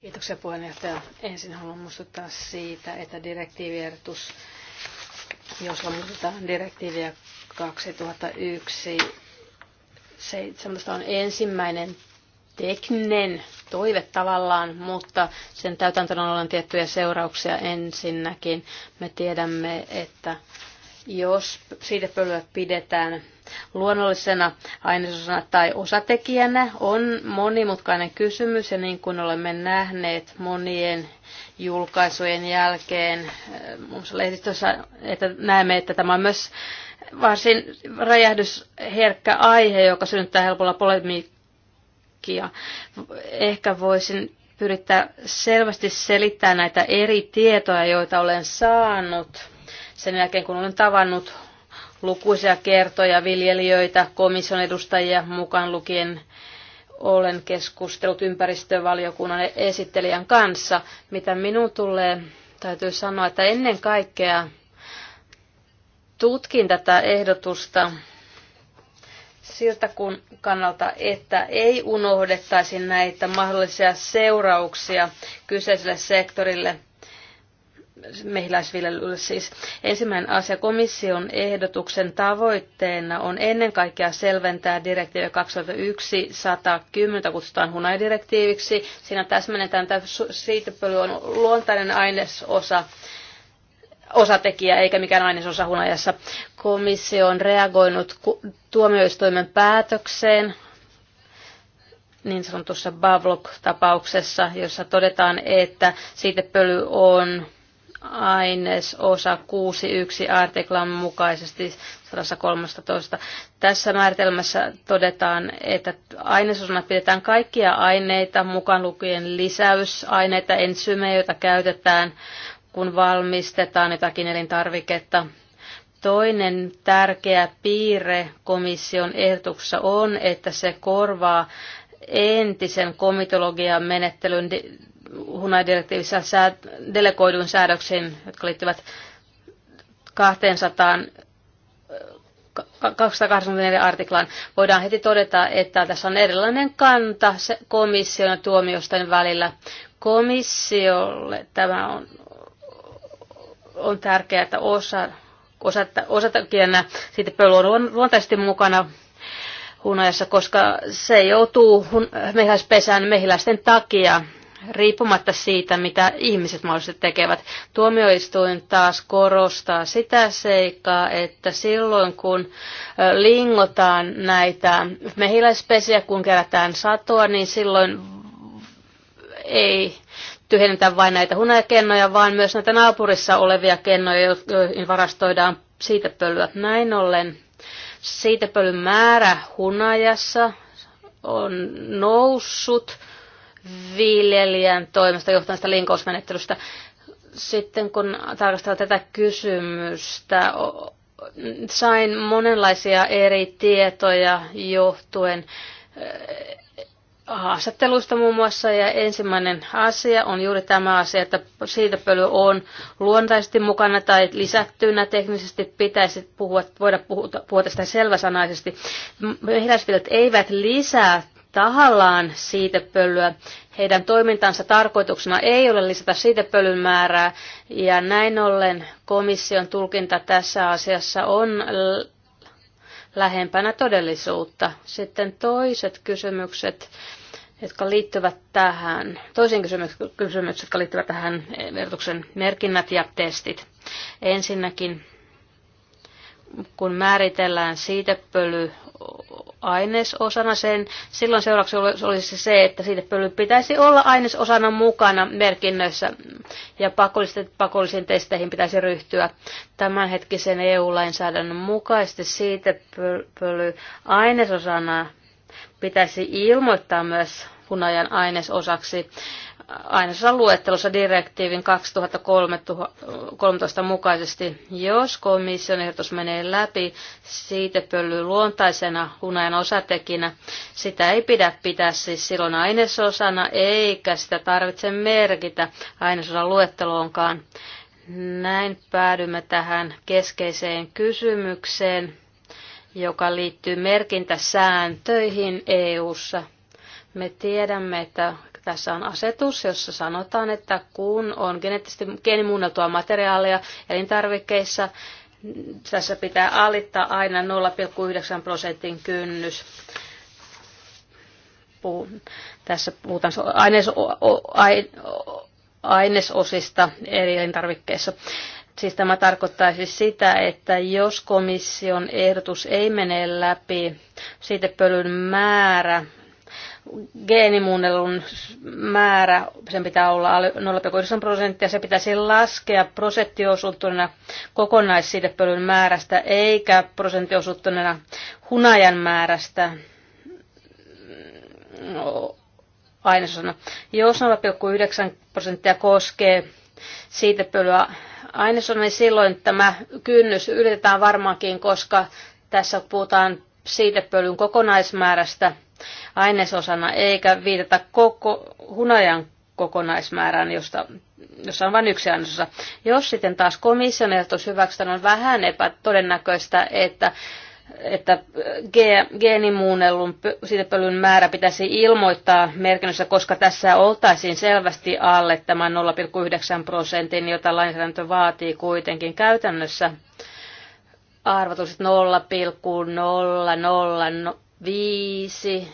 Kiitoksia puheenjohtaja. Ensin haluan muistuttaa siitä, että direktiiviehdotus, jossa muutetaan direktiiviä 2001, 17 on ensimmäinen tekninen toive tavallaan, mutta sen täytäntöön on tiettyjä seurauksia ensinnäkin. Me tiedämme, että jos siitepölyä pidetään luonnollisena ainesosana tai osatekijänä, on monimutkainen kysymys ja niin kuin olemme nähneet monien julkaisujen jälkeen, äh, muun muassa lehdistössä, että näemme, että tämä on myös varsin räjähdysherkkä aihe, joka synnyttää helpolla polemiikkia. Ehkä voisin pyrittää selvästi selittää näitä eri tietoja, joita olen saanut sen jälkeen, kun olen tavannut lukuisia kertoja viljelijöitä, komission edustajia mukaan lukien olen keskustellut ympäristövaliokunnan esittelijän kanssa. Mitä minun tulee, täytyy sanoa, että ennen kaikkea tutkin tätä ehdotusta siltä kun kannalta, että ei unohdettaisi näitä mahdollisia seurauksia kyseiselle sektorille – mehiläisviljelylle siis. Ensimmäinen asia komission ehdotuksen tavoitteena on ennen kaikkea selventää direktiivi 2001-110, kutsutaan hunajadirektiiviksi. Siinä täsmennetään, että siitepöly on luontainen ainesosa osatekijä eikä mikään ainesosa hunajassa. Komissio on reagoinut tuomioistuimen päätökseen niin sanotussa Bavlok-tapauksessa, jossa todetaan, että siitepöly on ainesosa 6.1 artiklan mukaisesti 113. Tässä määritelmässä todetaan, että ainesosana pidetään kaikkia aineita, mukaan lukien lisäysaineita, ensymejä, joita käytetään, kun valmistetaan jotakin elintarviketta. Toinen tärkeä piirre komission ehdotuksessa on, että se korvaa entisen komitologian menettelyn HUNA-direktiivissä delegoidun säädöksiin, jotka liittyvät 200 284 artiklaan voidaan heti todeta, että tässä on erilainen kanta komission ja tuomiosten välillä. Komissiolle tämä on, on tärkeää, että osa, osa, osatekijänä siitä on luontaisesti mukana hunajassa, koska se joutuu mehiläispesään mehiläisten takia riippumatta siitä, mitä ihmiset mahdollisesti tekevät. Tuomioistuin taas korostaa sitä seikkaa, että silloin kun lingotaan näitä mehiläispesiä, kun kerätään satoa, niin silloin ei tyhjennetä vain näitä hunajakennoja, vaan myös näitä naapurissa olevia kennoja, joihin varastoidaan siitä pölyä. Näin ollen siitä pölyn määrä hunajassa on noussut viljelijän toimesta johtaneesta linkousmenettelystä. Sitten kun tarkastellaan tätä kysymystä, sain monenlaisia eri tietoja johtuen eh, haastatteluista muun muassa. Ja ensimmäinen asia on juuri tämä asia, että pöly on luontaisesti mukana tai lisättynä teknisesti pitäisi puhua, voida puhuta, puhua tästä selväsanaisesti. Mehiläisviljat eivät lisää tahallaan siitepölyä. Heidän toimintansa tarkoituksena ei ole lisätä siitepölyn määrää, ja näin ollen komission tulkinta tässä asiassa on lähempänä todellisuutta. Sitten toiset kysymykset, jotka liittyvät tähän, toisiin kysymykset, jotka liittyvät tähän verotuksen merkinnät ja testit. Ensinnäkin kun määritellään siitepöly ainesosana sen. Silloin seurauksena olisi se, että siitepöly pitäisi olla ainesosana mukana merkinnöissä ja pakollisiin testeihin pitäisi ryhtyä tämänhetkisen EU-lainsäädännön mukaisesti siitepöly ainesosana pitäisi ilmoittaa myös hunajan ainesosaksi aineisessa luettelossa direktiivin 2013 mukaisesti. Jos komission ehdotus menee läpi siitä pölyy luontaisena hunajan osatekinä, sitä ei pidä pitää siis silloin ainesosana eikä sitä tarvitse merkitä ainesosan luetteloonkaan. Näin päädymme tähän keskeiseen kysymykseen, joka liittyy merkintäsääntöihin EU:ssa. Me tiedämme, että tässä on asetus, jossa sanotaan, että kun on geneettisesti geenimuunneltua materiaalia elintarvikkeissa, tässä pitää alittaa aina 0,9 prosentin kynnys. Puhun, tässä puhutaan aines, ainesosista eri elintarvikkeissa. Siis tämä tarkoittaa siis sitä, että jos komission ehdotus ei mene läpi, siitepölyn määrä geenimuunnelun määrä, sen pitää olla 0,9 prosenttia, se pitäisi laskea prosenttiosuutena kokonaissiidepölyn määrästä, eikä prosenttiosuutena hunajan määrästä mm, ainesosana. Jos 0,9 prosenttia koskee siitepölyä ainesosana, niin silloin tämä kynnys ylitetään varmaankin, koska tässä puhutaan siitepölyn kokonaismäärästä – ainesosana, eikä viitata koko hunajan kokonaismäärään, josta, jossa on vain yksi ainesosa. Jos sitten taas komission ehdotus hyväksytään, on vähän epätodennäköistä, että että geenimuunnellun siitepölyn määrä pitäisi ilmoittaa merkinnössä, koska tässä oltaisiin selvästi alle tämän 0,9 prosentin, jota lainsäädäntö vaatii kuitenkin käytännössä. arvotus 0,000 viisi,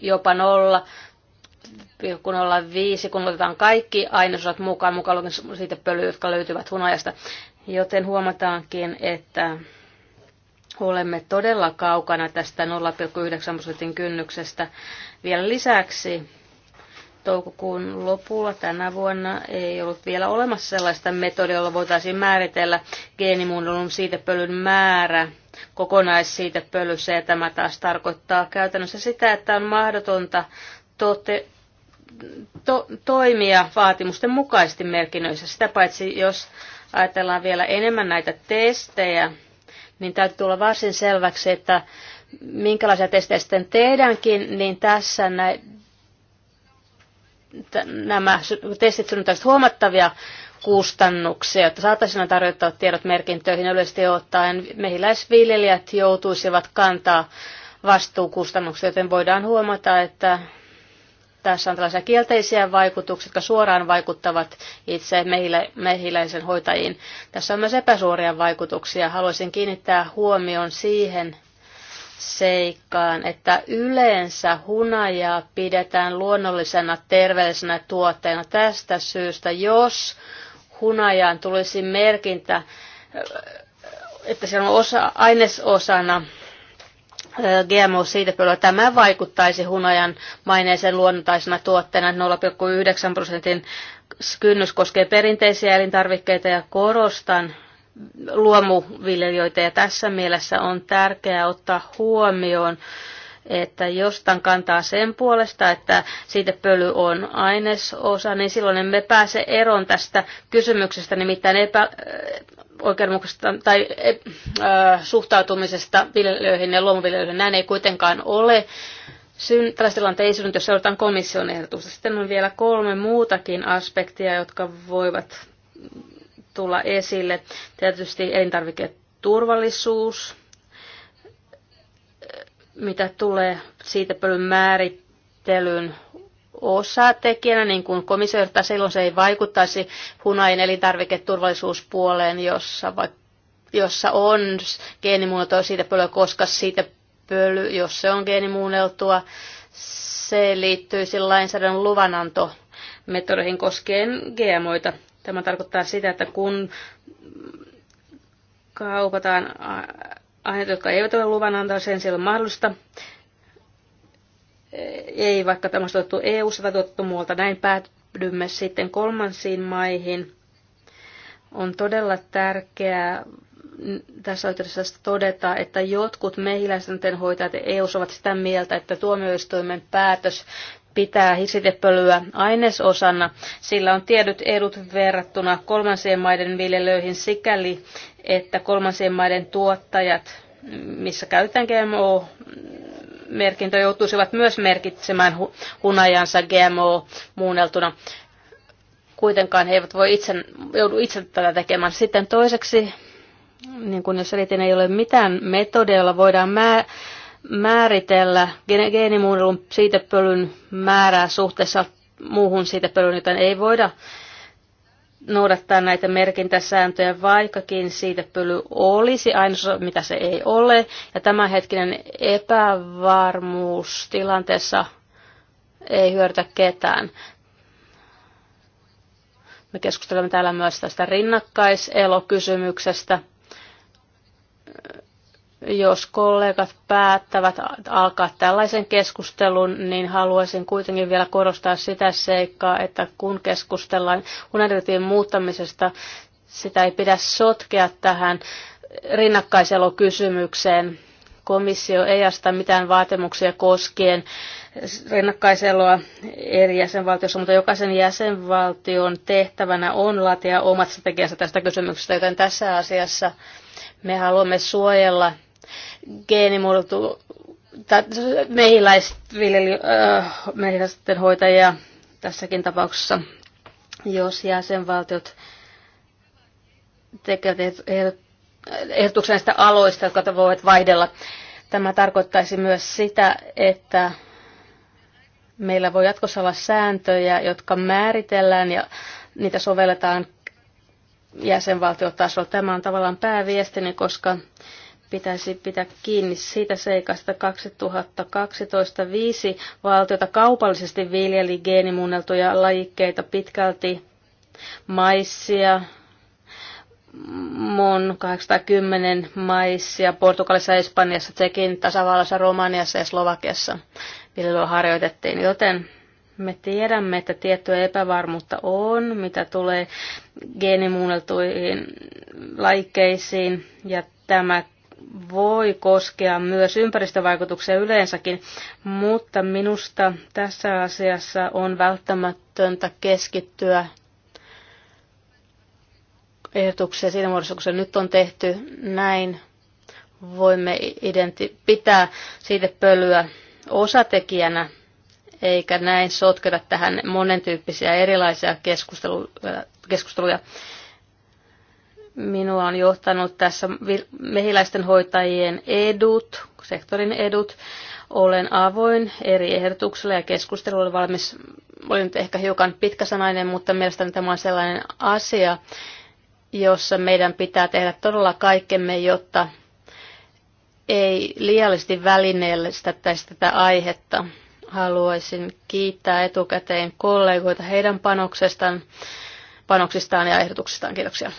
jopa nolla, viisi, kun otetaan kaikki ainesosat mukaan, mukaan lukien siitä pölyä, jotka löytyvät hunajasta. Joten huomataankin, että olemme todella kaukana tästä 0,9 prosentin kynnyksestä. Vielä lisäksi toukokuun lopulla tänä vuonna ei ollut vielä olemassa sellaista metodia, jolla voitaisiin määritellä geenimuunnelun siitepölyn määrä kokonaissiitepölyssä. Ja tämä taas tarkoittaa käytännössä sitä, että on mahdotonta tote, to, toimia vaatimusten mukaisesti merkinnöissä. Sitä paitsi, jos ajatellaan vielä enemmän näitä testejä, niin täytyy tulla varsin selväksi, että minkälaisia testejä sitten tehdäänkin, niin tässä näin nämä testit synnyttäisivät huomattavia kustannuksia, että saataisiin tarjottaa tiedot merkintöihin yleisesti ottaen. Mehiläisviljelijät joutuisivat kantaa vastuukustannuksia, joten voidaan huomata, että tässä on tällaisia kielteisiä vaikutuksia, jotka suoraan vaikuttavat itse mehilä, mehiläisen hoitajiin. Tässä on myös epäsuoria vaikutuksia. Haluaisin kiinnittää huomion siihen, seikkaan, että yleensä hunajaa pidetään luonnollisena terveellisenä tuotteena. Tästä syystä, jos hunajaan tulisi merkintä, äh, että se on osa, ainesosana äh, GMO siitepölyä. Tämä vaikuttaisi hunajan maineeseen luonnontaisena tuotteena 0,9 prosentin kynnys koskee perinteisiä elintarvikkeita ja korostan, luomuviljelijöitä ja tässä mielessä on tärkeää ottaa huomioon, että jos tämän kantaa sen puolesta, että siitä pöly on ainesosa, niin silloin emme pääse eroon tästä kysymyksestä, nimittäin epä, äh, oikeudenmukaisesta tai ö, äh, suhtautumisesta viljelijöihin ja luomuviljelijöihin. Näin ei kuitenkaan ole. Syn, tällaista tilannetta ei synny, jos seurataan komission ehdotusta. Sitten on vielä kolme muutakin aspektia, jotka voivat tulla esille. Tietysti elintarviketurvallisuus, mitä tulee siitä pölyn määrittelyn osatekijänä, niin kuin komissio silloin se ei vaikuttaisi hunain elintarviketurvallisuuspuoleen, jossa, va, jossa on geenimuotoa siitä pölyä, koska siitä pöly, jos se on geenimuunneltua, se liittyy lainsäädännön luvananto metodeihin koskien GMOita. Tämä tarkoittaa sitä, että kun kaupataan aineita, jotka eivät ole luvan antaa, sen siellä on mahdollista. E, ei vaikka tämä tuotettu EU-ssa tai tuotettu muualta. Näin päädymme sitten kolmansiin maihin. On todella tärkeää tässä yhteydessä todeta, että jotkut mehiläisten hoitajat EU ovat sitä mieltä, että tuomioistuimen päätös pitää hirsitepölyä ainesosana. Sillä on tiedyt edut verrattuna kolmansien maiden viljelöihin sikäli, että kolmansien maiden tuottajat, missä käytetään GMO, merkintöjä joutuisivat myös merkitsemään hunajansa GMO muunneltuna. Kuitenkaan he eivät voi itse, joudu itse tätä tekemään. Sitten toiseksi, niin kuin jos selitin, ei ole mitään metodia, voidaan mää, määritellä geenimuunnelun siitepölyn määrää suhteessa muuhun siitepölyyn, joten ei voida noudattaa näitä merkintäsääntöjä, vaikkakin siitepöly olisi ainoa, mitä se ei ole. Ja tämänhetkinen epävarmuus tilanteessa ei hyödytä ketään. Me keskustelemme täällä myös tästä rinnakkaiselokysymyksestä. Jos kollegat päättävät alkaa tällaisen keskustelun, niin haluaisin kuitenkin vielä korostaa sitä seikkaa, että kun keskustellaan unertien muuttamisesta, sitä ei pidä sotkea tähän rinnakkaiselokysymykseen. Komissio ei asta mitään vaatimuksia koskien rinnakkaiseloa eri jäsenvaltiossa, mutta jokaisen jäsenvaltion tehtävänä on laatia omat strategiansa tästä kysymyksestä, joten tässä asiassa me haluamme suojella geenimuodeltu mehiläisten äh, hoitajia tässäkin tapauksessa, jos jäsenvaltiot tekevät ehdotuksen näistä aloista, jotka voivat vaihdella. Tämä tarkoittaisi myös sitä, että meillä voi jatkossa olla sääntöjä, jotka määritellään ja niitä sovelletaan jäsenvaltiotasolla. Tämä on tavallaan pääviestini, koska pitäisi pitää kiinni siitä seikasta 2012 viisi valtiota kaupallisesti viljeli geenimuunneltuja lajikkeita pitkälti maissia, MON 810 maissia Portugalissa, Espanjassa, Tsekin tasavallassa, Romaniassa ja Slovakiassa viljelyä harjoitettiin, joten me tiedämme, että tiettyä epävarmuutta on, mitä tulee geenimuunneltuihin laikkeisiin, ja tämä voi koskea myös ympäristövaikutuksia yleensäkin, mutta minusta tässä asiassa on välttämätöntä keskittyä ehdotukseen siinä muodossa, kun se nyt on tehty näin, voimme identi- pitää siitä pölyä osatekijänä, eikä näin sotketa tähän monen erilaisia äh, keskusteluja minua on johtanut tässä mehiläisten hoitajien edut, sektorin edut. Olen avoin eri ehdotuksille ja keskustelulle valmis. Olin nyt ehkä hiukan pitkäsanainen, mutta mielestäni tämä on sellainen asia, jossa meidän pitää tehdä todella kaikkemme, jotta ei liiallisesti välineellistettäisi tätä aihetta. Haluaisin kiittää etukäteen kollegoita heidän panoksestaan, panoksistaan ja ehdotuksistaan. Kiitoksia.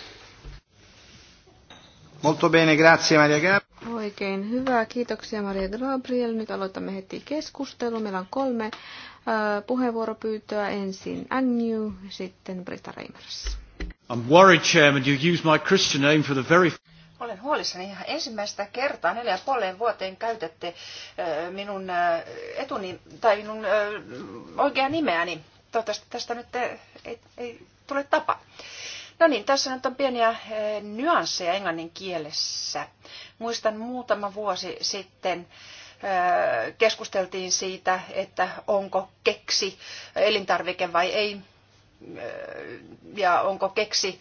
Molto bene, grazie Maria Gabriel. Oikein hyvä, kiitoksia Maria Gabriel. Nyt aloitamme heti keskustelu. Meillä on kolme uh, puheenvuoropyyntöä. Ensin Agnew, sitten Britta Reimers. I'm worried, Chairman, you use my Christian name for the very... Olen huolissani ihan ensimmäistä kertaa neljä ja puoleen vuoteen käytätte minun etuni, tai minun oikea nimeäni. Toivottavasti tästä nyt ei, ei tule tapa. No niin, tässä nyt on pieniä eh, nyansseja englannin kielessä. Muistan muutama vuosi sitten eh, keskusteltiin siitä, että onko keksi eh, elintarvike vai ei, ja onko keksi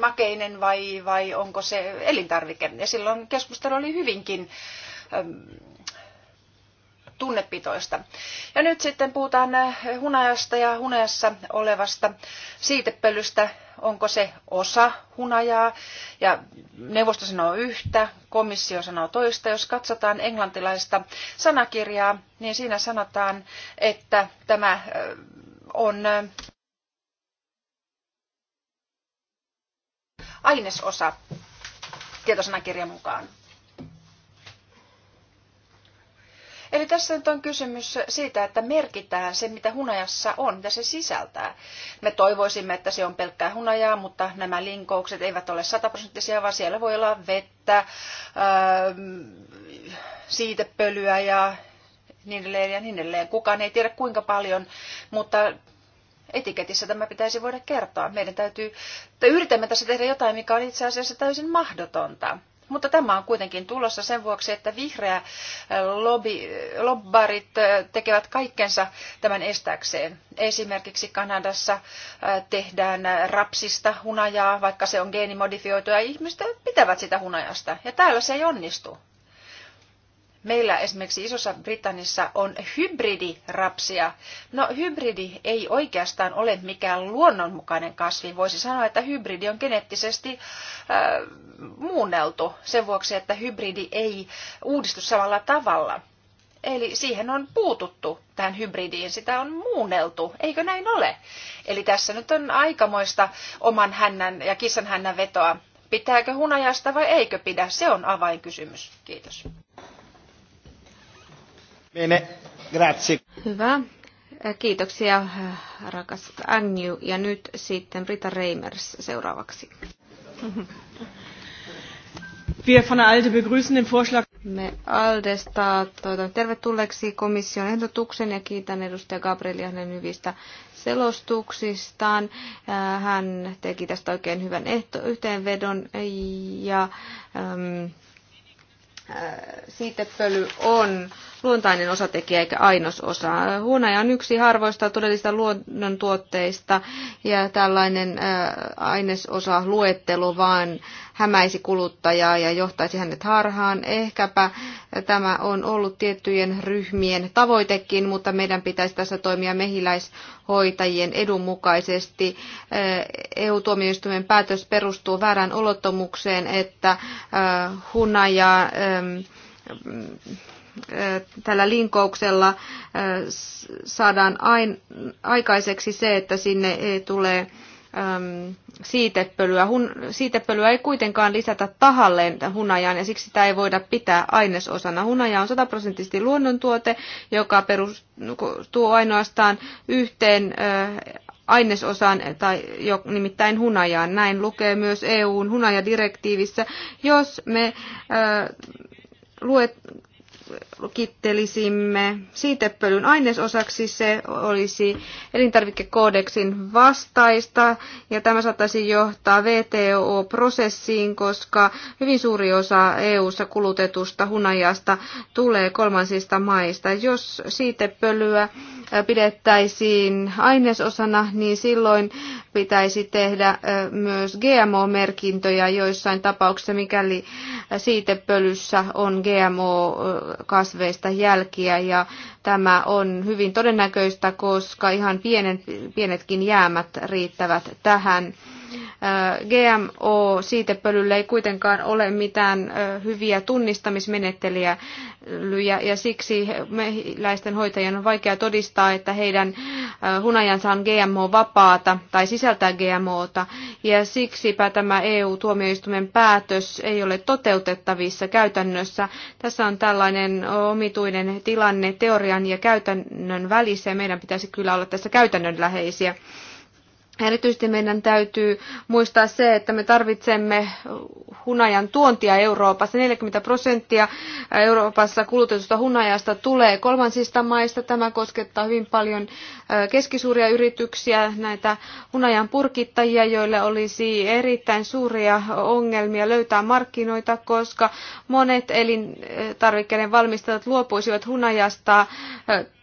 makeinen vai, vai onko se elintarvike. Ja silloin keskustelu oli hyvinkin tunnepitoista. Ja nyt sitten puhutaan äh, hunajasta ja hunajassa olevasta siitepölystä. Onko se osa hunajaa? Ja neuvosto sanoo yhtä, komissio sanoo toista. Jos katsotaan englantilaista sanakirjaa, niin siinä sanotaan, että tämä äh, on äh, ainesosa tietosanakirjan mukaan. Eli tässä nyt on kysymys siitä, että merkitään se, mitä hunajassa on, mitä se sisältää. Me toivoisimme, että se on pelkkää hunajaa, mutta nämä linkoukset eivät ole sataprosenttisia, vaan siellä voi olla vettä, öö, siitepölyä ja niin edelleen ja niin edelleen. Kukaan ei tiedä kuinka paljon, mutta etiketissä tämä pitäisi voida kertoa. Meidän täytyy, tai yritämme tässä tehdä jotain, mikä on itse asiassa täysin mahdotonta. Mutta tämä on kuitenkin tulossa sen vuoksi, että vihreä äh, lobby, äh, lobbarit äh, tekevät kaikkensa tämän estääkseen. Esimerkiksi Kanadassa tehdään rapsista hunajaa, vaikka se on geenimodifioitu ja ihmiset pitävät sitä hunajasta. Ja täällä se ei onnistu. Meillä esimerkiksi Isossa Britannissa on hybridirapsia. No hybridi ei oikeastaan ole mikään luonnonmukainen kasvi. Voisi sanoa, että hybridi on geneettisesti äh, muunneltu sen vuoksi, että hybridi ei uudistu samalla tavalla. Eli siihen on puututtu, tähän hybridiin, sitä on muunneltu, eikö näin ole? Eli tässä nyt on aikamoista oman hännän ja kissan hännän vetoa. Pitääkö hunajasta vai eikö pidä? Se on avainkysymys. Kiitos. Bene, grazie. Hyvä. Äh, kiitoksia, äh, rakas Agnew. Ja nyt sitten Rita Reimers seuraavaksi. Wir von ALDE begrüßen den Vorschlag. Me Aldesta toivotan tervetulleeksi komission ehdotuksen ja kiitän edustaja Gabrielia hänen hyvistä selostuksistaan. Äh, hän teki tästä oikein hyvän ehto, yhteenvedon ja ähm, siitepöly on äh, luontainen osatekijä eikä ainososa. Huunaja on yksi harvoista todellista luonnontuotteista ja tällainen ainesosa luettelu vaan hämäisi kuluttajaa ja johtaisi hänet harhaan. Ehkäpä tämä on ollut tiettyjen ryhmien tavoitekin, mutta meidän pitäisi tässä toimia mehiläishoitajien edun mukaisesti. EU-tuomioistuimen päätös perustuu väärään olottomukseen, että hunaja tällä linkouksella saadaan ain, aikaiseksi se, että sinne e, tulee äm, siitepölyä. Hun, siitepölyä ei kuitenkaan lisätä tahalleen hunajaan ja siksi sitä ei voida pitää ainesosana. Hunaja on sataprosenttisesti luonnontuote, joka perustuu ainoastaan yhteen ainesosaan, tai jo, nimittäin hunajaan. Näin lukee myös EUn hunajadirektiivissä. Jos me ö, luet, lukittelisimme siitepölyn ainesosaksi, se olisi elintarvikekoodeksin vastaista ja tämä saattaisi johtaa VTO-prosessiin, koska hyvin suuri osa EU-ssa kulutetusta hunajasta tulee kolmansista maista. Jos siitepölyä pidettäisiin ainesosana, niin silloin pitäisi tehdä myös GMO-merkintöjä joissain tapauksissa, mikäli siitepölyssä on GMO-kasveista jälkiä. Ja tämä on hyvin todennäköistä, koska ihan pienet, pienetkin jäämät riittävät tähän. GMO-siitepölylle ei kuitenkaan ole mitään hyviä tunnistamismenettelyjä ja siksi mehiläisten hoitajien on vaikea todistaa, että heidän hunajansa on GMO-vapaata tai sisältää GMOta ja siksipä tämä EU-tuomioistuimen päätös ei ole toteutettavissa käytännössä. Tässä on tällainen omituinen tilanne teorian ja käytännön välissä ja meidän pitäisi kyllä olla tässä käytännönläheisiä. läheisiä Erityisesti meidän täytyy muistaa se, että me tarvitsemme hunajan tuontia Euroopassa. 40 prosenttia Euroopassa kulutetusta hunajasta tulee kolmansista maista. Tämä koskettaa hyvin paljon keskisuuria yrityksiä, näitä hunajan purkittajia, joille olisi erittäin suuria ongelmia löytää markkinoita, koska monet elintarvikkeiden valmistajat luopuisivat hunajasta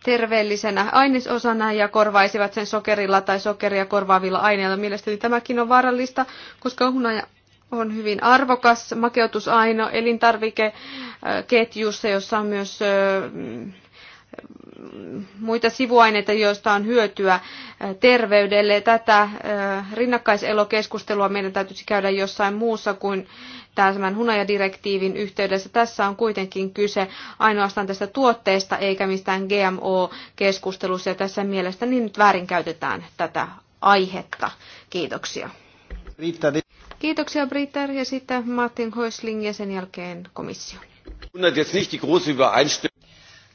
terveellisenä ainesosana ja korvaisivat sen sokerilla tai sokeria korvaavilla aineilla. Mielestäni tämäkin on vaarallista, koska hunaja on hyvin arvokas makeutusaino elintarvikeketjussa, jossa on myös mm, muita sivuaineita, joista on hyötyä terveydelle. Tätä rinnakkaiselokeskustelua meidän täytyisi käydä jossain muussa kuin tämän hunajadirektiivin yhteydessä. Tässä on kuitenkin kyse ainoastaan tästä tuotteesta eikä mistään GMO-keskustelussa ja tässä mielestäni nyt väärinkäytetään tätä aihetta. Kiitoksia. Niin- Kiitoksia Britta ja sitten Martin Häusling ja sen jälkeen komissio.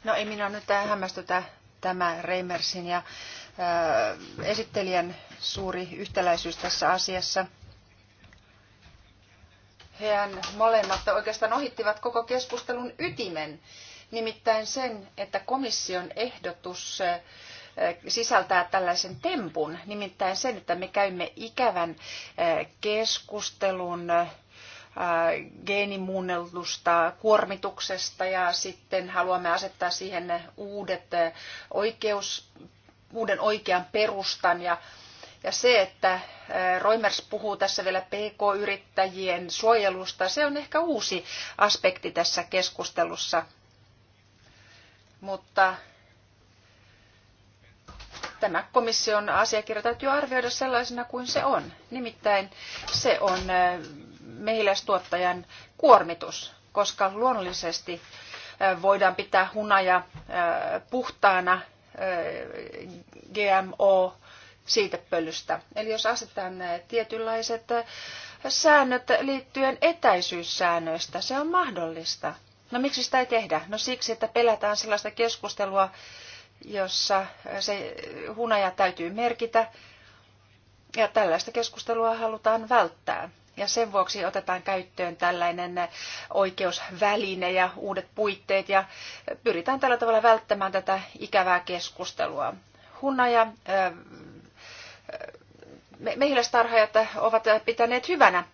No ei minä nyt hämmästytä tämä Reimersin ja äh, esittelijän suuri yhtäläisyys tässä asiassa hehän molemmat oikeastaan ohittivat koko keskustelun ytimen, nimittäin sen, että komission ehdotus eh, sisältää tällaisen tempun, nimittäin sen, että me käymme ikävän eh, keskustelun eh, geenimuunnellusta kuormituksesta ja sitten haluamme asettaa siihen uudet oikeus, uuden oikean perustan ja ja se, että Roimers puhuu tässä vielä PK-yrittäjien suojelusta, se on ehkä uusi aspekti tässä keskustelussa. Mutta tämä komission asiakirja täytyy arvioida sellaisena kuin se on. Nimittäin se on mehiläistuottajan kuormitus, koska luonnollisesti voidaan pitää hunaja puhtaana GMO siitepölystä. Eli jos asetetaan tietynlaiset säännöt liittyen etäisyyssäännöistä, se on mahdollista. No miksi sitä ei tehdä? No siksi, että pelätään sellaista keskustelua, jossa se hunaja täytyy merkitä, ja tällaista keskustelua halutaan välttää. Ja sen vuoksi otetaan käyttöön tällainen oikeusväline ja uudet puitteet ja pyritään tällä tavalla välttämään tätä ikävää keskustelua. Hunaja mehiläistarhaajat ovat pitäneet hyvänä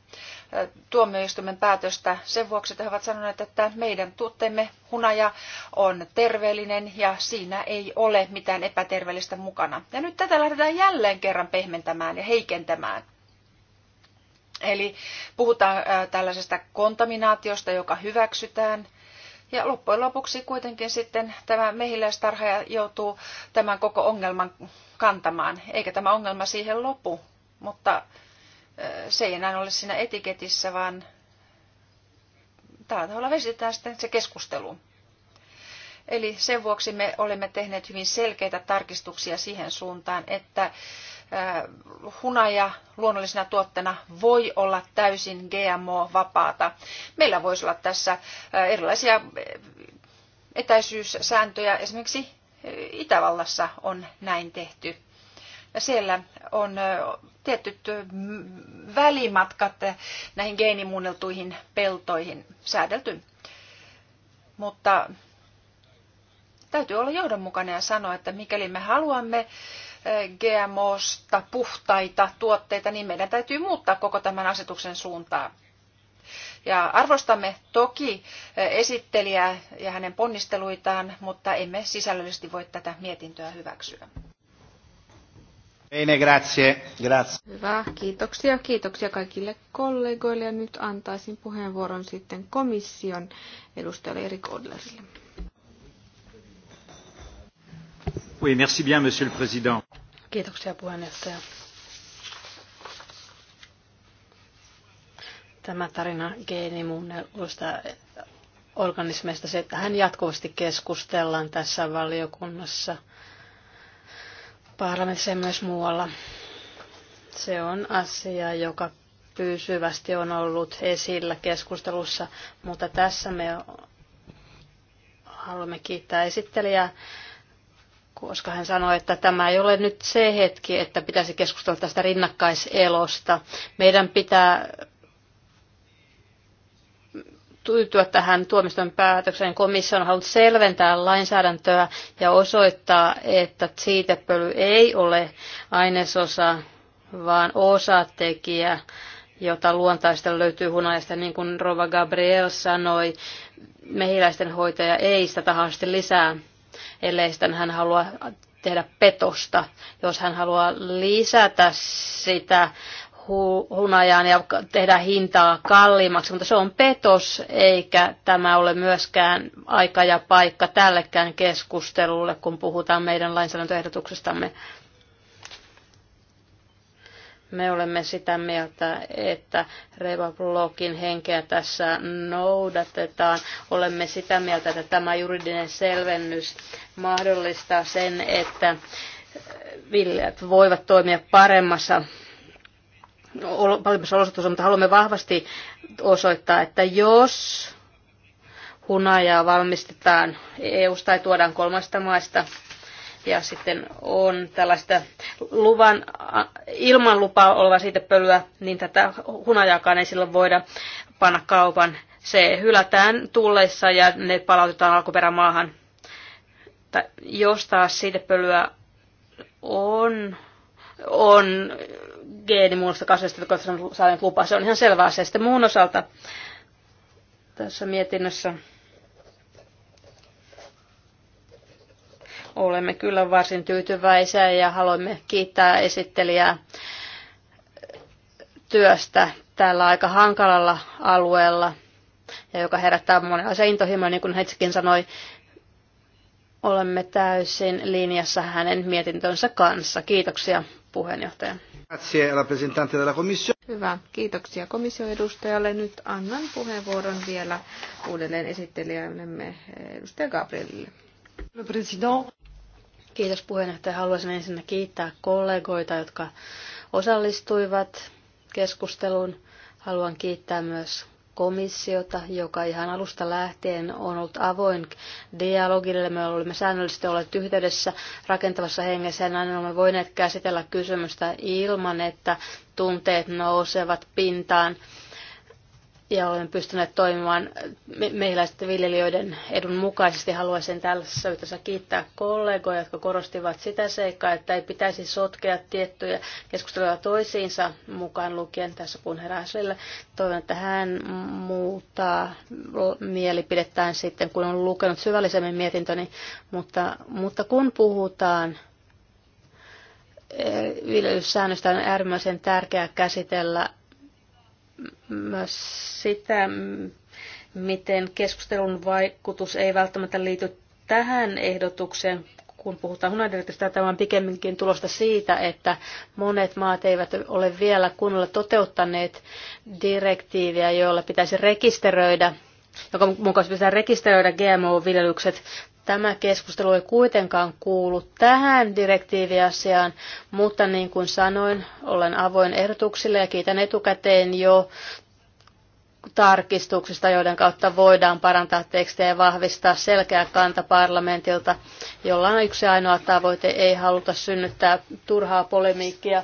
tuomioistuimen päätöstä sen vuoksi, että he ovat sanoneet, että meidän tuotteemme hunaja on terveellinen ja siinä ei ole mitään epäterveellistä mukana. Ja nyt tätä lähdetään jälleen kerran pehmentämään ja heikentämään. Eli puhutaan tällaisesta kontaminaatiosta, joka hyväksytään. Ja loppujen lopuksi kuitenkin sitten tämä mehiläistarhaaja joutuu tämän koko ongelman kantamaan, eikä tämä ongelma siihen lopu, mutta se ei enää ole siinä etiketissä, vaan tällä tavalla vesitetään sitten se keskustelu. Eli sen vuoksi me olemme tehneet hyvin selkeitä tarkistuksia siihen suuntaan, että hunaja luonnollisena tuotteena voi olla täysin GMO-vapaata. Meillä voisi olla tässä erilaisia etäisyyssääntöjä. Esimerkiksi Itävallassa on näin tehty. Ja siellä on tietyt välimatkat näihin geenimuunneltuihin peltoihin säädelty. Mutta täytyy olla johdonmukainen ja sanoa, että mikäli me haluamme GMOsta puhtaita tuotteita, niin meidän täytyy muuttaa koko tämän asetuksen suuntaa. Ja arvostamme toki esittelijää ja hänen ponnisteluitaan, mutta emme sisällöllisesti voi tätä mietintöä hyväksyä. Bene, grazie. grazie. Hyvä, kiitoksia. Kiitoksia kaikille kollegoille ja nyt antaisin puheenvuoron sitten komission edustajalle Erik Odlerille. Oui, merci bien, monsieur le président. Kiitoksia puheenjohtaja. Tämä tarina geenimuunneluista organismeista, se, että hän jatkuvasti keskustellaan tässä valiokunnassa – parlamentissa ja myös muualla. Se on asia, joka pysyvästi on ollut esillä keskustelussa, mutta tässä me haluamme kiittää esittelijää, koska hän sanoi, että tämä ei ole nyt se hetki, että pitäisi keskustella tästä rinnakkaiselosta. Meidän pitää tyytyä tähän tuomiston päätökseen. Komissio on halunnut selventää lainsäädäntöä ja osoittaa, että siitepöly ei ole ainesosa, vaan osatekijä, jota luontaista löytyy hunajasta. Niin kuin Rova Gabriel sanoi, mehiläisten hoitaja ei sitä tahallisesti lisää, ellei sitä hän halua tehdä petosta. Jos hän haluaa lisätä sitä hunajaan ja tehdä hintaa kalliimmaksi, mutta se on petos, eikä tämä ole myöskään aika ja paikka tällekään keskustelulle, kun puhutaan meidän lainsäädäntöehdotuksestamme. Me olemme sitä mieltä, että Reva-blogin henkeä tässä noudatetaan. Olemme sitä mieltä, että tämä juridinen selvennys mahdollistaa sen, että viljelijät voivat toimia paremmassa valmis olosuhteissa, mutta haluamme vahvasti osoittaa, että jos hunajaa valmistetaan eu tai tuodaan kolmasta maista, ja sitten on tällaista luvan, ilman lupaa siitä pölyä, niin tätä hunajaakaan ei silloin voida panna kaupan. Se hylätään tulleissa ja ne palautetaan alkuperämaahan. Jos taas pölyä on, on geenimuunnosta kasvista, jotka ovat saaneet lupaa. Se on ihan selvä asia. Sitten muun osalta tässä mietinnössä olemme kyllä varsin tyytyväisiä ja haluamme kiittää esittelijää työstä tällä aika hankalalla alueella, ja joka herättää monenlaisia intohimoa, niin kuin hän sanoi, olemme täysin linjassa hänen mietintönsä kanssa. Kiitoksia puheenjohtaja. Hyvä. Kiitoksia komission edustajalle. Nyt annan puheenvuoron vielä uudelleen esittelijällemme edustaja Gabrielille. Kiitos puheenjohtaja. Haluaisin ensinnä kiittää kollegoita, jotka osallistuivat keskusteluun. Haluan kiittää myös komissiota, joka ihan alusta lähtien on ollut avoin dialogille. Me olemme säännöllisesti olleet yhteydessä rakentavassa hengessä ja näin olemme voineet käsitellä kysymystä ilman, että tunteet nousevat pintaan ja olen pystynyt toimimaan meiläisten viljelijöiden edun mukaisesti. Haluaisin tällaisessa yhteydessä kiittää kollegoja, jotka korostivat sitä seikkaa, että ei pitäisi sotkea tiettyjä keskusteluja toisiinsa mukaan lukien tässä kun heräsille. Toivon, että hän muuttaa mielipidettään sitten, kun on lukenut syvällisemmin mietintöni, mutta, mutta kun puhutaan eh, viljelyssäännöstä on äärimmäisen tärkeää käsitellä myös sitä, miten keskustelun vaikutus ei välttämättä liity tähän ehdotukseen, kun puhutaan Hunadirektiivistä, tämä on pikemminkin tulosta siitä, että monet maat eivät ole vielä kunnolla toteuttaneet direktiiviä, joilla pitäisi rekisteröidä joka mukaan pitäisi rekisteröidä GMO-viljelykset. Tämä keskustelu ei kuitenkaan kuulu tähän direktiiviasiaan, mutta niin kuin sanoin, olen avoin ehdotuksille ja kiitän etukäteen jo tarkistuksista, joiden kautta voidaan parantaa tekstejä ja vahvistaa selkeä kanta parlamentilta, jolla on yksi ainoa tavoite, ei haluta synnyttää turhaa polemiikkia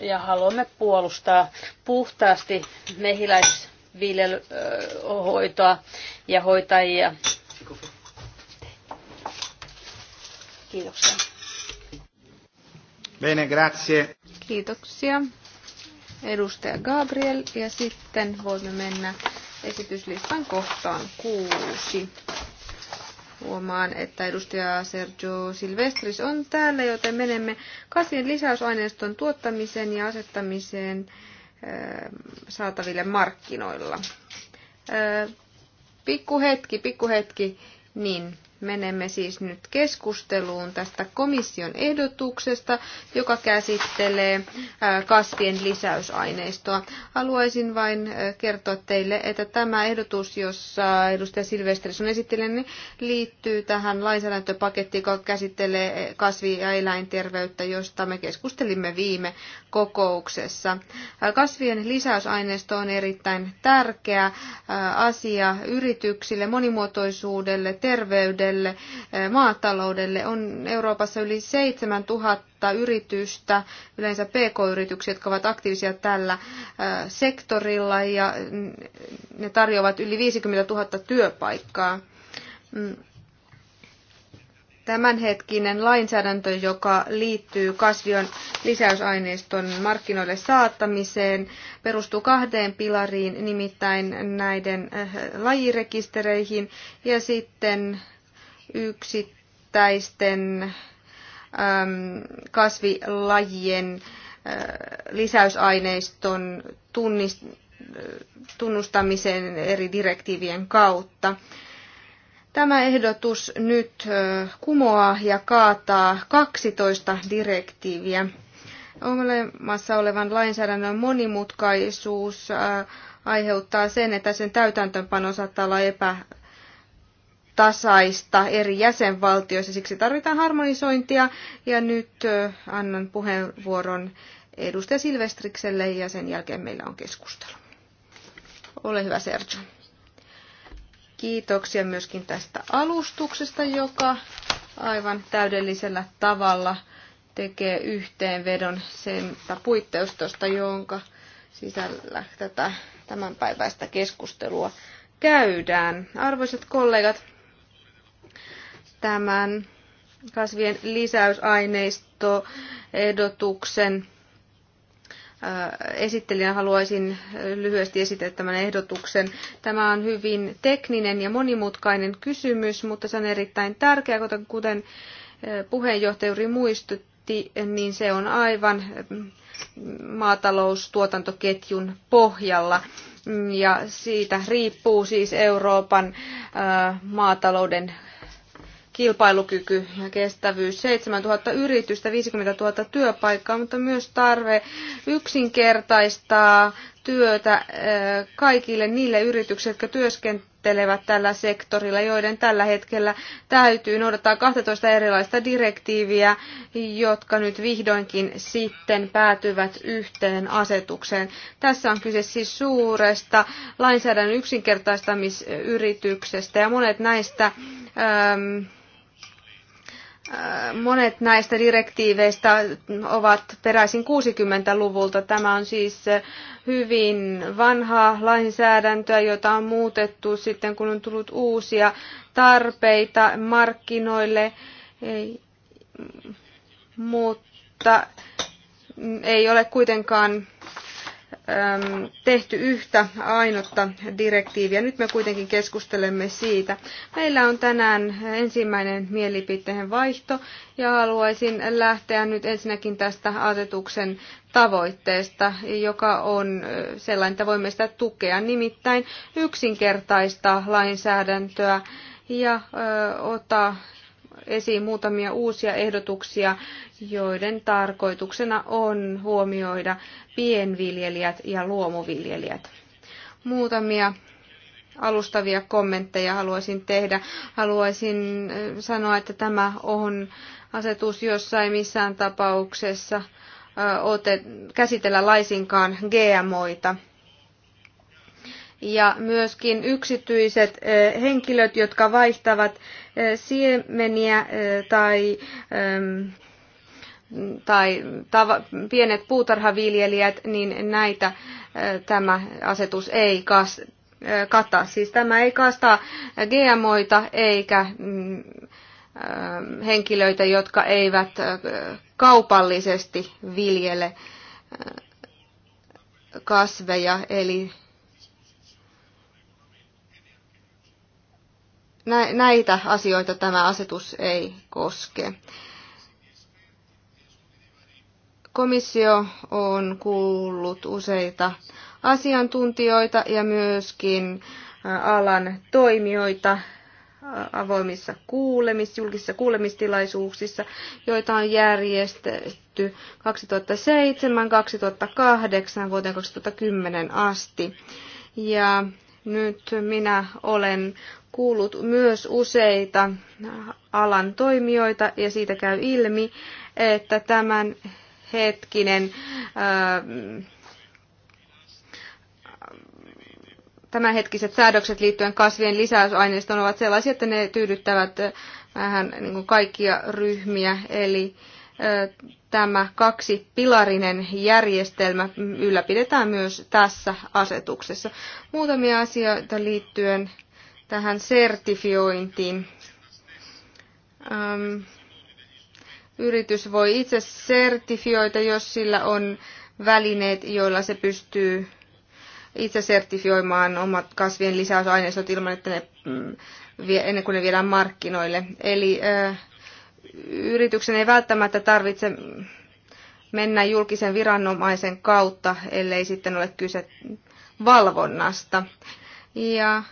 ja haluamme puolustaa puhtaasti mehiläis viljelyhoitoa ja hoitajia. Kiitoksia. Bene, grazie. Kiitoksia. Edustaja Gabriel ja sitten voimme mennä esityslistan kohtaan kuusi. Huomaan, että edustaja Sergio Silvestris on täällä, joten menemme kasvien lisäysaineiston tuottamiseen ja asettamiseen saataville markkinoilla. Pikku hetki, pikku hetki, niin Menemme siis nyt keskusteluun tästä komission ehdotuksesta, joka käsittelee kasvien lisäysaineistoa. Haluaisin vain kertoa teille, että tämä ehdotus, jossa edustaja Silvestris on esittelen, niin liittyy tähän lainsäädäntöpakettiin, joka käsittelee kasvi- ja eläinterveyttä, josta me keskustelimme viime kokouksessa. Kasvien lisäysaineisto on erittäin tärkeä asia yrityksille, monimuotoisuudelle, terveydelle, kestävälle maataloudelle. On Euroopassa yli 7000 yritystä, yleensä pk-yrityksiä, jotka ovat aktiivisia tällä sektorilla ja mm, ne tarjoavat yli 50 000 työpaikkaa mm. tämänhetkinen lainsäädäntö, joka liittyy kasvion lisäysaineiston markkinoille saattamiseen, perustuu kahteen pilariin, nimittäin näiden äh, lajirekistereihin ja sitten yksittäisten kasvilajien äh, lisäysaineiston tunnustamisen eri direktiivien kautta. Tämä ehdotus nyt kumoaa ja kaataa 12 direktiiviä. Olemassa olevan lainsäädännön monimutkaisuus aiheuttaa sen, että sen täytäntöönpano saattaa olla epä tasaista eri jäsenvaltioissa. Siksi tarvitaan harmonisointia ja nyt annan puheenvuoron edustaja Silvestrikselle ja sen jälkeen meillä on keskustelu. Ole hyvä Sergio. Kiitoksia myöskin tästä alustuksesta, joka aivan täydellisellä tavalla tekee yhteenvedon sen puitteustosta, jonka sisällä tätä tämänpäiväistä keskustelua käydään. Arvoisat kollegat, tämän kasvien lisäysaineistoehdotuksen äh, esittelijä haluaisin lyhyesti esitellä tämän ehdotuksen. Tämä on hyvin tekninen ja monimutkainen kysymys, mutta se on erittäin tärkeä, kuten äh, puheenjohtaja juuri muistutti, niin se on aivan mm, maataloustuotantoketjun pohjalla. Ja siitä riippuu siis Euroopan äh, maatalouden kilpailukyky ja kestävyys, 7000 yritystä, 50 000 työpaikkaa, mutta myös tarve yksinkertaistaa työtä eh, kaikille niille yrityksille, jotka työskentelevät tällä sektorilla, joiden tällä hetkellä täytyy noudattaa 12 erilaista direktiiviä, jotka nyt vihdoinkin sitten päätyvät yhteen asetukseen. Tässä on kyse siis suuresta lainsäädännön yksinkertaistamisyrityksestä ja monet näistä ähm, Äh, monet näistä direktiiveistä ovat peräisin 60-luvulta. Tämä on siis äh, hyvin vanhaa lainsäädäntöä, jota on muutettu sitten, kun on tullut uusia tarpeita markkinoille, ei, mutta ei ole kuitenkaan Ähm, tehty yhtä ainutta direktiiviä. Nyt me kuitenkin keskustelemme siitä. Meillä on tänään ensimmäinen mielipiteen vaihto ja haluaisin lähteä nyt ensinnäkin tästä asetuksen tavoitteesta, joka on äh, sellainen, että voimme sitä tukea, nimittäin yksinkertaista lainsäädäntöä ja ö, ottaa esiin muutamia uusia ehdotuksia, joiden tarkoituksena on huomioida pienviljelijät ja luomuviljelijät. Muutamia alustavia kommentteja haluaisin tehdä. Haluaisin sanoa, että tämä on asetus, jossa ei missään tapauksessa ote, käsitellä laisinkaan GMOita ja myöskin yksityiset eh, henkilöt, jotka vaihtavat eh, siemeniä eh, tai ehm, tai tava, pienet puutarhaviljelijät, niin näitä tämä asetus ei kas, kata. Siis tämä ei kasta GMOita eikä mm, henkilöitä, jotka eivät kaupallisesti viljele kasveja, eli näitä asioita tämä asetus ei koske. Komissio on kuullut useita asiantuntijoita ja myöskin alan toimijoita avoimissa kuulemis, julkisissa kuulemistilaisuuksissa, joita on järjestetty 2007-2008 vuoteen 2010 asti. Ja nyt minä olen kuullut myös useita alan toimijoita ja siitä käy ilmi, että tämän hetkinen äh, tämänhetkiset säädökset liittyen kasvien lisäysaineistoon ovat sellaisia, että ne tyydyttävät vähän niin kuin kaikkia ryhmiä, eli äh, tämä kaksipilarinen järjestelmä ylläpidetään myös tässä asetuksessa. Muutamia asioita liittyen tähän sertifiointiin. Ähm, yritys voi itse sertifioida, jos sillä on välineet, joilla se pystyy itse sertifioimaan omat kasvien lisäysaineistot ilman, että ne, mm, ennen kuin ne viedään markkinoille. Eli äh, yrityksen ei välttämättä tarvitse mennä julkisen viranomaisen kautta, ellei sitten ole kyse valvonnasta. Ja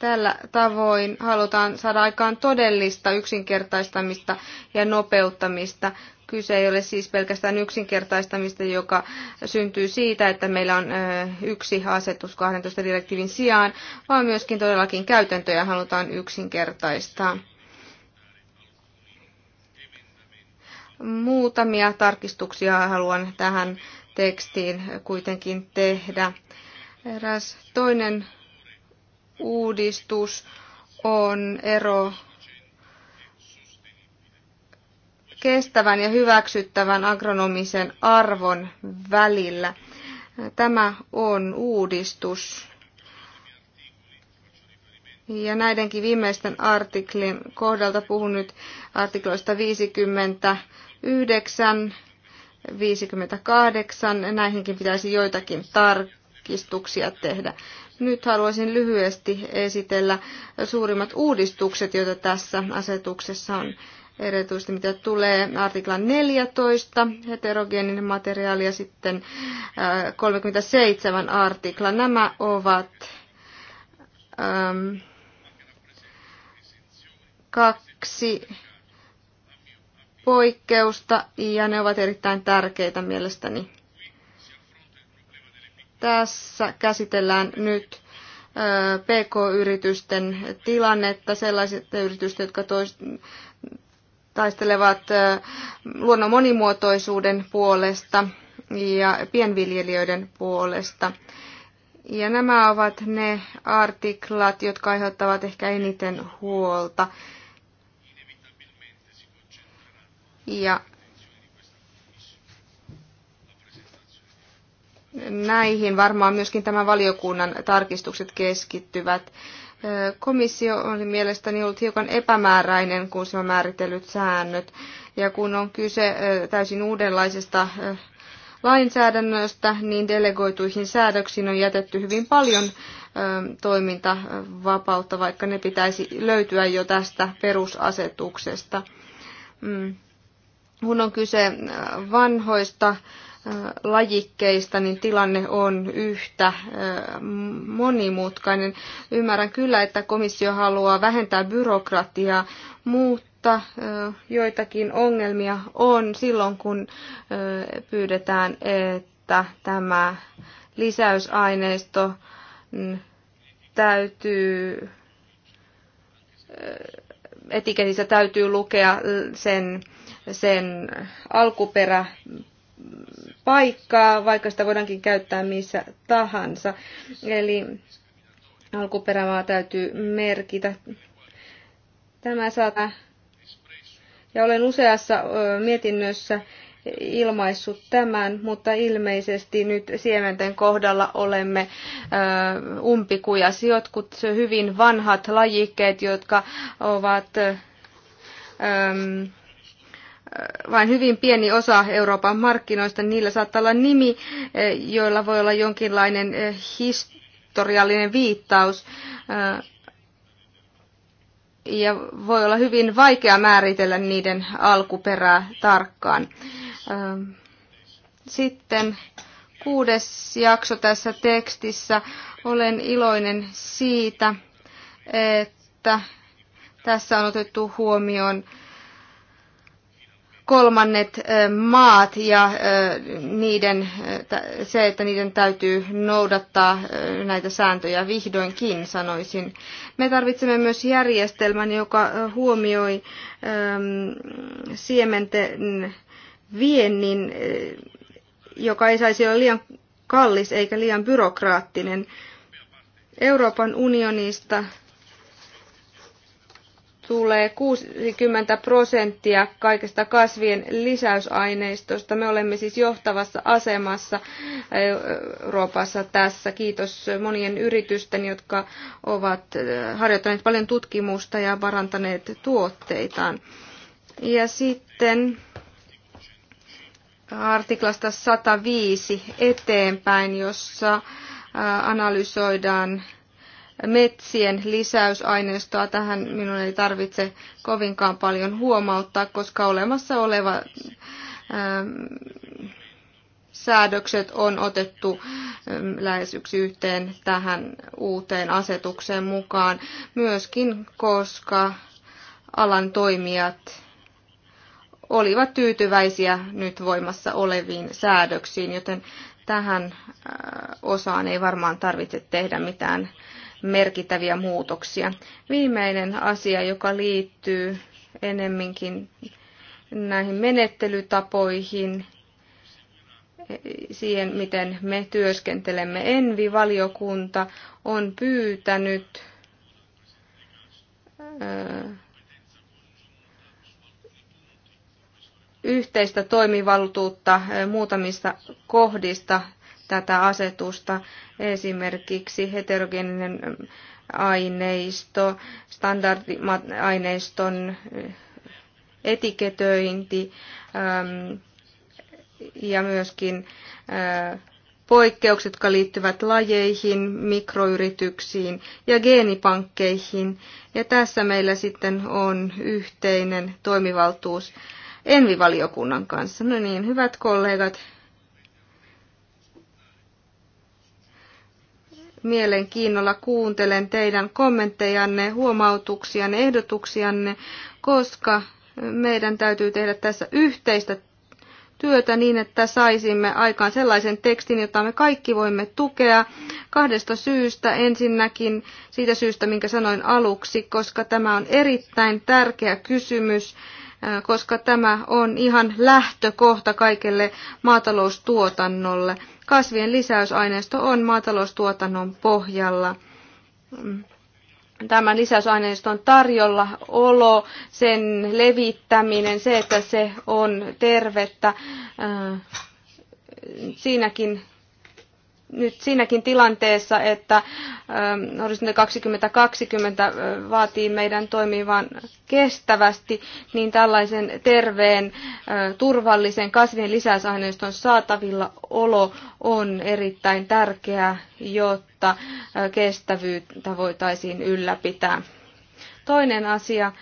Tällä tavoin halutaan saada aikaan todellista yksinkertaistamista ja nopeuttamista. Kyse ei ole siis pelkästään yksinkertaistamista, joka syntyy siitä, että meillä on yksi asetus 12 direktiivin sijaan, vaan myöskin todellakin käytäntöjä halutaan yksinkertaistaa. Muutamia tarkistuksia haluan tähän tekstiin kuitenkin tehdä. Eräs toinen uudistus on ero kestävän ja hyväksyttävän agronomisen arvon välillä. Tämä on uudistus. Ja näidenkin viimeisten artiklin kohdalta puhun nyt artikloista 59, 58. Näihinkin pitäisi joitakin tarkistuksia tehdä. Nyt haluaisin lyhyesti esitellä suurimmat uudistukset, joita tässä asetuksessa on erityisesti mitä tulee artiklan 14, heterogeeninen materiaali ja sitten 37 äh, artikla. Nämä ovat ähm, kaksi poikkeusta ja ne ovat erittäin tärkeitä mielestäni. Tässä käsitellään nyt PK-yritysten tilannetta, sellaiset yritykset, jotka taistelevat luonnon monimuotoisuuden puolesta ja pienviljelijöiden puolesta. Ja nämä ovat ne artiklat, jotka aiheuttavat ehkä eniten huolta. Ja näihin varmaan myöskin tämän valiokunnan tarkistukset keskittyvät. Komissio oli mielestäni ollut hiukan epämääräinen, kun se on määritellyt säännöt. Ja kun on kyse täysin uudenlaisesta lainsäädännöstä, niin delegoituihin säädöksiin on jätetty hyvin paljon toimintavapautta, vaikka ne pitäisi löytyä jo tästä perusasetuksesta. Mm. Kun on kyse vanhoista lajikkeista, niin tilanne on yhtä monimutkainen. Ymmärrän kyllä, että komissio haluaa vähentää byrokratiaa, mutta joitakin ongelmia on silloin, kun pyydetään, että tämä lisäysaineisto mm, täytyy etiketissä täytyy lukea mm, sen, sen alkuperä paikkaa, vaikka sitä voidaankin käyttää missä tahansa. Eli alkuperämaa täytyy merkitä. Tämä saattaa. Ja olen useassa mietinnössä ilmaissut tämän, mutta ilmeisesti nyt siementen kohdalla olemme umpikujas. Jotkut hyvin vanhat lajikkeet, jotka ovat vain hyvin pieni osa Euroopan markkinoista. Niillä saattaa olla nimi, eh, joilla voi olla jonkinlainen eh, historiallinen viittaus. Eh, ja voi olla hyvin vaikea määritellä niiden alkuperää tarkkaan. Sitten kuudes jakso tässä tekstissä. Olen iloinen siitä, että tässä on otettu huomioon äh, kolmannet maat ja niiden, se, että niiden täytyy noudattaa näitä sääntöjä vihdoinkin, sanoisin. Me tarvitsemme myös järjestelmän, joka huomioi siementen viennin, joka ei saisi olla liian kallis eikä liian byrokraattinen. Euroopan unionista tulee 60 prosenttia kaikesta kasvien lisäysaineistosta. Me olemme siis johtavassa asemassa Euroopassa tässä. Kiitos monien yritysten, jotka ovat harjoittaneet paljon tutkimusta ja parantaneet tuotteitaan. Ja sitten artiklasta 105 eteenpäin, jossa analysoidaan metsien lisäysaineistoa. Tähän minun ei tarvitse kovinkaan paljon huomauttaa, koska olemassa oleva ähm, säädökset on otettu ähm, lähes yksi yhteen tähän uuteen asetukseen mukaan, myöskin koska alan toimijat olivat tyytyväisiä nyt voimassa oleviin säädöksiin, joten tähän äh, osaan ei varmaan tarvitse tehdä mitään merkittäviä muutoksia. Viimeinen asia, joka liittyy enemminkin näihin menettelytapoihin, siihen miten me työskentelemme. Envi-valiokunta on pyytänyt yhteistä toimivaltuutta muutamista kohdista tätä asetusta, esimerkiksi heterogeeninen aineisto, standardiaineiston eh, etiketöinti ähm, ja myöskin äh, poikkeukset, jotka liittyvät lajeihin, mikroyrityksiin ja geenipankkeihin. Ja tässä meillä sitten on yhteinen toimivaltuus Envivaliokunnan kanssa. No niin, hyvät kollegat, mielenkiinnolla kuuntelen teidän kommenttejanne, huomautuksianne, ehdotuksianne, koska meidän täytyy tehdä tässä yhteistä työtä niin, että saisimme aikaan sellaisen tekstin, jota me kaikki voimme tukea kahdesta syystä. Ensinnäkin siitä syystä, minkä sanoin aluksi, koska tämä on erittäin tärkeä kysymys, äh, koska tämä on ihan lähtökohta kaikelle maataloustuotannolle kasvien lisäysaineisto on maataloustuotannon pohjalla tämän lisäysaineiston tarjolla olo, sen levittäminen, se, että se on tervettä, äh, siinäkin nyt siinäkin tilanteessa, että ähm, horisontti 2020 äh, vaatii meidän toimivan kestävästi, niin tällaisen terveen, äh, turvallisen kasvien lisäysaineiston saatavilla olo on erittäin tärkeää, jotta äh, kestävyyttä voitaisiin ylläpitää. Toinen asia,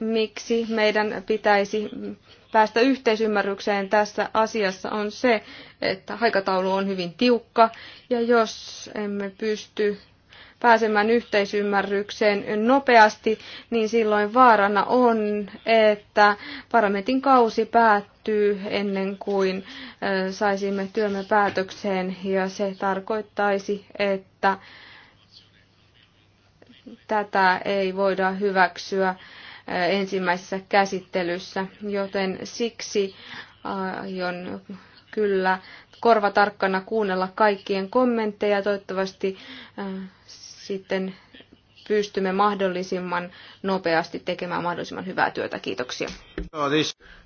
miksi meidän pitäisi päästä yhteisymmärrykseen tässä asiassa on se, että aikataulu on hyvin tiukka ja jos emme pysty pääsemään yhteisymmärrykseen nopeasti, niin silloin vaarana on, että parlamentin kausi päättyy ennen kuin saisimme työmme päätökseen ja se tarkoittaisi, että tätä ei voida hyväksyä Äh, ensimmäisessä käsittelyssä, joten siksi aion kyllä korvatarkkana kuunnella kaikkien kommentteja. Toivottavasti äh, sitten pystymme mahdollisimman nopeasti tekemään mahdollisimman hyvää työtä. Kiitoksia.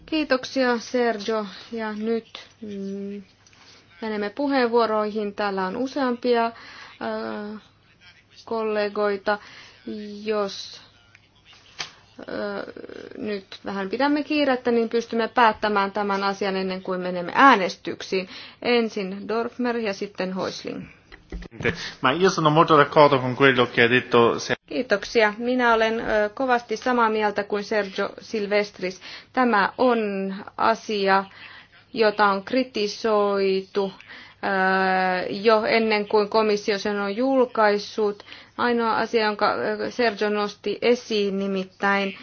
Kiitoksia Sergio. Ja nyt mm, menemme puheenvuoroihin. Täällä on useampia äh, kollegoita. Jos nyt vähän pidämme kiirettä, niin pystymme päättämään tämän asian ennen kuin menemme äänestyksiin. Ensin Dorfmer ja sitten Hoisling. Kiitoksia. Minä olen kovasti samaa mieltä kuin Sergio Silvestris. Tämä on asia, jota on kritisoitu jo ennen kuin komissio sen on julkaissut. Ainoa asia, jonka Sergio nosti esiin, nimittäin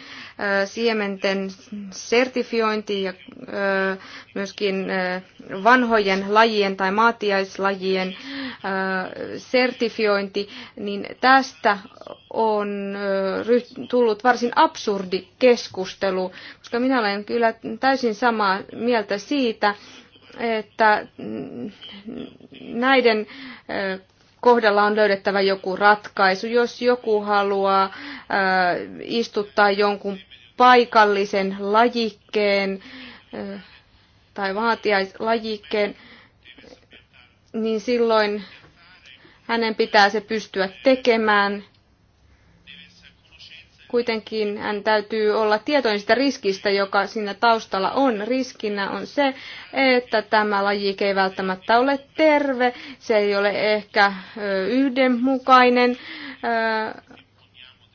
siementen sertifiointi ja myöskin vanhojen lajien tai maatiaislajien sertifiointi, niin tästä on tullut varsin absurdi keskustelu, koska minä olen kyllä täysin samaa mieltä siitä, että näiden kohdalla on löydettävä joku ratkaisu. Jos joku haluaa istuttaa jonkun paikallisen lajikkeen tai vaatiaislajikkeen, niin silloin hänen pitää se pystyä tekemään – Kuitenkin hän täytyy olla tietoinen sitä riskistä, joka siinä taustalla on. Riskinä on se, että tämä lajike ei välttämättä ole terve, se ei ole ehkä yhdenmukainen,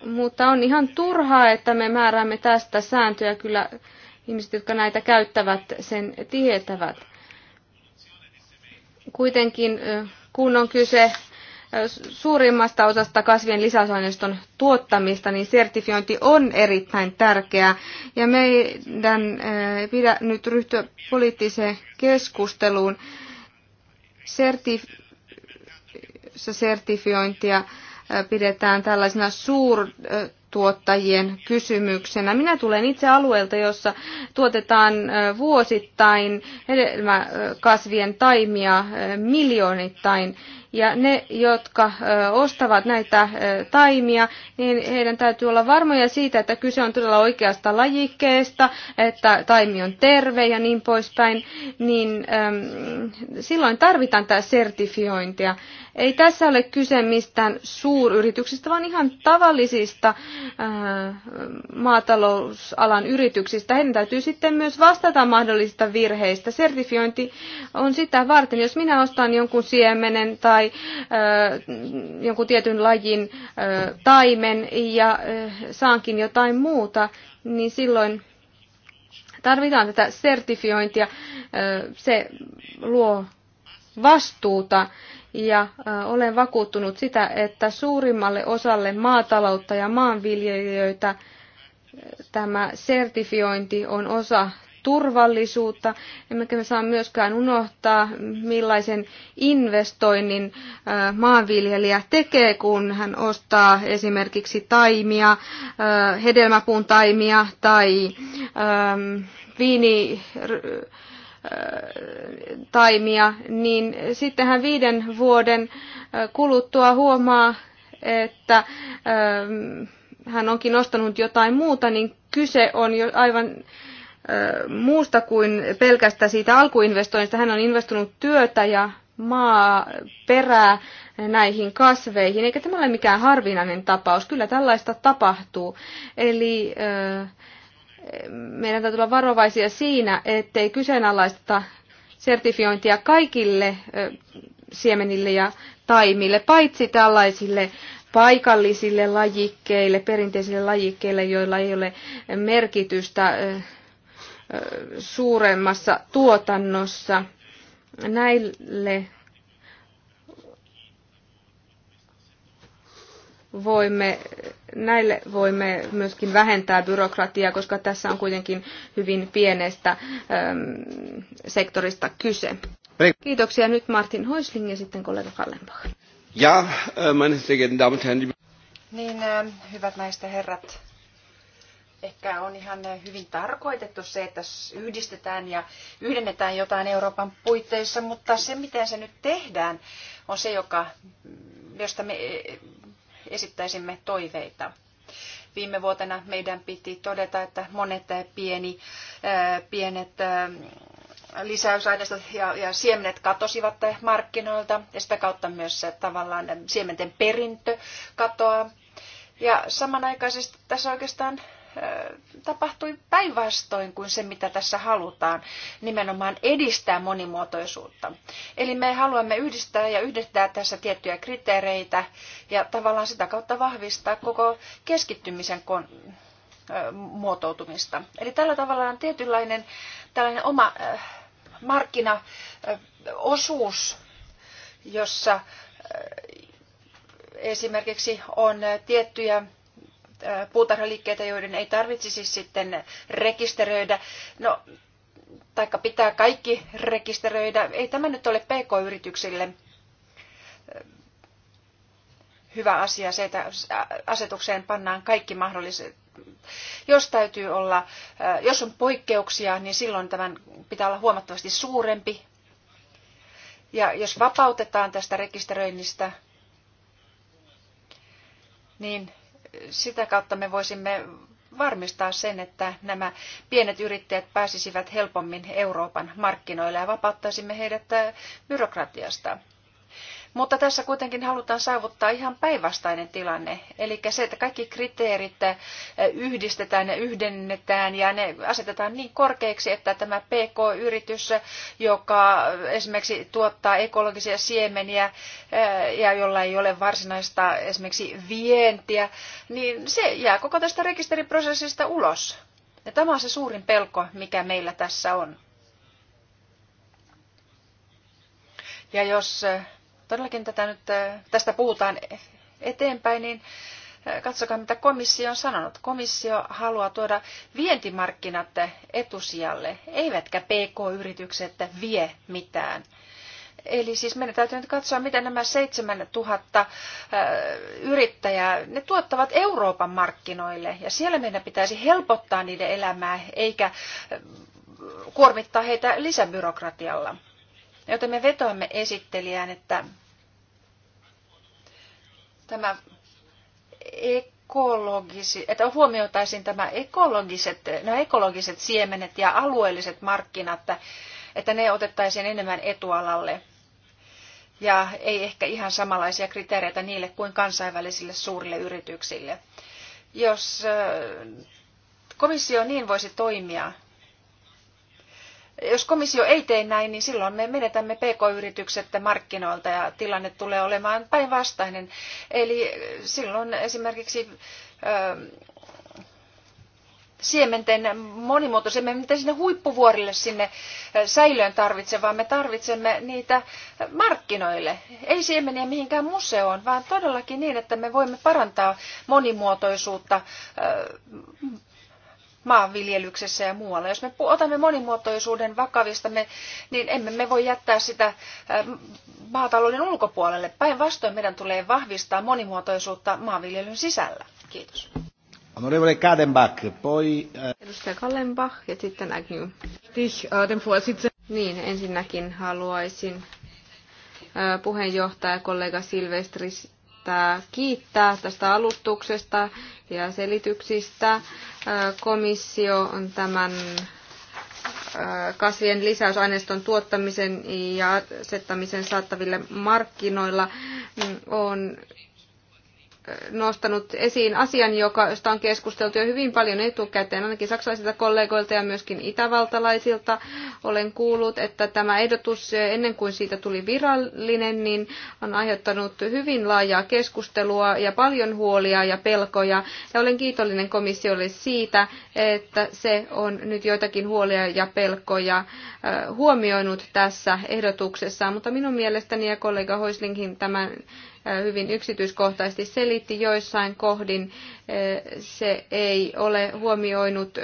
mutta on ihan turhaa, että me määräämme tästä sääntöjä. Kyllä ihmiset, jotka näitä käyttävät, sen tietävät. Kuitenkin kun on kyse suurimmasta osasta kasvien lisäysaineiston tuottamista, niin sertifiointi on erittäin tärkeää. Ja meidän ei pidä nyt ryhtyä poliittiseen keskusteluun sertif- sertifiointia pidetään tällaisena suurtuottajien kysymyksenä. Minä tulen itse alueelta, jossa tuotetaan vuosittain hedelmäkasvien taimia miljoonittain ja ne, jotka ostavat näitä taimia, niin heidän täytyy olla varmoja siitä, että kyse on todella oikeasta lajikkeesta, että taimi on terve ja niin poispäin. Niin silloin tarvitaan tämä sertifiointia. Ei tässä ole kyse mistään suuryrityksistä, vaan ihan tavallisista maatalousalan yrityksistä. Heidän täytyy sitten myös vastata mahdollisista virheistä. Sertifiointi on sitä varten, jos minä ostan jonkun siemenen tai tai jonkun tietyn lajin taimen ja saankin jotain muuta, niin silloin tarvitaan tätä sertifiointia. Se luo vastuuta ja olen vakuuttunut sitä, että suurimmalle osalle maataloutta ja maanviljelijöitä tämä sertifiointi on osa turvallisuutta, emmekä me saa myöskään unohtaa, millaisen investoinnin maanviljelijä tekee, kun hän ostaa esimerkiksi taimia, hedelmäpuun taimia tai viini taimia, niin sittenhän viiden vuoden kuluttua huomaa, että hän onkin ostanut jotain muuta, niin kyse on jo aivan muusta kuin pelkästään siitä alkuinvestoinnista. Hän on investoinut työtä ja maa perää näihin kasveihin, eikä tämä ole mikään harvinainen tapaus. Kyllä tällaista tapahtuu. Eli meidän täytyy olla varovaisia siinä, ettei kyseenalaista sertifiointia kaikille siemenille ja taimille, paitsi tällaisille paikallisille lajikkeille, perinteisille lajikkeille, joilla ei ole merkitystä suuremmassa tuotannossa. Näille voimme, näille voimme myöskin vähentää byrokratiaa, koska tässä on kuitenkin hyvin pienestä äm, sektorista kyse. Kiitoksia nyt Martin Hoisling ja sitten kollega Kallenbach. Ja, äh, meine sehr geehrten Damen und Herren. Niin, äh, hyvät naiset ja herrat ehkä on ihan hyvin tarkoitettu se, että yhdistetään ja yhdennetään jotain Euroopan puitteissa, mutta se, miten se nyt tehdään, on se, joka, josta me eh, esittäisimme toiveita. Viime vuotena meidän piti todeta, että monet eh, pieni, eh, pienet lisäysaineistot ja, ja siemenet katosivat markkinoilta ja sitä kautta myös tavallaan siementen perintö katoaa. Ja samanaikaisesti tässä oikeastaan tapahtui päinvastoin kuin se, mitä tässä halutaan nimenomaan edistää monimuotoisuutta. Eli me haluamme yhdistää ja yhdistää tässä tiettyjä kriteereitä ja tavallaan sitä kautta vahvistaa koko keskittymisen kon- muotoutumista. Eli tällä tavalla on tietynlainen tällainen oma markkinaosuus, jossa esimerkiksi on tiettyjä puutarhaliikkeitä, joiden ei tarvitsisi sitten rekisteröidä. No, taikka pitää kaikki rekisteröidä. Ei tämä nyt ole PK-yrityksille hyvä asia se, että asetukseen pannaan kaikki mahdolliset. Jos täytyy olla, jos on poikkeuksia, niin silloin tämän pitää olla huomattavasti suurempi. Ja jos vapautetaan tästä rekisteröinnistä, niin sitä kautta me voisimme varmistaa sen, että nämä pienet yrittäjät pääsisivät helpommin Euroopan markkinoille ja vapauttaisimme heidät äh, byrokratiasta. Mutta tässä kuitenkin halutaan saavuttaa ihan päinvastainen tilanne. Eli se, että kaikki kriteerit eh, yhdistetään ja yhdennetään ja ne asetetaan niin korkeiksi, että tämä PK-yritys, joka esimerkiksi tuottaa ekologisia siemeniä eh, ja jolla ei ole varsinaista esimerkiksi vientiä, niin se jää koko tästä rekisteriprosessista ulos. Ja tämä on se suurin pelko, mikä meillä tässä on. Ja jos eh, todellakin tätä nyt, äh, tästä puhutaan eteenpäin, niin äh, katsokaa mitä komissio on sanonut. Komissio haluaa tuoda vientimarkkinat etusijalle, eivätkä PK-yritykset vie mitään. Eli siis meidän täytyy nyt katsoa, miten nämä 7000 äh, yrittäjää, ne tuottavat Euroopan markkinoille. Ja siellä meidän pitäisi helpottaa niiden elämää, eikä kuormittaa heitä lisäbyrokratialla. Joten me vetoamme esittelijään, että tämä ekologisi, että huomioitaisiin tämä ekologiset, nämä ekologiset siemenet ja alueelliset markkinat, että ne otettaisiin enemmän etualalle. Ja ei ehkä ihan samanlaisia kriteereitä niille kuin kansainvälisille suurille yrityksille. Jos komissio niin voisi toimia, jos komissio ei tee näin, niin silloin me menetämme pk-yritykset markkinoilta ja tilanne tulee olemaan päinvastainen. Eli eh, silloin esimerkiksi eh, siementen monimuotoisia. Me mitä sinne huippuvuorille sinne eh, säilöön tarvitse, vaan me tarvitsemme niitä markkinoille. Ei siemeniä mihinkään museoon, vaan todellakin niin, että me voimme parantaa monimuotoisuutta maanviljelyksessä ja muualla. Jos me otamme monimuotoisuuden vakavistamme, niin emme me voi jättää sitä maatalouden ulkopuolelle. Päinvastoin meidän tulee vahvistaa monimuotoisuutta maanviljelyn sisällä. Kiitos. Honorevole Kadenbach, poi... Edustaja Kallenbach ja sitten Agnew. Niin, ensinnäkin haluaisin puheenjohtaja kollega Silvestris että kiittää tästä alustuksesta ja selityksistä. Komissio on tämän kasvien lisäysaineiston tuottamisen ja asettamisen saattaville markkinoilla mm, on nostanut esiin asian, joka, josta on keskusteltu jo hyvin paljon etukäteen, ainakin saksalaisilta kollegoilta ja myöskin itävaltalaisilta. Olen kuullut, että tämä ehdotus ennen kuin siitä tuli virallinen, niin on aiheuttanut hyvin laajaa keskustelua ja paljon huolia ja pelkoja. Ja olen kiitollinen komissiolle siitä, että se on nyt joitakin huolia ja pelkoja äh, huomioinut tässä ehdotuksessa. Mutta minun mielestäni ja kollega Hoislingin tämän hyvin yksityiskohtaisesti selitti joissain kohdin, se ei ole huomioinut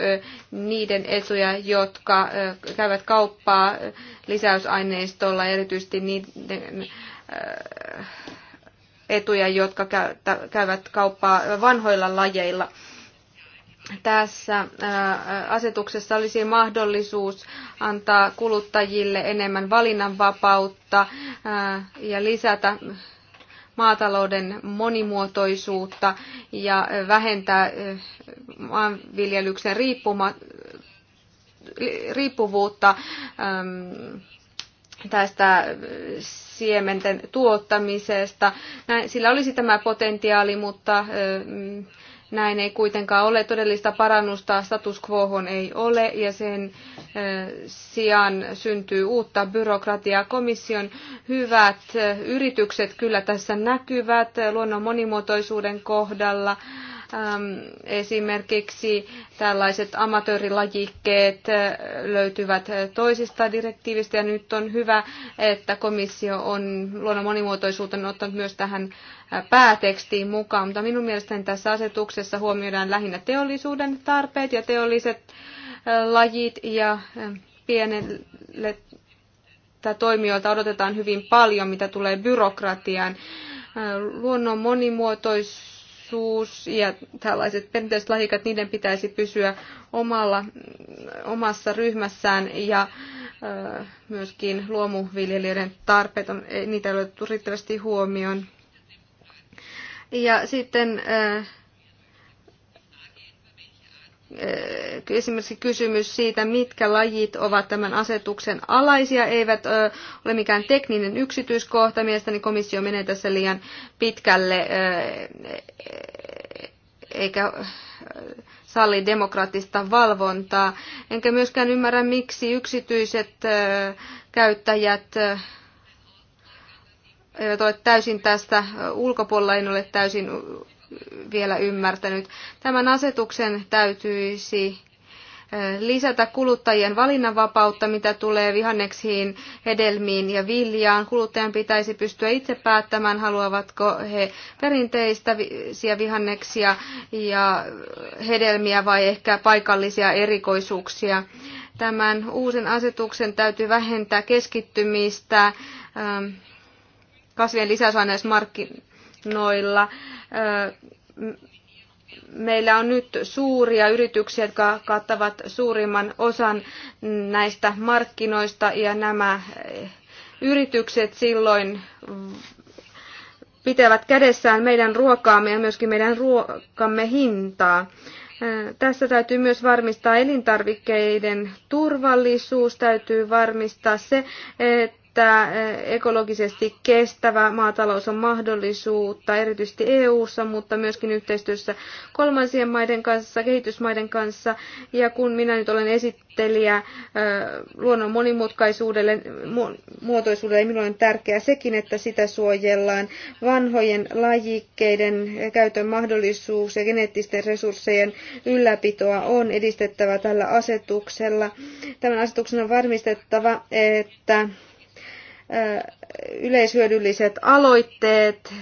niiden etuja, jotka käyvät kauppaa lisäysaineistolla, erityisesti niiden etuja, jotka käyvät kauppaa vanhoilla lajeilla tässä asetuksessa olisi mahdollisuus antaa kuluttajille enemmän valinnanvapautta ja lisätä maatalouden monimuotoisuutta ja vähentää eh, maanviljelyksen riippuma, riippuvuutta ehm, tästä eh, siementen tuottamisesta. Sillä olisi tämä potentiaali, mutta eh, näin ei kuitenkaan ole. Todellista parannusta status quohon ei ole ja sen sijaan syntyy uutta byrokratiaa. Komission hyvät yritykset kyllä tässä näkyvät luonnon monimuotoisuuden kohdalla. Ähm, esimerkiksi tällaiset amatöörilajikkeet äh, löytyvät äh, toisista direktiivistä ja nyt on hyvä, että komissio on luonnon monimuotoisuuteen ottanut myös tähän äh, päätekstiin mukaan, mutta minun mielestäni tässä asetuksessa huomioidaan lähinnä teollisuuden tarpeet ja teolliset lajit ja pienelle toimijoilta odotetaan hyvin paljon, mitä tulee byrokratiaan. Luonnon monimuotoisuus turvallisuus ja tällaiset perinteiset lahikat, niiden pitäisi pysyä omalla, omassa ryhmässään ja ö, myöskin luomuviljelijöiden tarpeet, on, niitä ei ole riittävästi huomioon. Ja sitten ö, esimerkiksi kysymys siitä, mitkä lajit ovat tämän asetuksen alaisia, eivät ole mikään tekninen yksityiskohta. Mielestäni komissio menee tässä liian pitkälle eikä salli demokraattista valvontaa. Enkä myöskään ymmärrä, miksi yksityiset käyttäjät eivät ole täysin tästä ulkopuolella, en ole täysin vielä ymmärtänyt. Tämän asetuksen täytyisi lisätä kuluttajien valinnanvapautta, mitä tulee vihanneksiin, hedelmiin ja viljaan. Kuluttajan pitäisi pystyä itse päättämään, haluavatko he perinteistä vihanneksia ja hedelmiä vai ehkä paikallisia erikoisuuksia. Tämän uusen asetuksen täytyy vähentää keskittymistä kasvien lisäsaineismarkkinoilla markkinoilla. Meillä on nyt suuria yrityksiä, jotka kattavat suurimman osan näistä markkinoista ja nämä eh, yritykset silloin pitävät kädessään meidän ruokaamme ja myöskin meidän ruokamme hintaa. Tässä täytyy myös varmistaa elintarvikkeiden turvallisuus, täytyy varmistaa se, että että eh, ekologisesti kestävä maatalous on mahdollisuutta, erityisesti EU-ssa, mutta myöskin yhteistyössä kolmansien maiden kanssa, kehitysmaiden kanssa. Ja kun minä nyt olen esittelijä eh, luonnon monimutkaisuudelle, muotoisuudelle, niin minulle on tärkeää sekin, että sitä suojellaan. Vanhojen lajikkeiden käytön mahdollisuus ja geneettisten resurssien ylläpitoa on edistettävä tällä asetuksella. Tämän asetuksen on varmistettava, että yleishyödylliset aloitteet,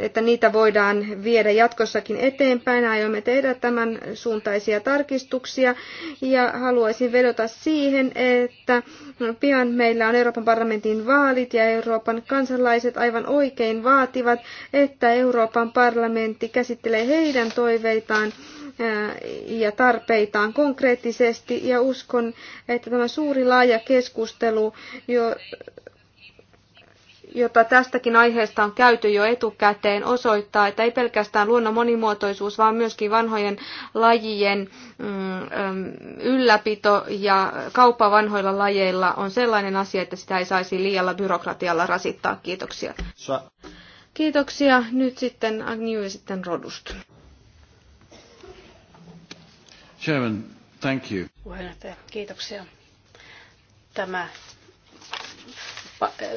että niitä voidaan viedä jatkossakin eteenpäin. Aiomme tehdä tämän suuntaisia tarkistuksia ja haluaisin vedota siihen, että pian meillä on Euroopan parlamentin vaalit ja Euroopan kansalaiset aivan oikein vaativat, että Euroopan parlamentti käsittelee heidän toiveitaan ja tarpeitaan konkreettisesti ja uskon, että tämä suuri laaja keskustelu, jo, jota tästäkin aiheesta on käyty jo etukäteen, osoittaa, että ei pelkästään luonnon monimuotoisuus, vaan myöskin vanhojen lajien mm, mm, ylläpito ja kauppa vanhoilla lajeilla on sellainen asia, että sitä ei saisi liialla byrokratialla rasittaa. Kiitoksia. Kiitoksia. Nyt sitten Agnew ja sitten Rodust. Chairman, thank you. Puheenjohtaja, kiitoksia. Tämä äh,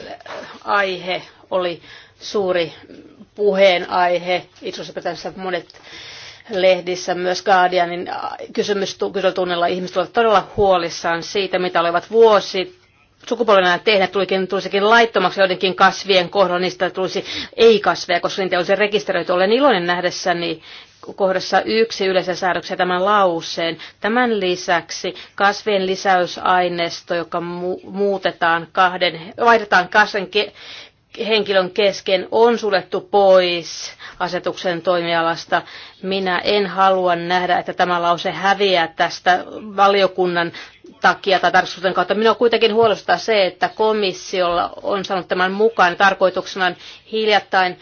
aihe oli suuri puheenaihe. Itse asiassa monet lehdissä, myös Guardianin äh, kyselytunnilla ihmiset olivat todella huolissaan siitä, mitä olivat vuosi sukupolvena tehneet tulikin, tulisikin laittomaksi joidenkin kasvien kohdalla, niistä tulisi ei-kasveja, koska niitä olisi rekisteröity. Olen iloinen nähdessäni, kohdassa yksi yleisen säädöksen tämän lauseen. Tämän lisäksi kasvien lisäysaineisto, joka mu- muutetaan kahden, vaihdetaan kasven ke- henkilön kesken, on suljettu pois asetuksen toimialasta. Minä en halua nähdä, että tämä lause häviää tästä valiokunnan takia tai tarkoituksen kautta. Minua kuitenkin huolestuttaa se, että komissiolla on saanut tämän mukaan tarkoituksena hiljattain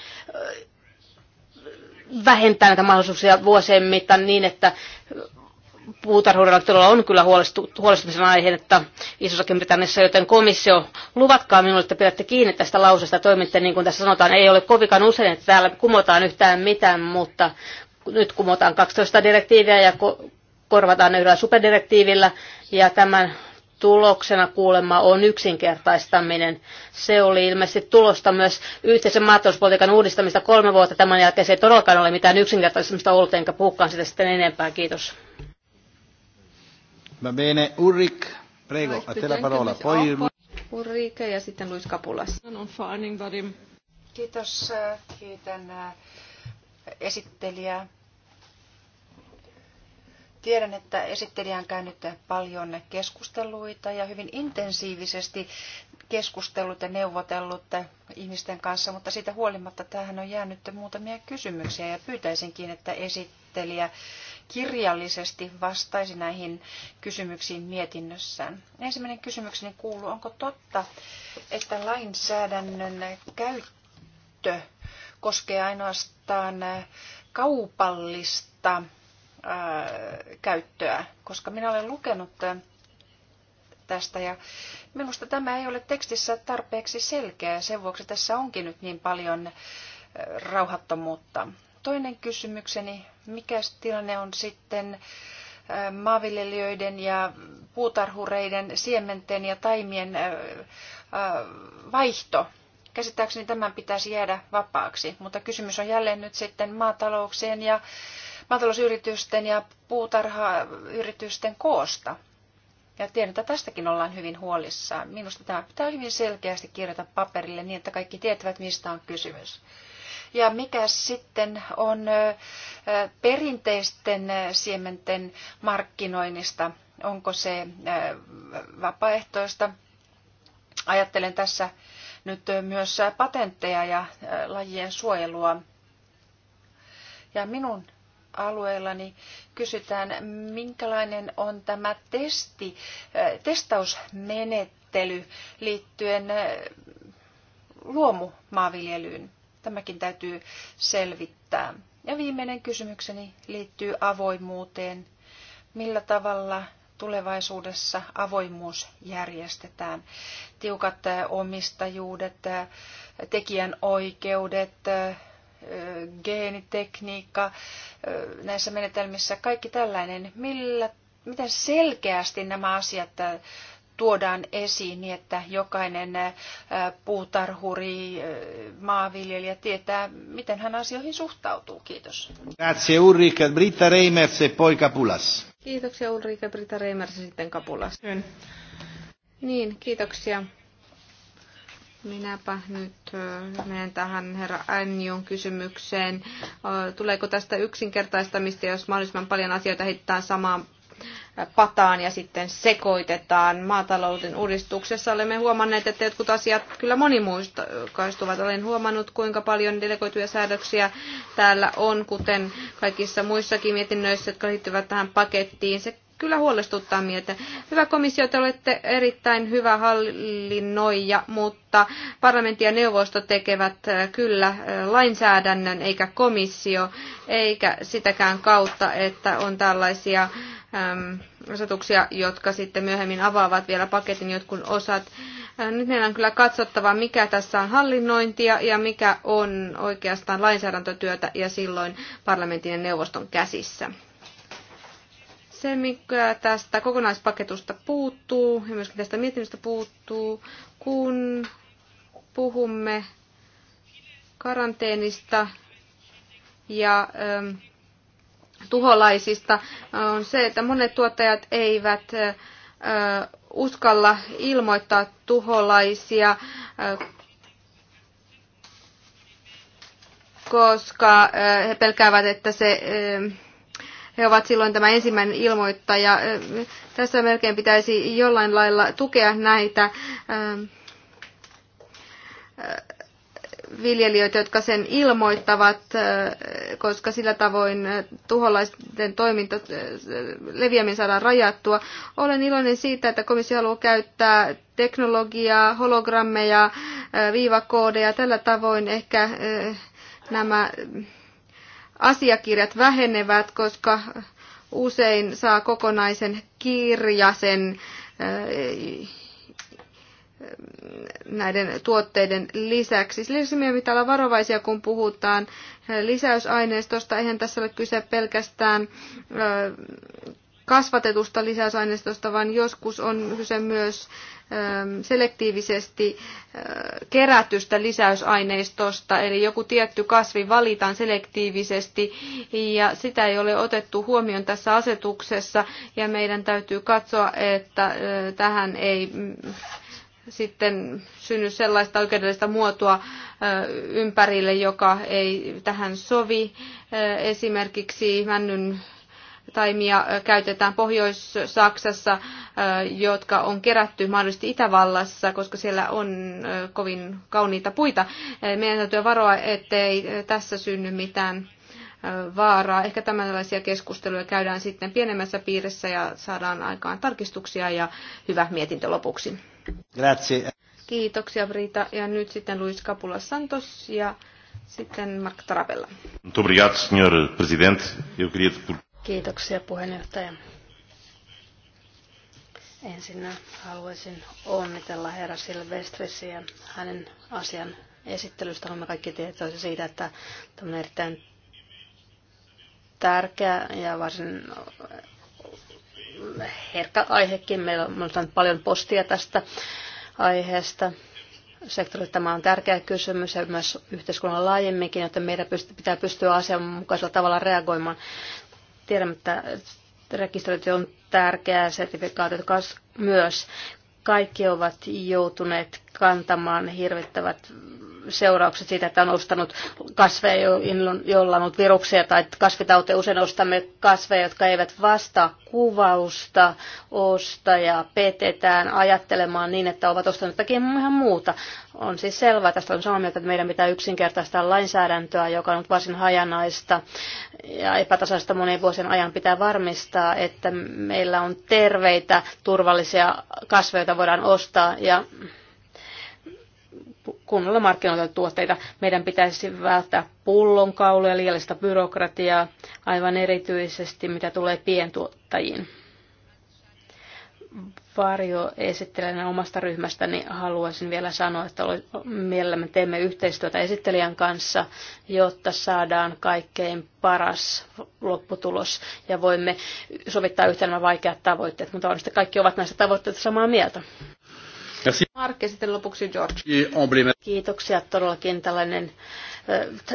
vähentää näitä mahdollisuuksia vuosien mittaan niin, että puutarhuudella on kyllä huolestumisen että isossakin Britanniassa, joten komissio, luvatkaa minulle, että pidätte kiinni tästä lauseesta toimitte, niin kuin tässä sanotaan, ei ole kovikaan usein, että täällä kumotaan yhtään mitään, mutta nyt kumotaan 12 direktiiviä ja korvataan ne yhdellä superdirektiivillä, ja tämän tuloksena kuulemma on yksinkertaistaminen. Se oli ilmeisesti tulosta myös yhteisen maatalouspolitiikan uudistamista kolme vuotta tämän jälkeen. Se ei todellakaan ole mitään yksinkertaistamista ollut, enkä puhukaan sitä sitten enempää. Kiitos. Va bene, Ulrik, prego, a te la parola. Poi... Ulrike ja sitten Luis Kapulas. Kiitos, äh, kiitän äh, esittelijää Tiedän, että esittelijä on käynyt paljon keskusteluita ja hyvin intensiivisesti keskustellut ja neuvotellut ihmisten kanssa, mutta siitä huolimatta tähän on jäänyt muutamia kysymyksiä ja pyytäisinkin, että esittelijä kirjallisesti vastaisi näihin kysymyksiin mietinnössään. Ensimmäinen kysymykseni kuuluu, onko totta, että lainsäädännön käyttö koskee ainoastaan kaupallista käyttöä, koska minä olen lukenut tästä ja minusta tämä ei ole tekstissä tarpeeksi selkeä. Sen vuoksi tässä onkin nyt niin paljon rauhattomuutta. Toinen kysymykseni, mikä tilanne on sitten maanviljelijöiden ja puutarhureiden, siementen ja taimien vaihto? Käsittääkseni tämän pitäisi jäädä vapaaksi, mutta kysymys on jälleen nyt sitten maatalouksien ja maatalousyritysten ja puutarhayritysten koosta. Ja tiedän, että tästäkin ollaan hyvin huolissaan. Minusta tämä pitää hyvin selkeästi kirjata paperille niin, että kaikki tietävät, mistä on kysymys. Ja mikä sitten on perinteisten siementen markkinoinnista? Onko se vapaaehtoista? Ajattelen tässä nyt myös patentteja ja lajien suojelua. Ja minun alueellani niin kysytään, minkälainen on tämä testi, äh, testausmenettely liittyen äh, luomumaanviljelyyn. Tämäkin täytyy selvittää. Ja viimeinen kysymykseni liittyy avoimuuteen. Millä tavalla tulevaisuudessa avoimuus järjestetään? Tiukat äh, omistajuudet, tekijänoikeudet, geenitekniikka näissä menetelmissä, kaikki tällainen. Millä, miten selkeästi nämä asiat tuodaan esiin niin, että jokainen puutarhuri, maanviljelijä tietää, miten hän asioihin suhtautuu. Kiitos. Grazie Ulrike, Britta Reimers ja e poi Kapulas. Kiitoksia Ulrike, Britta Reimers ja sitten Kapulas. Niin, niin kiitoksia. Minäpä nyt menen tähän herra Anjon kysymykseen. Tuleeko tästä yksinkertaistamista, jos mahdollisimman paljon asioita heittää samaan pataan ja sitten sekoitetaan. Maatalouden uudistuksessa olemme huomanneet, että jotkut asiat kyllä monimuistuvat. Olen huomannut, kuinka paljon delegoituja säädöksiä täällä on, kuten kaikissa muissakin mietinnöissä, jotka liittyvät tähän pakettiin. Se kyllä huolestuttaa mieltä. Hyvä komissio, te olette erittäin hyvä hallinnoija, mutta parlamentti ja neuvosto tekevät äh, kyllä äh, lainsäädännön eikä komissio, eikä sitäkään kautta, että on tällaisia äm, asetuksia, jotka sitten myöhemmin avaavat vielä paketin jotkun osat. Äh, nyt meillä on kyllä katsottava, mikä tässä on hallinnointia ja mikä on oikeastaan lainsäädäntötyötä ja silloin parlamentin ja neuvoston käsissä. Se, mikä tästä kokonaispaketusta puuttuu ja myöskin tästä mietinnöstä puuttuu, kun puhumme karanteenista ja ähm, tuholaisista, on se, että monet tuottajat eivät äh, uskalla ilmoittaa tuholaisia, äh, koska äh, he pelkäävät, että se ähm, he ovat silloin tämä ensimmäinen ilmoittaja. Tässä melkein pitäisi jollain lailla tukea näitä viljelijöitä, jotka sen ilmoittavat, koska sillä tavoin tuholaisten toiminta leviäminen saadaan rajattua. Olen iloinen siitä, että komissio haluaa käyttää teknologiaa, hologrammeja, viivakoodeja. Tällä tavoin ehkä nämä asiakirjat vähenevät, koska usein saa kokonaisen kirjasen eh, näiden tuotteiden lisäksi. Lisäksi meidän pitää olla varovaisia, kun puhutaan lisäysaineistosta. Eihän tässä ole kyse pelkästään eh, kasvatetusta lisäysaineistosta, vaan joskus on kyse myös ähm, selektiivisesti äh, kerätystä lisäysaineistosta, eli joku tietty kasvi valitaan selektiivisesti ja sitä ei ole otettu huomioon tässä asetuksessa ja meidän täytyy katsoa, että äh, tähän ei mm, sitten synny sellaista oikeudellista muotoa äh, ympärille, joka ei tähän sovi. Esimerkiksi männyn taimia käytetään Pohjois-Saksassa, jotka on kerätty mahdollisesti Itävallassa, koska siellä on kovin kauniita puita. Meidän täytyy varoa, ettei tässä synny mitään vaaraa. Ehkä tämänlaisia keskusteluja käydään sitten pienemmässä piirissä ja saadaan aikaan tarkistuksia ja hyvä mietintö lopuksi. Grazie. Kiitoksia Brita. Ja nyt sitten Luis Capula Santos ja sitten Mark Tarabella. Muito Eu queria Kiitoksia puheenjohtaja. Ensin haluaisin onnitella herra Silvestrisiä hänen asian esittelystä. Olemme kaikki tietoisia siitä, että tämä on erittäin tärkeä ja varsin herkkä aihekin. Meillä on paljon postia tästä aiheesta. Sektorille tämä on tärkeä kysymys ja myös yhteiskunnan laajemminkin, joten meidän pitää pystyä asianmukaisella tavalla reagoimaan. Tiedämme, että rekisteröinti on tärkeää, sertifikaatit myös. Kaikki ovat joutuneet kantamaan hirvittävät seuraukset siitä, että on ostanut kasveja, joilla on ollut viruksia tai kasvitauteja. Usein ostamme kasveja, jotka eivät vastaa kuvausta. Ostaja petetään ajattelemaan niin, että ovat ostaneet jotakin ihan muuta. On siis selvää, tästä on samaa mieltä, että meidän pitää yksinkertaistaa lainsäädäntöä, joka on nyt varsin hajanaista ja epätasaista monen vuosien ajan pitää varmistaa, että meillä on terveitä, turvallisia kasveja, joita voidaan ostaa ja kunnolla markkinoita tuotteita. Meidän pitäisi välttää pullonkauloja, liiallista byrokratiaa, aivan erityisesti mitä tulee pientuottajiin. Varjo esittelijänä omasta ryhmästäni niin haluaisin vielä sanoa, että mielellämme teemme yhteistyötä esittelijän kanssa, jotta saadaan kaikkein paras lopputulos ja voimme sovittaa yhtenä vaikeat tavoitteet, mutta että kaikki ovat näistä tavoitteista samaa mieltä. Markki, sitten lopuksi George. Kiitoksia todellakin tällainen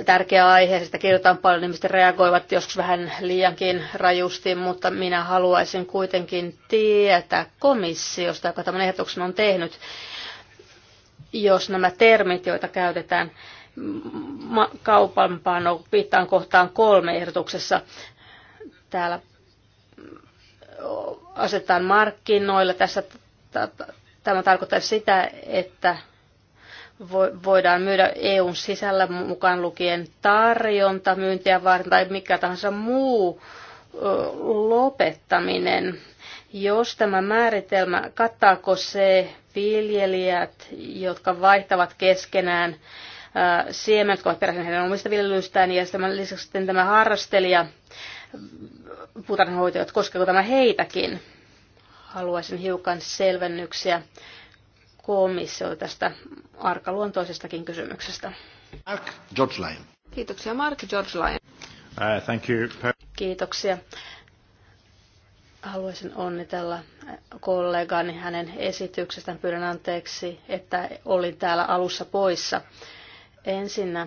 tärkeä aihe. Sitä kirjoitetaan paljon, ihmiset reagoivat joskus vähän liiankin rajusti, mutta minä haluaisin kuitenkin tietää komissiosta, joka tämän ehdotuksen on tehnyt, jos nämä termit, joita käytetään kaupanpano, viittaan kohtaan kolme ehdotuksessa, täällä asetetaan markkinoilla tässä Tämä tarkoittaa sitä, että voidaan myydä EUn sisällä mukaan lukien tarjonta myyntiä varten tai mikä tahansa muu lopettaminen. Jos tämä määritelmä, kattaako se viljelijät, jotka vaihtavat keskenään siemenet, jotka ovat peräisin heidän omista viljelyistään, ja tämän lisäksi sitten tämä harrastelija, puutarhanhoitajat, koskeeko tämä heitäkin? haluaisin hiukan selvennyksiä komissiolle tästä arkaluontoisestakin kysymyksestä. Mark George Lyon. Kiitoksia Mark George Lyon. Uh, thank you. Kiitoksia. Haluaisin onnitella kollegani hänen esityksestään. Pyydän anteeksi, että olin täällä alussa poissa. Ensinnä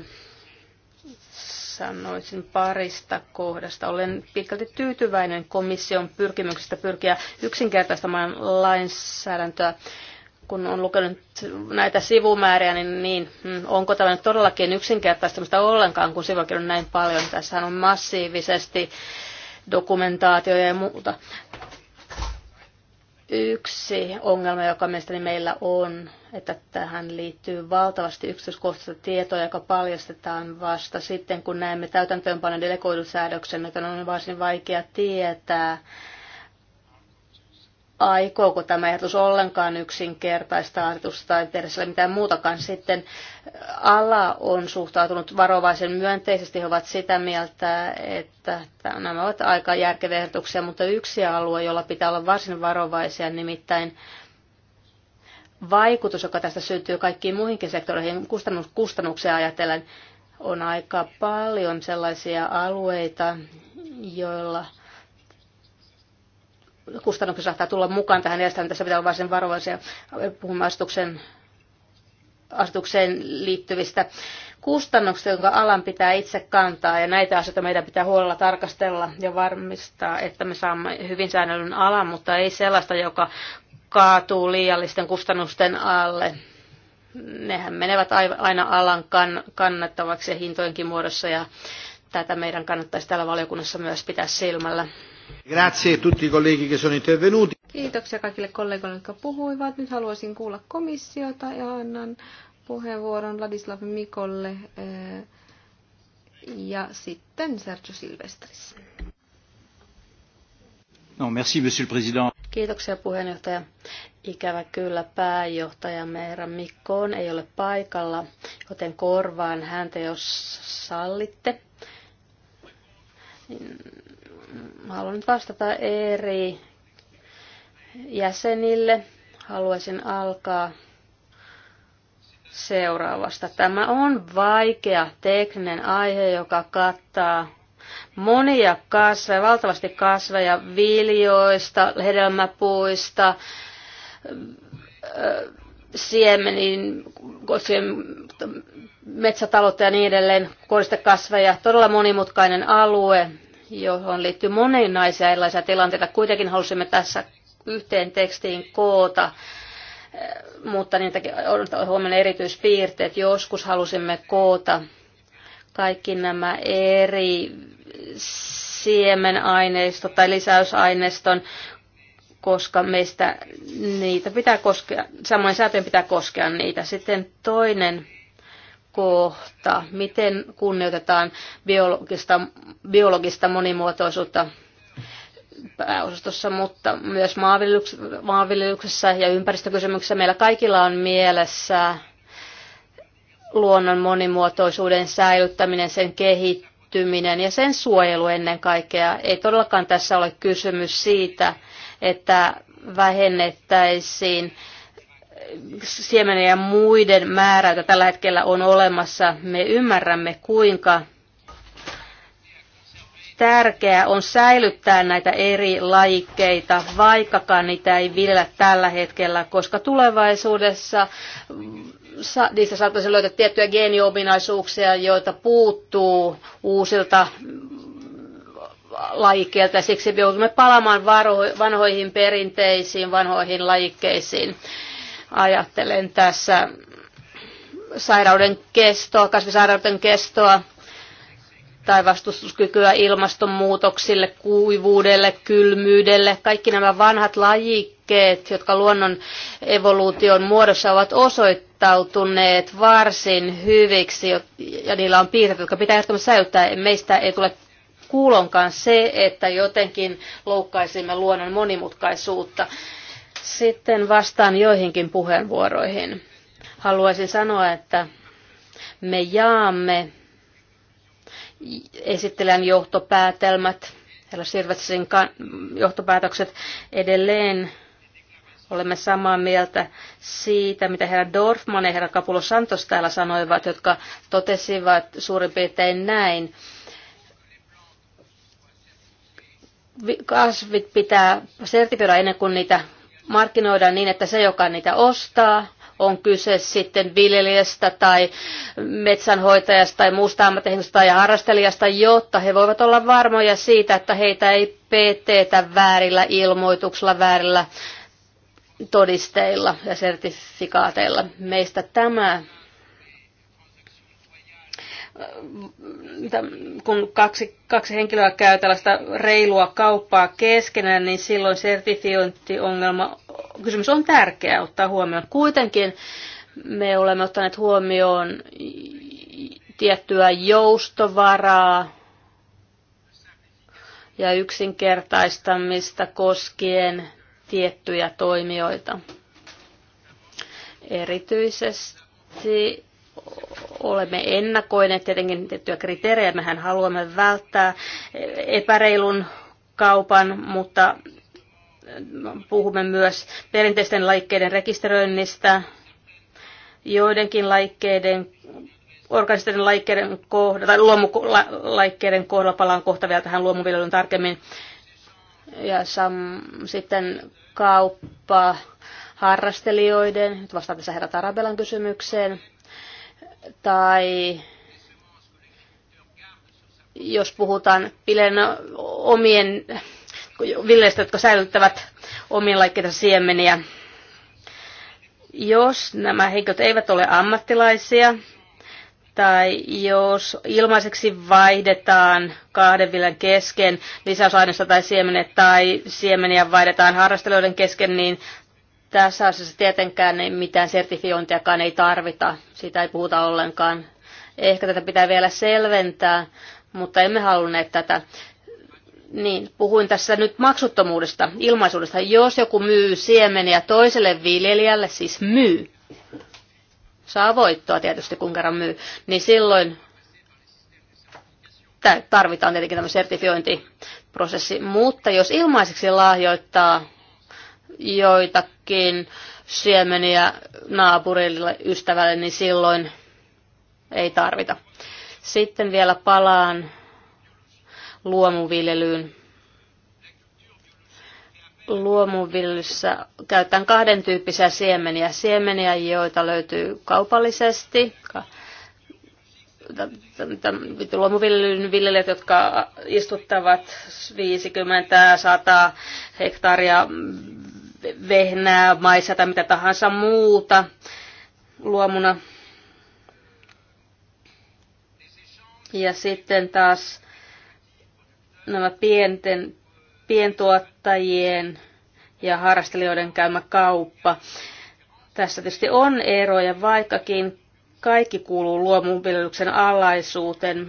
sanoisin parista kohdasta. Olen pitkälti tyytyväinen komission pyrkimyksestä pyrkiä yksinkertaistamaan lainsäädäntöä. Kun on lukenut näitä sivumääriä, niin, niin mm, onko tämä nyt todellakin yksinkertaistamista ollenkaan, kun sivuakin on näin paljon. Tässähän on massiivisesti dokumentaatio ja muuta. Yksi ongelma, joka mielestäni meillä on, että tähän liittyy valtavasti yksityiskohtaista tietoa, joka paljastetaan vasta sitten, kun näemme täytäntöönpanon delegoidun säädöksen, että on varsin vaikea tietää, aikooko tämä ehdotus ollenkaan yksinkertaista asetusta tai tehdä sillä mitään muutakaan. Sitten ala on suhtautunut varovaisen myönteisesti. He ovat sitä mieltä, että nämä ovat aika järkeviä ehdotuksia, mutta yksi alue, jolla pitää olla varsin varovaisia, nimittäin vaikutus, joka tästä syntyy kaikkiin muihinkin sektoreihin kustannuksia ajatellen, on aika paljon sellaisia alueita, joilla – kustannuksia saattaa tulla mukaan tähän ja Tässä pitää olla varsin varovaisia puhumme asetuksen, asetukseen liittyvistä kustannuksista, jonka alan pitää itse kantaa. Ja näitä asioita meidän pitää huolella tarkastella ja varmistaa, että me saamme hyvin säännöllinen alan, mutta ei sellaista, joka kaatuu liiallisten kustannusten alle. Nehän menevät aina alan kannattavaksi ja hintojenkin muodossa ja tätä meidän kannattaisi täällä valiokunnassa myös pitää silmällä. Grazie tutti colleghi che sono intervenuti. Kiitoksia kaikille kollegoille, jotka puhuivat. Nyt haluaisin kuulla komissiota ja annan puheenvuoron Ladislav Mikolle eh, ja sitten Sergio Silvestris. No, merci, monsieur le président. Kiitoksia puheenjohtaja. Ikävä kyllä pääjohtaja herra Mikkoon ei ole paikalla, joten korvaan häntä, jos sallitte haluan nyt vastata eri jäsenille. Haluaisin alkaa seuraavasta. Tämä on vaikea tekninen aihe, joka kattaa monia kasveja, valtavasti kasveja, viljoista, hedelmäpuista, siemeniin, metsätaloutta ja niin edelleen, koristekasveja. Todella monimutkainen alue, johon liittyy moninaisia erilaisia tilanteita. Kuitenkin halusimme tässä yhteen tekstiin koota, eh, mutta niitäkin on huomenna erityispiirteet. Joskus halusimme koota kaikki nämä eri siemenaineistot tai lisäysaineiston, koska meistä niitä pitää koskea, samoin säätöjen pitää koskea niitä. Sitten toinen kohta, miten kunnioitetaan biologista, biologista monimuotoisuutta pääosastossa, mutta myös maanviljelyksessä ja ympäristökysymyksessä meillä kaikilla on mielessä luonnon monimuotoisuuden säilyttäminen, sen kehittyminen ja sen suojelu ennen kaikkea. Ei todellakaan tässä ole kysymys siitä, että vähennettäisiin siemenen ja muiden määrä, joita tällä hetkellä on olemassa, me ymmärrämme kuinka tärkeää on säilyttää näitä eri lajikkeita, vaikkakaan niitä ei viljellä tällä hetkellä, koska tulevaisuudessa niistä saattaisi löytää tiettyjä geeniominaisuuksia, joita puuttuu uusilta lajikkeilta, siksi joudumme palaamaan vanhoihin perinteisiin, vanhoihin lajikkeisiin. Ajattelen tässä sairauden kestoa, kasvisairauden kestoa tai vastustuskykyä ilmastonmuutoksille, kuivuudelle, kylmyydelle. Kaikki nämä vanhat lajikkeet, jotka luonnon evoluution muodossa ovat osoittautuneet varsin hyviksi, ja niillä on piirteet, jotka pitää ehdottomasti säilyttää. Meistä ei tule kuulonkaan se, että jotenkin loukkaisimme luonnon monimutkaisuutta. Sitten vastaan joihinkin puheenvuoroihin. Haluaisin sanoa, että me jaamme esittelen johtopäätelmät, herra Sirvetsin johtopäätökset edelleen. Olemme samaa mieltä siitä, mitä herra Dorfman ja herra Kapulo Santos täällä sanoivat, jotka totesivat suurin piirtein näin. Kasvit pitää sertifioida ennen kuin niitä markkinoidaan niin, että se, joka niitä ostaa, on kyse sitten viljelijästä tai metsänhoitajasta tai muusta ammattihenkilöstä ja harrastelijasta, jotta he voivat olla varmoja siitä, että heitä ei petetä väärillä ilmoituksilla, väärillä todisteilla ja sertifikaateilla. Meistä tämä Äh, kun kaksi, kaksi henkilöä käy tällaista reilua kauppaa keskenään, niin silloin sertifiointiongelma, kysymys on tärkeää ottaa huomioon. Kuitenkin me olemme ottaneet huomioon tiettyä joustovaraa ja yksinkertaistamista koskien tiettyjä toimijoita. Erityisesti olemme ennakoineet tietenkin tiettyjä kriteerejä. Mehän haluamme välttää epäreilun kaupan, mutta puhumme myös perinteisten laikkeiden rekisteröinnistä, joidenkin laikkeiden organisten laikkeiden kohdalla, tai luomulaikkeiden kohdalla palaan kohta vielä tähän luomuviljelyyn tarkemmin. Ja sam, sitten kauppa harrastelijoiden, nyt vastaan tässä herra Tarabelan kysymykseen, tai jos puhutaan Pilen omien villeistä, jotka säilyttävät omien laikkeita siemeniä. Jos nämä henkilöt eivät ole ammattilaisia, tai jos ilmaiseksi vaihdetaan kahden villan kesken lisäysaineista tai siemenet, tai siemeniä vaihdetaan harrastelijoiden kesken, niin tässä asiassa tietenkään niin mitään sertifiointiakaan ei tarvita, siitä ei puhuta ollenkaan. Ehkä tätä pitää vielä selventää, mutta emme halunneet tätä. Niin, puhuin tässä nyt maksuttomuudesta, ilmaisuudesta. Jos joku myy siemeniä toiselle viljelijälle, siis myy, saa voittoa tietysti kun kerran myy, niin silloin tarvitaan tietenkin tämä sertifiointiprosessi. Mutta jos ilmaiseksi lahjoittaa joitakin siemeniä naapurille, ystävälle, niin silloin ei tarvita. Sitten vielä palaan luomuviljelyyn. Luomuviljelyssä käytetään kahden tyyppisiä siemeniä. Siemeniä, joita löytyy kaupallisesti. Luomuviljelyn viljelijät, jotka istuttavat 50-100 hektaria vehnää, maissa tai mitä tahansa muuta luomuna. Ja sitten taas nämä pienten, pientuottajien ja harrastelijoiden käymä kauppa. Tässä tietysti on eroja, vaikkakin kaikki kuuluu luomuviljelyksen alaisuuteen.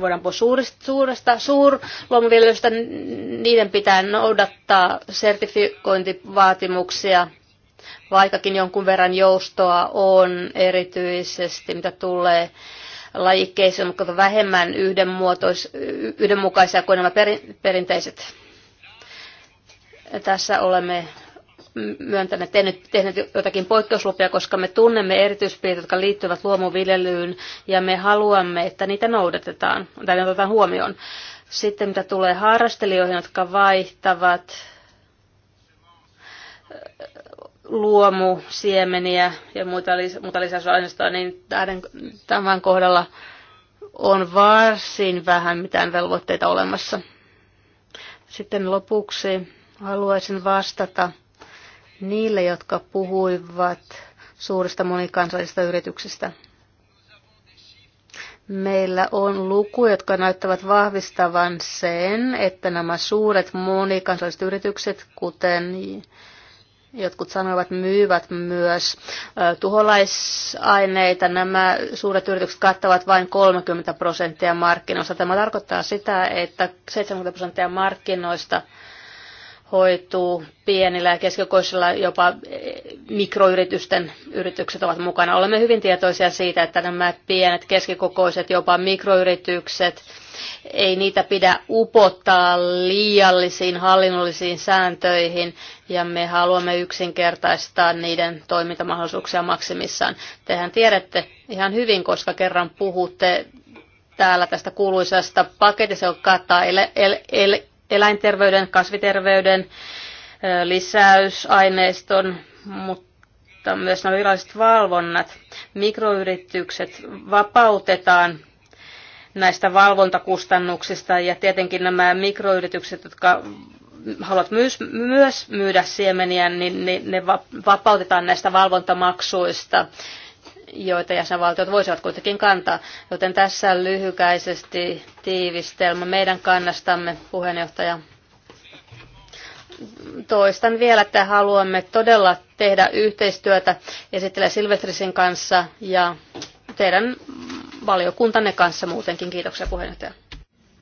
Voidaan puhua suurista, suuresta suurluomuviljelystä, niiden pitää noudattaa sertifikointivaatimuksia, vaikkakin jonkun verran joustoa on erityisesti, mitä tulee lajikkeisiin, mutta vähemmän yhdenmuotois, yhdenmukaisia kuin nämä perinteiset. Tässä olemme myöntäneet, tehneet, tehneet jotakin poikkeuslupia, koska me tunnemme erityispiirteet, jotka liittyvät luomuviljelyyn, ja me haluamme, että niitä noudatetaan, tai ne otetaan huomioon. Sitten mitä tulee harrastelijoihin, jotka vaihtavat äh, luomu, siemeniä ja muita, lis- muita lisäysaineista, niin tämän kohdalla on varsin vähän mitään velvoitteita olemassa. Sitten lopuksi haluaisin vastata niille, jotka puhuivat suurista monikansallisista yrityksistä. Meillä on luku, jotka näyttävät vahvistavan sen, että nämä suuret monikansalliset yritykset, kuten jotkut sanoivat, myyvät myös tuholaisaineita. Nämä suuret yritykset kattavat vain 30 prosenttia markkinoista. Tämä tarkoittaa sitä, että 70 prosenttia markkinoista hoituu pienillä ja keskikokoisilla jopa eh, mikroyritysten yritykset ovat mukana. Olemme hyvin tietoisia siitä, että nämä pienet, keskikokoiset, jopa mikroyritykset, ei niitä pidä upottaa liiallisiin hallinnollisiin sääntöihin ja me haluamme yksinkertaistaa niiden toimintamahdollisuuksia maksimissaan. Tehän tiedätte ihan hyvin, koska kerran puhutte täällä tästä kuuluisasta paketista, joka kattaa el, el, el, eläinterveyden, kasviterveyden lisäysaineiston, mutta myös nämä viralliset valvonnat. Mikroyritykset vapautetaan näistä valvontakustannuksista ja tietenkin nämä mikroyritykset, jotka haluat myös, myös myydä siemeniä, niin, niin ne vapautetaan näistä valvontamaksuista joita jäsenvaltiot voisivat kuitenkin kantaa. Joten tässä lyhykäisesti tiivistelmä meidän kannastamme, puheenjohtaja. Toistan vielä, että haluamme todella tehdä yhteistyötä esittelijä Silvestrisin kanssa ja teidän valiokuntanne kanssa muutenkin. Kiitoksia puheenjohtaja.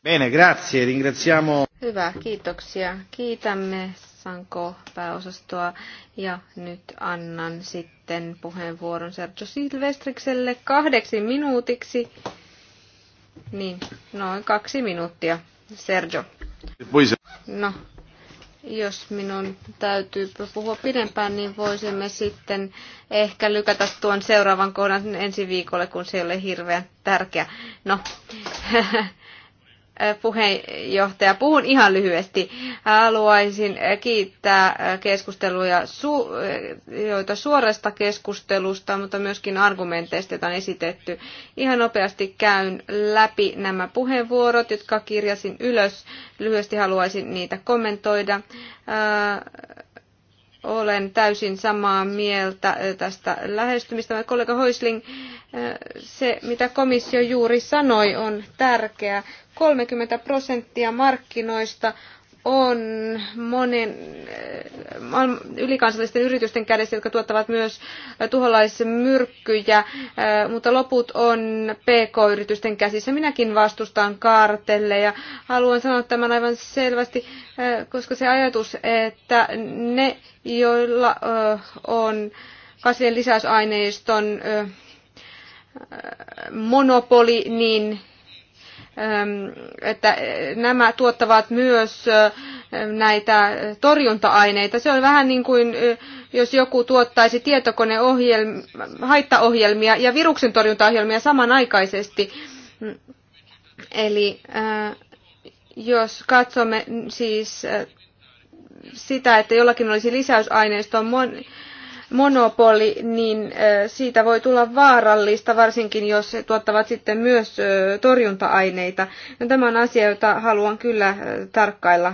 Bene, grazie. Ringraziamo... Hyvä, kiitoksia. Kiitämme Sanko-pääosastoa ja nyt annan sitten puheenvuoron Sergio Silvestrikselle kahdeksi minuutiksi. Niin, noin kaksi minuuttia. Sergio. No, jos minun täytyy puhua pidempään, niin voisimme sitten ehkä lykätä tuon seuraavan kohdan ensi viikolle, kun se ei ole hirveän tärkeä. No, puheenjohtaja. Puhun ihan lyhyesti. Haluaisin kiittää keskusteluja, joita suorasta keskustelusta, mutta myöskin argumenteista, joita on esitetty. Ihan nopeasti käyn läpi nämä puheenvuorot, jotka kirjasin ylös. Lyhyesti haluaisin niitä kommentoida. Olen täysin samaa mieltä eh, tästä lähestymistä. Kollega Hoisling, eh, se mitä komissio juuri sanoi on tärkeää. 30 prosenttia markkinoista on monen äh, ylikansallisten yritysten kädessä, jotka tuottavat myös äh, tuholaismyrkkyjä, äh, mutta loput on PK-yritysten käsissä. Minäkin vastustan ja Haluan sanoa tämän aivan selvästi, koska se ajatus, että ne, joilla on kasvien lisäysaineiston monopoli, niin Ähm, että äh, nämä tuottavat myös äh, näitä torjunta-aineita. Se on vähän niin kuin äh, jos joku tuottaisi tietokoneohjelmia, haittaohjelmia ja viruksen torjuntaohjelmia samanaikaisesti. Eli jos katsomme siis sitä, että jollakin olisi lisäysaineistoa monopoli, niin siitä voi tulla vaarallista, varsinkin jos he tuottavat sitten myös torjunta-aineita. No, tämä on asia, jota haluan kyllä tarkkailla.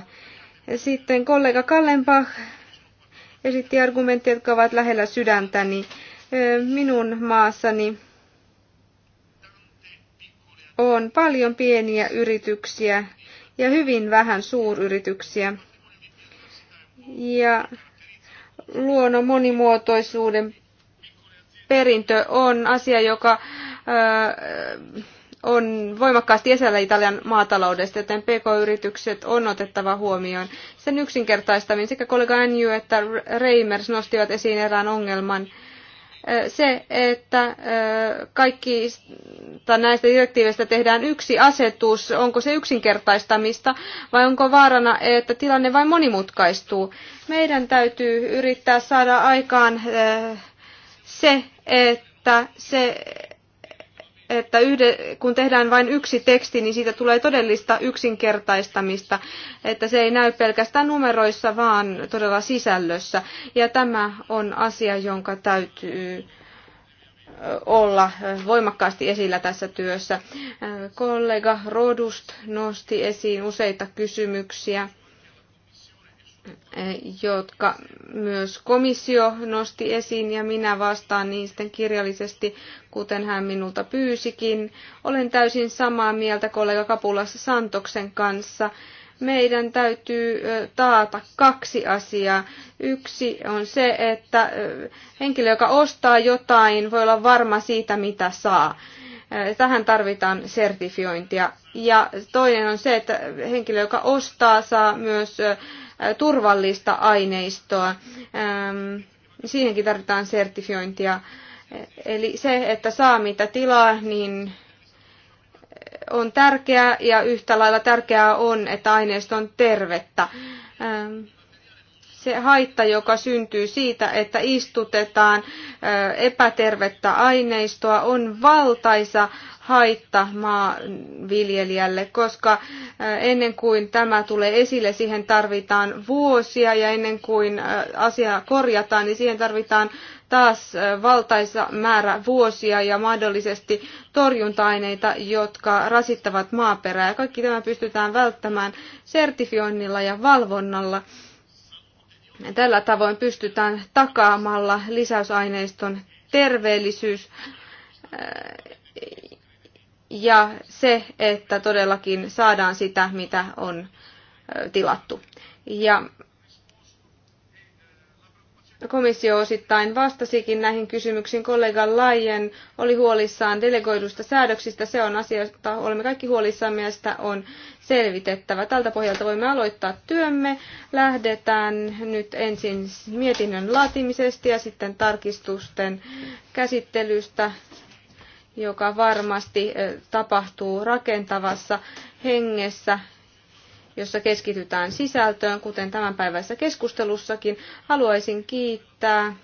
Sitten kollega Kallenbach esitti argumentteja, jotka ovat lähellä sydäntäni. Minun maassani on paljon pieniä yrityksiä ja hyvin vähän suuryrityksiä. Ja luonnon monimuotoisuuden perintö on asia, joka on voimakkaasti esillä Italian maataloudesta, joten PK-yritykset on otettava huomioon. Sen yksinkertaistaminen sekä kollega Anju että Reimers nostivat esiin erään ongelman, se, että kaikki näistä direktiiveistä tehdään yksi asetus, onko se yksinkertaistamista vai onko vaarana, että tilanne vain monimutkaistuu. Meidän täytyy yrittää saada aikaan se, että se että yhde, kun tehdään vain yksi teksti, niin siitä tulee todellista yksinkertaistamista, että se ei näy pelkästään numeroissa, vaan todella sisällössä. Ja tämä on asia, jonka täytyy olla voimakkaasti esillä tässä työssä. Kollega Rodust nosti esiin useita kysymyksiä jotka myös komissio nosti esiin ja minä vastaan niistä kirjallisesti, kuten hän minulta pyysikin. Olen täysin samaa mieltä kollega Kapulassa Santoksen kanssa. Meidän täytyy taata kaksi asiaa. Yksi on se, että henkilö, joka ostaa jotain, voi olla varma siitä, mitä saa. Tähän tarvitaan sertifiointia. Ja toinen on se, että henkilö, joka ostaa, saa myös turvallista aineistoa. Siihenkin tarvitaan sertifiointia. Eli se, että saa mitä tilaa, niin on tärkeää ja yhtä lailla tärkeää on, että aineisto on tervettä se haitta, joka syntyy siitä, että istutetaan epätervettä aineistoa, on valtaisa haitta maanviljelijälle, koska ennen kuin tämä tulee esille, siihen tarvitaan vuosia ja ennen kuin asia korjataan, niin siihen tarvitaan taas valtaisa määrä vuosia ja mahdollisesti torjunta-aineita, jotka rasittavat maaperää. Kaikki tämä pystytään välttämään sertifioinnilla ja valvonnalla. Tällä tavoin pystytään takaamalla lisäysaineiston terveellisyys ja se, että todellakin saadaan sitä, mitä on tilattu. Ja Komissio osittain vastasikin näihin kysymyksiin. Kollega Laien oli huolissaan delegoidusta säädöksistä. Se on asia, josta olemme kaikki huolissamme ja sitä on selvitettävä. Tältä pohjalta voimme aloittaa työmme. Lähdetään nyt ensin mietinnön laatimisesta ja sitten tarkistusten käsittelystä joka varmasti eh, tapahtuu rakentavassa hengessä jossa keskitytään sisältöön, kuten tämänpäiväisessä keskustelussakin. Haluaisin kiittää äh,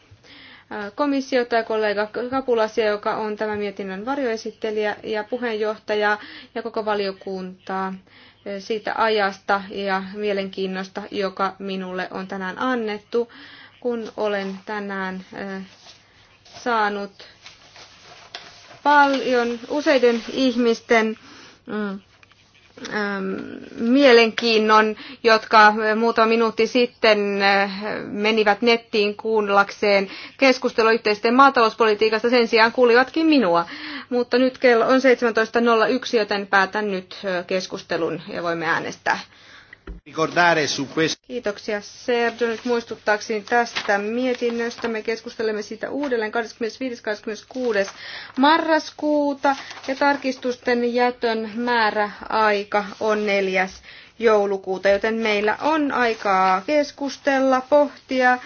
komissiota ja kollega Kapulasia, joka on tämän mietinnön varjoesittelijä ja puheenjohtaja ja koko valiokuntaa äh, siitä ajasta ja mielenkiinnosta, joka minulle on tänään annettu, kun olen tänään äh, saanut paljon useiden ihmisten mm, Ähm, mielenkiinnon, jotka muutama minuutti sitten äh, menivät nettiin kuunnellakseen keskustelua yhteisten maatalouspolitiikasta. Sen sijaan kuulivatkin minua. Mutta nyt kello on 17.01, joten päätän nyt äh, keskustelun ja voimme äänestää. Kiitoksia Sergio. Nyt muistuttaakseni tästä mietinnöstä. Me keskustelemme siitä uudelleen 25.-26. marraskuuta ja tarkistusten jätön määräaika on 4. joulukuuta, joten meillä on aikaa keskustella, pohtia,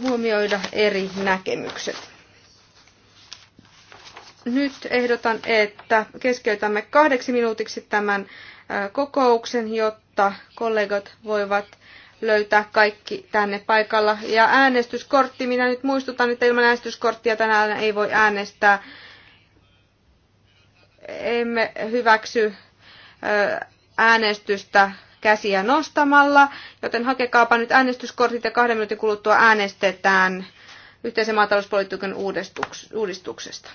huomioida eri näkemykset. Nyt ehdotan, että keskeytämme kahdeksi minuutiksi tämän kokouksen, jotta jotta kollegat voivat löytää kaikki tänne paikalla. Ja äänestyskortti, minä nyt muistutan, että ilman äänestyskorttia tänään ei voi äänestää. Emme hyväksy äänestystä käsiä nostamalla, joten hakekaapa nyt äänestyskortit ja kahden minuutin kuluttua äänestetään yhteisen maatalouspolitiikan uudistuksesta.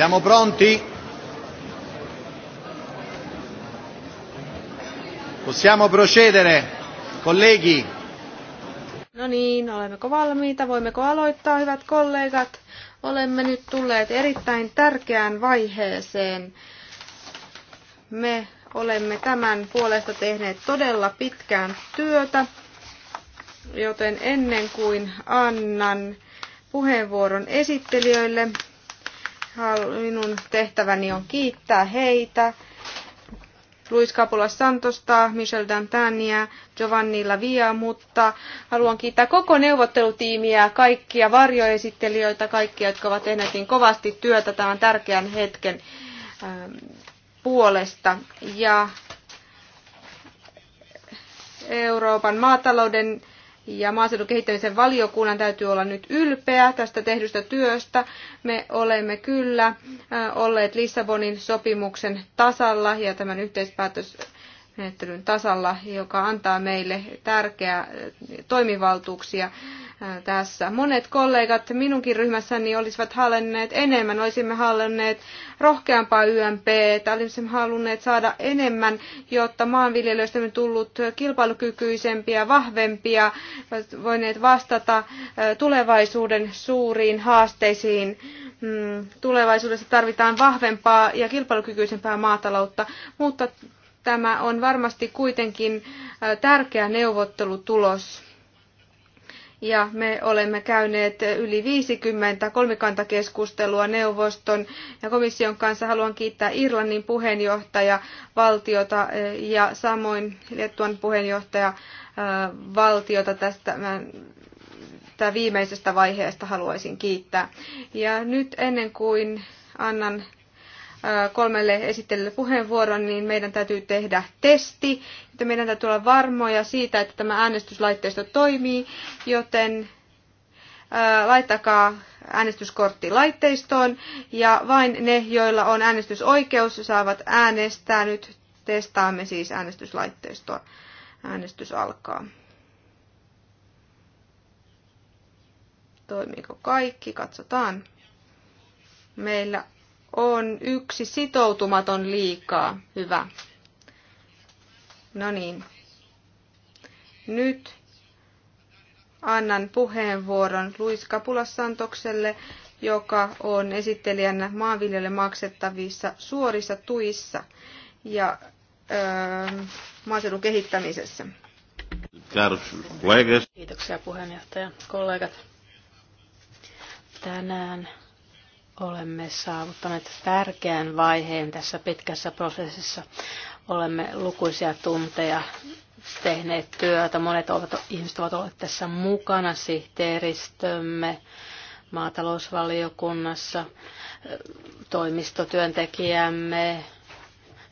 Siamo pronti? Possiamo procedere, colleghi? No niin, olemmeko valmiita? Voimmeko aloittaa, hyvät kollegat? Olemme nyt tulleet erittäin tärkeään vaiheeseen. Me olemme tämän puolesta tehneet todella pitkään työtä, joten ennen kuin annan puheenvuoron esittelijöille, minun tehtäväni on kiittää heitä. Luis Capula Santosta, Michel Dantania, Giovanni Lavia, mutta haluan kiittää koko neuvottelutiimiä, kaikkia varjoesittelijöitä, kaikkia, jotka ovat tehneet niin kovasti työtä tämän tärkeän hetken ähm, puolesta. Ja Euroopan maatalouden ja maaseudun kehittämisen valiokunnan täytyy olla nyt ylpeä tästä tehdystä työstä. Me olemme kyllä olleet Lissabonin sopimuksen tasalla ja tämän yhteispäätös menettelyn tasalla, joka antaa meille tärkeää äh, toimivaltuuksia äh, tässä. Monet kollegat minunkin ryhmässäni olisivat halunneet enemmän, olisimme halunneet rohkeampaa YMP, olisimme halunneet saada enemmän, jotta maanviljelijöistä on tullut kilpailukykyisempiä, vahvempia, voineet vastata äh, tulevaisuuden suuriin haasteisiin. Mm, tulevaisuudessa tarvitaan vahvempaa ja kilpailukykyisempää maataloutta, mutta tämä on varmasti kuitenkin äh, tärkeä neuvottelutulos. Ja me olemme käyneet yli 50 kolmikantakeskustelua neuvoston ja komission kanssa. Haluan kiittää Irlannin puheenjohtaja valtiota äh, ja samoin Liettuan puheenjohtaja äh, valtiota tästä tästä viimeisestä vaiheesta haluaisin kiittää. Ja nyt ennen kuin annan Äh, kolmelle esittelylle puheenvuoron, niin meidän täytyy tehdä testi, että meidän täytyy olla varmoja siitä, että tämä äänestyslaitteisto toimii, joten äh, laittakaa äänestyskortti laitteistoon ja vain ne, joilla on äänestysoikeus, saavat äänestää. Nyt testaamme siis äänestyslaitteistoa. Äänestys alkaa. Toimiiko kaikki? Katsotaan. Meillä on yksi sitoutumaton liikaa. Hyvä. No niin. Nyt annan puheenvuoron Luis Kapulas joka on esittelijänä maanviljelijöille maksettavissa suorissa tuissa ja öö, maaseudun kehittämisessä. Kiitoksia puheenjohtaja, kollegat. Tänään Olemme saavuttaneet tärkeän vaiheen tässä pitkässä prosessissa. Olemme lukuisia tunteja tehneet työtä. Monet ovat, ihmiset ovat olleet tässä mukana, sihteeristömme maatalousvaliokunnassa, toimistotyöntekijämme.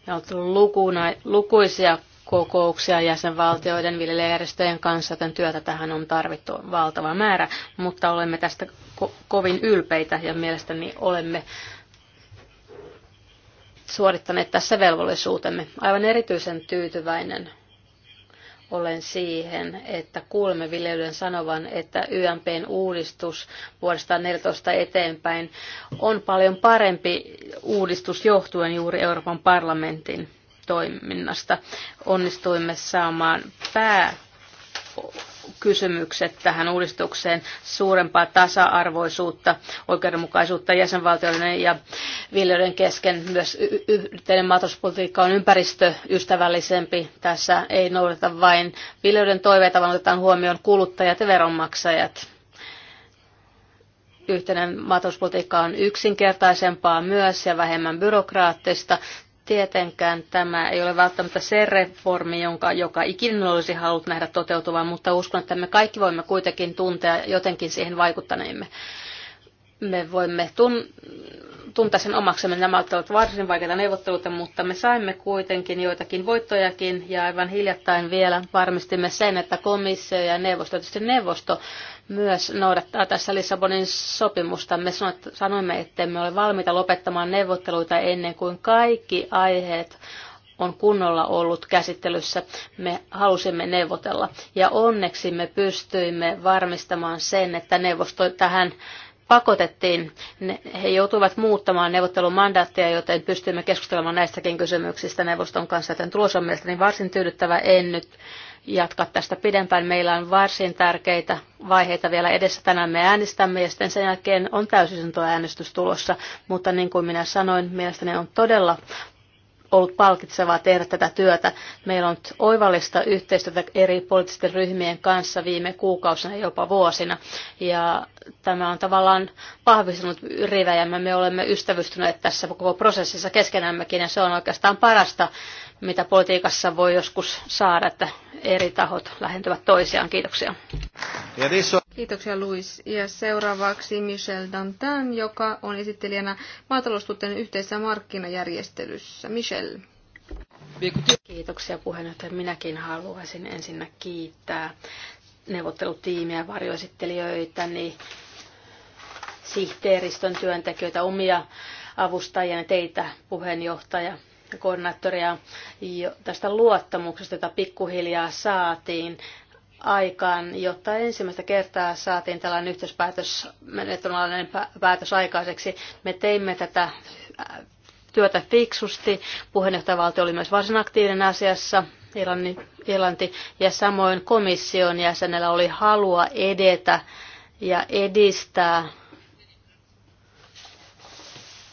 Ne ovat lukuina, lukuisia kokouksia jäsenvaltioiden viljelijäjärjestöjen kanssa, joten työtä tähän on tarvittu valtava määrä, mutta olemme tästä ko- kovin ylpeitä ja mielestäni olemme suorittaneet tässä velvollisuutemme. Aivan erityisen tyytyväinen olen siihen, että kuulemme viljelijöiden sanovan, että YMPn uudistus vuodesta 14 eteenpäin on paljon parempi uudistus johtuen juuri Euroopan parlamentin toiminnasta onnistuimme saamaan pääkysymykset tähän uudistukseen, suurempaa tasa-arvoisuutta, oikeudenmukaisuutta jäsenvaltioiden ja viljelijöiden kesken. Myös yhteinen maatalouspolitiikka on ympäristöystävällisempi. Tässä ei noudata vain viljelijöiden toiveita, vaan otetaan huomioon kuluttajat ja veronmaksajat yhteinen maatalouspolitiikka on yksinkertaisempaa myös ja vähemmän byrokraattista. Tietenkään tämä ei ole välttämättä se reformi, jonka joka ikinä olisi halunnut nähdä toteutuvan, mutta uskon, että me kaikki voimme kuitenkin tuntea jotenkin siihen vaikuttaneimme. Me voimme tun- tuntea sen omaksemme. Nämä ovat varsin vaikeita neuvotteluita, mutta me saimme kuitenkin joitakin voittojakin ja aivan hiljattain vielä varmistimme sen, että komissio ja neuvosto, tietysti neuvosto myös noudattaa tässä Lissabonin sopimusta. Me sanoimme, että me ole valmiita lopettamaan neuvotteluita ennen kuin kaikki aiheet on kunnolla ollut käsittelyssä. Me halusimme neuvotella ja onneksi me pystyimme varmistamaan sen, että neuvosto tähän pakotettiin. He joutuivat muuttamaan neuvottelumandaattia, joten pystymme keskustelemaan näistäkin kysymyksistä neuvoston kanssa, joten tulos on mielestäni varsin tyydyttävä. En nyt jatkaa tästä pidempään. Meillä on varsin tärkeitä vaiheita vielä edessä. Tänään me äänestämme ja sitten sen jälkeen on äänestys tulossa. Mutta niin kuin minä sanoin, mielestäni on todella ollut palkitsevaa tehdä tätä työtä. Meillä on oivallista yhteistyötä eri poliittisten ryhmien kanssa viime kuukausina ja jopa vuosina. Ja tämä on tavallaan vahvistunut rivejämme. Me olemme ystävystyneet tässä koko prosessissa keskenämmekin ja se on oikeastaan parasta mitä politiikassa voi joskus saada, että eri tahot lähentyvät toisiaan. Kiitoksia. Kiitoksia Luis. Ja seuraavaksi Michel Dantin, joka on esittelijänä maataloustuotteiden yhteisessä markkinajärjestelyssä. Michel. Kiitoksia puheenjohtaja. Minäkin haluaisin ensinnä kiittää neuvottelutiimiä, varjoesittelijöitä, niin sihteeristön työntekijöitä, omia avustajia ja teitä puheenjohtaja koordinaattoria tästä luottamuksesta, jota pikkuhiljaa saatiin aikaan, jotta ensimmäistä kertaa saatiin tällainen yhteispäätös, menetunnallinen päätös aikaiseksi. Me teimme tätä äh, työtä fiksusti. Puheenjohtajavaltio oli myös varsin aktiivinen asiassa, Irlanti, Irlanti ja samoin komission jäsenellä oli halua edetä ja edistää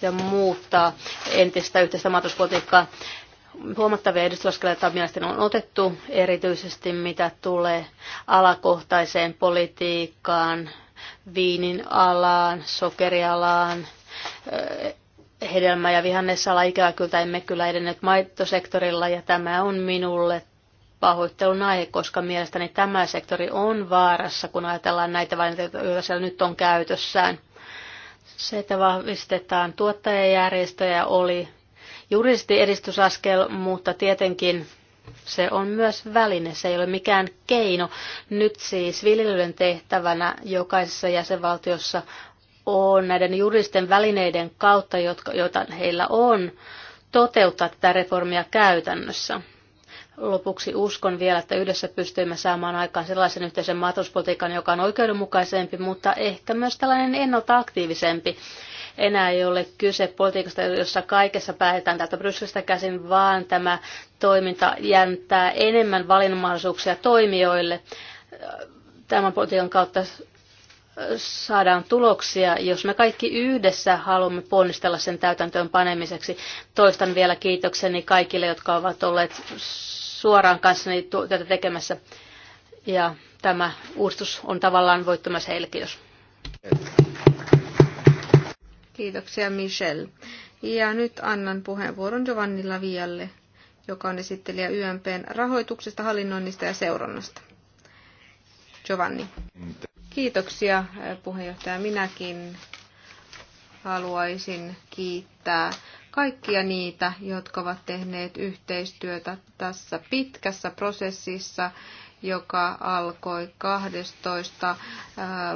ja muuttaa entistä yhteistä maatalouspolitiikkaa. Huomattavia edistysaskeleita mielestäni on otettu, erityisesti mitä tulee alakohtaiseen politiikkaan, viinin alaan, sokerialaan, hedelmä- ja vihannesala ikävä kyllä emme kyllä edenneet maitosektorilla ja tämä on minulle pahoittelun aihe, koska mielestäni tämä sektori on vaarassa, kun ajatellaan näitä valintoja, joita siellä nyt on käytössään. Se, että vahvistetaan tuottajajärjestöjä, oli juristi edistysaskel, mutta tietenkin se on myös väline, se ei ole mikään keino. Nyt siis viljelijöiden tehtävänä jokaisessa jäsenvaltiossa on näiden juristen välineiden kautta, jotka, joita heillä on, toteuttaa tätä reformia käytännössä. Lopuksi uskon vielä, että yhdessä pystymme saamaan aikaan sellaisen yhteisen maatalouspolitiikan, joka on oikeudenmukaisempi, mutta ehkä myös tällainen ennalta aktiivisempi. Enää ei ole kyse politiikasta, jossa kaikessa päätetään täältä Brysselistä käsin, vaan tämä toiminta jäntää enemmän valinnanmahdollisuuksia toimijoille. Tämän politiikan kautta saadaan tuloksia, jos me kaikki yhdessä haluamme ponnistella sen täytäntöön panemiseksi. Toistan vielä kiitokseni kaikille, jotka ovat olleet suoraan kanssani niin tätä tekemässä. Ja tämä uudistus on tavallaan voittamassa heille. Kiitos. Kiitoksia Michelle. Ja nyt annan puheenvuoron Giovanni Lavialle, joka on esittelijä YMPn rahoituksesta, hallinnoinnista ja seurannasta. Giovanni. Kiitoksia eh, puheenjohtaja. Minäkin haluaisin kiittää kaikkia niitä, jotka ovat tehneet yhteistyötä tässä pitkässä prosessissa, joka alkoi 12. Äh,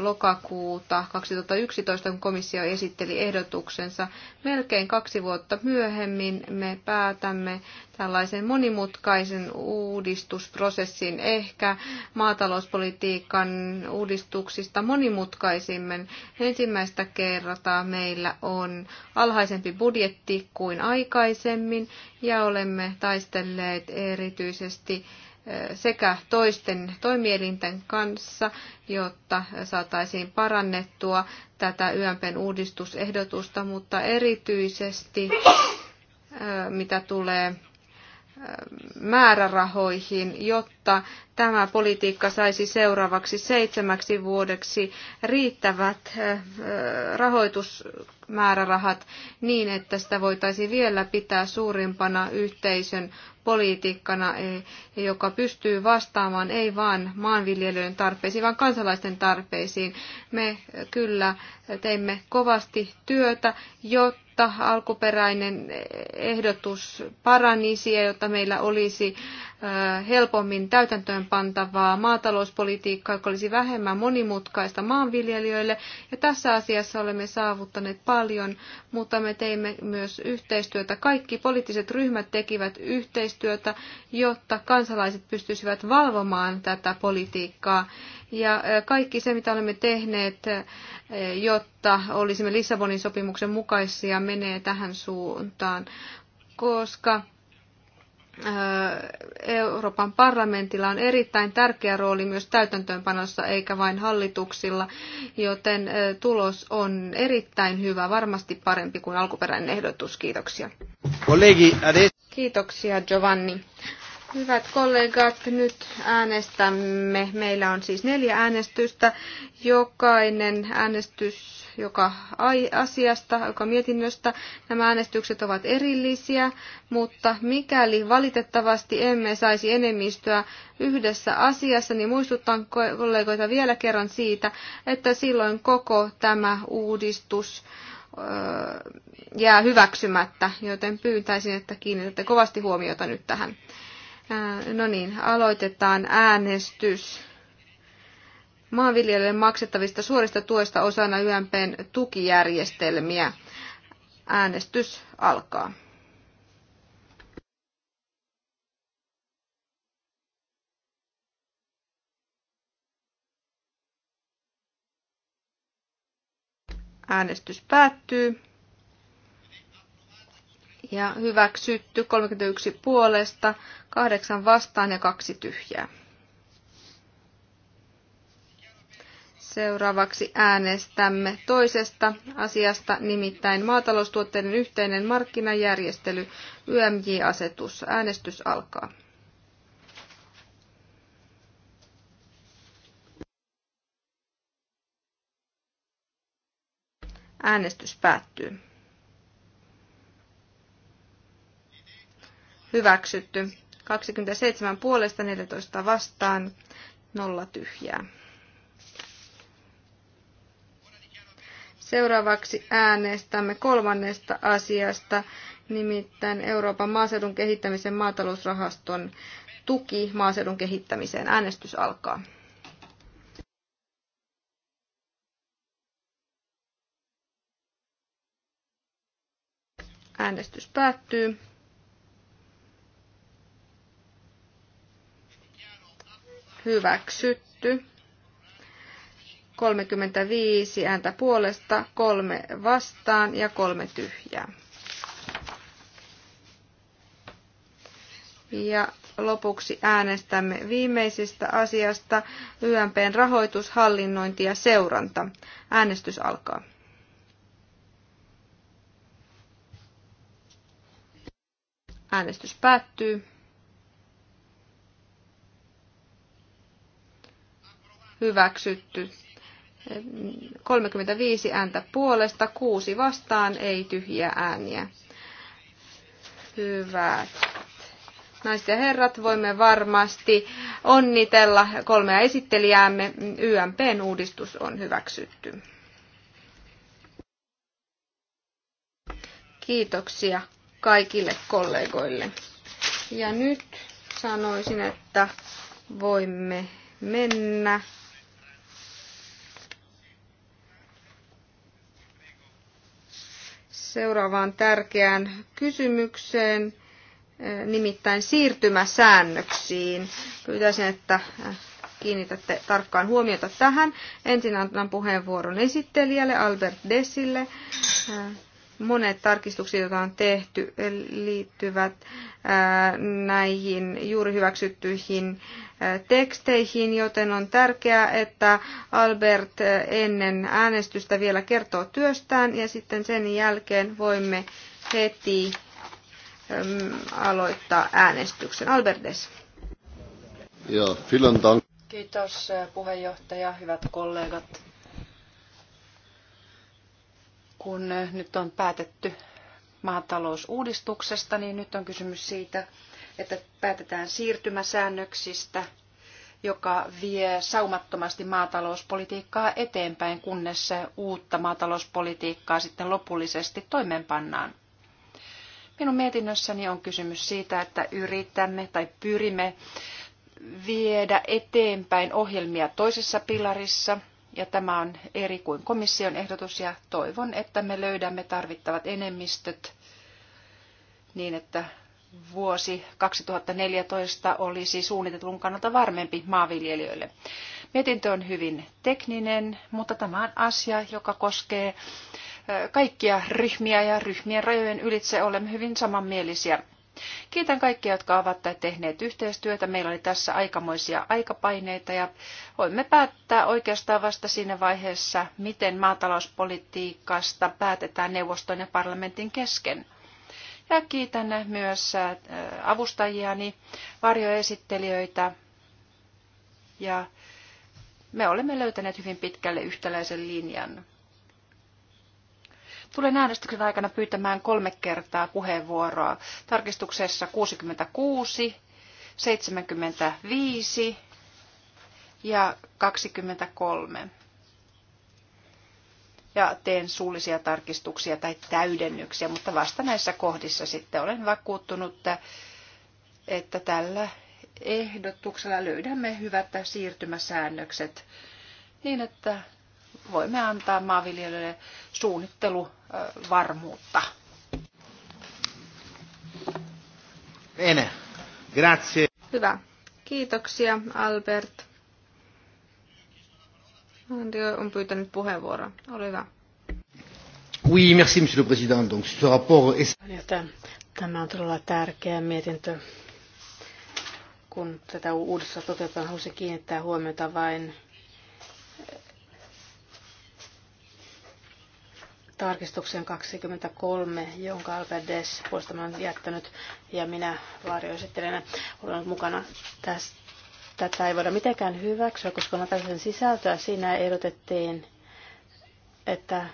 lokakuuta 2011, kun komissio esitteli ehdotuksensa. Melkein kaksi vuotta myöhemmin me päätämme tällaisen monimutkaisen uudistusprosessin, ehkä maatalouspolitiikan uudistuksista monimutkaisimmin. Ensimmäistä kertaa meillä on alhaisempi budjetti kuin aikaisemmin ja olemme taistelleet erityisesti sekä toisten toimielinten kanssa, jotta saataisiin parannettua tätä YMPn uudistusehdotusta, mutta erityisesti mitä tulee määrärahoihin, jotta tämä politiikka saisi seuraavaksi seitsemäksi vuodeksi riittävät rahoitusmäärärahat niin, että sitä voitaisiin vielä pitää suurimpana yhteisön politiikkana, e, joka pystyy vastaamaan ei vain maanviljelijöiden tarpeisiin, vaan kansalaisten tarpeisiin. Me kyllä teimme kovasti työtä, jotta alkuperäinen ehdotus paranisi ja jotta meillä olisi helpommin täytäntöönpantavaa maatalouspolitiikkaa, joka olisi vähemmän monimutkaista maanviljelijöille. Ja tässä asiassa olemme saavuttaneet paljon, mutta me teimme myös yhteistyötä. Kaikki poliittiset ryhmät tekivät yhteistyötä, jotta kansalaiset pystyisivät valvomaan tätä politiikkaa. Ja kaikki se, mitä olemme tehneet, jotta olisimme Lissabonin sopimuksen mukaisia, menee tähän suuntaan, koska Euroopan parlamentilla on erittäin tärkeä rooli myös täytäntöönpanossa eikä vain hallituksilla, joten tulos on erittäin hyvä, varmasti parempi kuin alkuperäinen ehdotus. Kiitoksia. Kollegi, Kiitoksia Giovanni. Hyvät kollegat, nyt äänestämme. Meillä on siis neljä äänestystä. Jokainen äänestys joka asiasta, joka mietinnöstä. Nämä äänestykset ovat erillisiä, mutta mikäli valitettavasti emme saisi enemmistöä yhdessä asiassa, niin muistutan kollegoita vielä kerran siitä, että silloin koko tämä uudistus jää hyväksymättä, joten pyytäisin, että kiinnitätte kovasti huomiota nyt tähän. No niin, aloitetaan äänestys maanviljelijöille maksettavista suorista tuista osana YMPn tukijärjestelmiä. Äänestys alkaa. Äänestys päättyy. Ja hyväksytty 31 puolesta, 8 vastaan ja 2 tyhjää. Seuraavaksi äänestämme toisesta asiasta, nimittäin maataloustuotteiden yhteinen markkinajärjestely, YMJ-asetus. Äänestys alkaa. Äänestys päättyy. Hyväksytty. 27 puolesta 14 vastaan, nolla tyhjää. Seuraavaksi äänestämme kolmannesta asiasta, nimittäin Euroopan maaseudun kehittämisen maatalousrahaston tuki maaseudun kehittämiseen. Äänestys alkaa. Äänestys päättyy. Hyväksytty. 35 ääntä puolesta, kolme vastaan ja kolme tyhjää. Ja lopuksi äänestämme viimeisestä asiasta YMPn rahoitus, hallinnointi ja seuranta. Äänestys alkaa. Äänestys päättyy. Hyväksytty 35 ääntä puolesta, kuusi vastaan, ei tyhjiä ääniä. hyvät Naiset ja herrat, voimme varmasti onnitella kolmea esittelijäämme. YMPn uudistus on hyväksytty. Kiitoksia kaikille kollegoille. Ja nyt sanoisin, että voimme mennä seuraavaan tärkeään kysymykseen, nimittäin siirtymäsäännöksiin. Pyytäisin, että äh, kiinnitätte tarkkaan huomiota tähän. Ensin annan puheenvuoron esittelijälle Albert Dessille. Äh, monet tarkistukset, joita on tehty, liittyvät näihin juuri hyväksyttyihin teksteihin, joten on tärkeää, että Albert ennen äänestystä vielä kertoo työstään ja sitten sen jälkeen voimme heti aloittaa äänestyksen. Albertes. Kiitos puheenjohtaja, hyvät kollegat kun nyt on päätetty maatalousuudistuksesta, niin nyt on kysymys siitä, että päätetään siirtymäsäännöksistä, joka vie saumattomasti maatalouspolitiikkaa eteenpäin, kunnes uutta maatalouspolitiikkaa sitten lopullisesti toimeenpannaan. Minun mietinnössäni on kysymys siitä, että yritämme tai pyrimme viedä eteenpäin ohjelmia toisessa pilarissa – ja tämä on eri kuin komission ehdotus ja toivon, että me löydämme tarvittavat enemmistöt niin, että vuosi 2014 olisi suunnitelun kannalta varmempi maanviljelijöille. Mietintö on hyvin tekninen, mutta tämä on asia, joka koskee kaikkia ryhmiä ja ryhmien rajojen ylitse olemme hyvin samanmielisiä. Kiitän kaikkia, jotka ovat tehneet yhteistyötä. Meillä oli tässä aikamoisia aikapaineita ja voimme päättää oikeastaan vasta siinä vaiheessa, miten maatalouspolitiikasta päätetään neuvoston ja parlamentin kesken. Ja kiitän myös avustajiani, varjoesittelijöitä ja me olemme löytäneet hyvin pitkälle yhtäläisen linjan. Tulen äänestyksen aikana pyytämään kolme kertaa puheenvuoroa. Tarkistuksessa 66, 75 ja 23. Ja teen suullisia tarkistuksia tai täydennyksiä, mutta vasta näissä kohdissa sitten olen vakuuttunut, että tällä ehdotuksella löydämme hyvät siirtymäsäännökset niin, että voimme antaa maanviljelijöille suunnitteluvarmuutta. Bene. Grazie. Hyvä. Kiitoksia, Albert. Andrio on pyytänyt puheenvuoroa. Ole hyvä. Oui, merci, monsieur le président. Donc, ce rapport est... Tämä on todella tärkeä mietintö. Kun tätä uudistusta toteutetaan, haluaisin kiinnittää huomiota vain tarkistuksen 23, jonka Albert Des puolestaan on jättänyt, ja minä varjoesittelijänä olen mukana tästä. Tätä ei voida mitenkään hyväksyä, koska on tällaisen sisältöä. Siinä ehdotettiin, että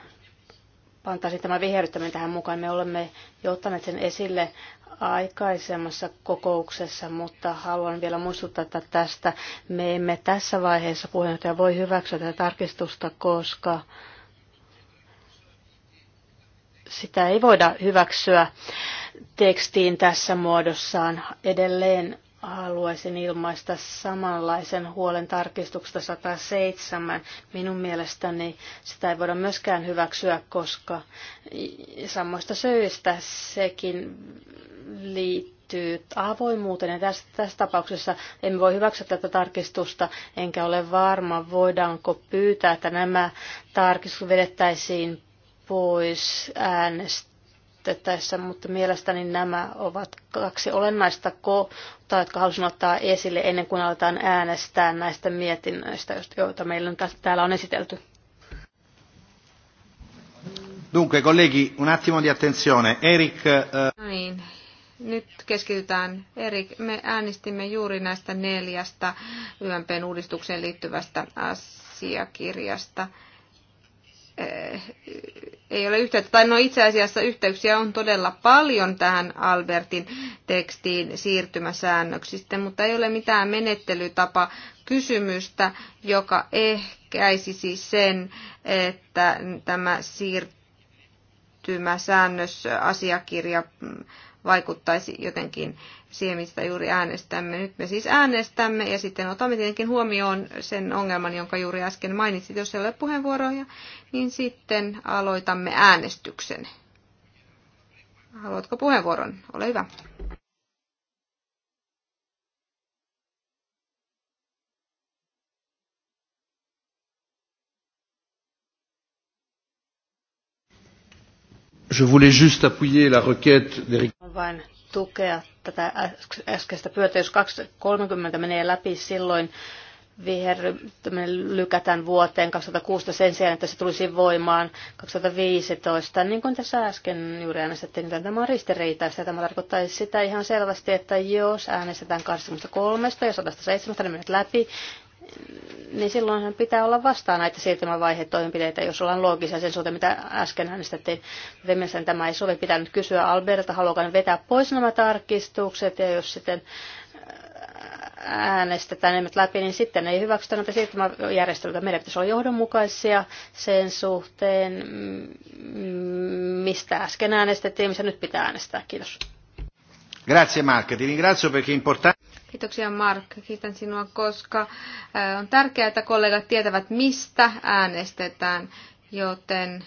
pantaisiin tämä viherryttäminen tähän mukaan. Me olemme jo ottaneet sen esille aikaisemmassa kokouksessa, mutta haluan vielä muistuttaa tästä. Me emme tässä vaiheessa puheenjohtaja voi hyväksyä tätä tarkistusta, koska sitä ei voida hyväksyä tekstiin tässä muodossaan. Edelleen haluaisin ilmaista samanlaisen huolen tarkistuksesta 107. Minun mielestäni sitä ei voida myöskään hyväksyä, koska samoista syistä sekin liittyy avoimuuteen. Ja tässä, tässä tapauksessa emme voi hyväksyä tätä tarkistusta, enkä ole varma, voidaanko pyytää, että nämä tarkistukset vedettäisiin pois äänestettäessä, mutta mielestäni nämä ovat kaksi olennaista kohtaa, jotka halusin ottaa esille ennen kuin aletaan äänestää näistä mietinnöistä, joita meillä on täällä on esitelty. Dunque, colleghi, un attimo di attenzione. Eric... Uh... No niin, nyt keskitytään. Erik, me äänestimme juuri näistä neljästä YMPn uudistukseen liittyvästä asiakirjasta. Eh, ei ole yhteyttä, tai no itse asiassa yhteyksiä on todella paljon tähän Albertin tekstiin siirtymäsäännöksistä, mutta ei ole mitään menettelytapa kysymystä, joka ehkäisisi sen, että tämä asiakirja vaikuttaisi jotenkin siihen, mistä juuri äänestämme. Nyt me siis äänestämme ja sitten otamme tietenkin huomioon sen ongelman, jonka juuri äsken mainitsit. Jos ei ole puheenvuoroja, niin sitten aloitamme äänestyksen. Haluatko puheenvuoron? Ole hyvä. Je voulais juste appuyer la requête d'Eric. Vain tukea tätä äskeistä pyötä. Jos 2030 menee läpi, silloin viherryttäminen lykätään vuoteen 2016 sen sijaan, että se tulisi voimaan 2015. Niin kuin tässä äsken juuri äänestettiin, niin tämä on ristiriitaista. Tämä tarkoittaisi sitä ihan selvästi, että jos äänestetään 23 ja 107 niin menet läpi, niin silloinhan pitää olla vastaan näitä toimenpiteitä, jos ollaan loogisia sen suhteen, mitä äsken hänestä tein. mielestäni tämä ei sovi. Pitää nyt kysyä Alberta, haluaako ne vetää pois nämä tarkistukset, ja jos sitten äänestetään enemmän läpi, niin sitten ei hyväksytä näitä siirtymäjärjestelyitä. Meidän pitäisi olla johdonmukaisia sen suhteen, mistä äsken äänestettiin, missä nyt pitää äänestää. Kiitos. Grazie Mark, ti ringrazio perché è Kiitoksia Mark, kiitän sinua, koska äh, on tärkeää, että kollegat tietävät, mistä äänestetään, joten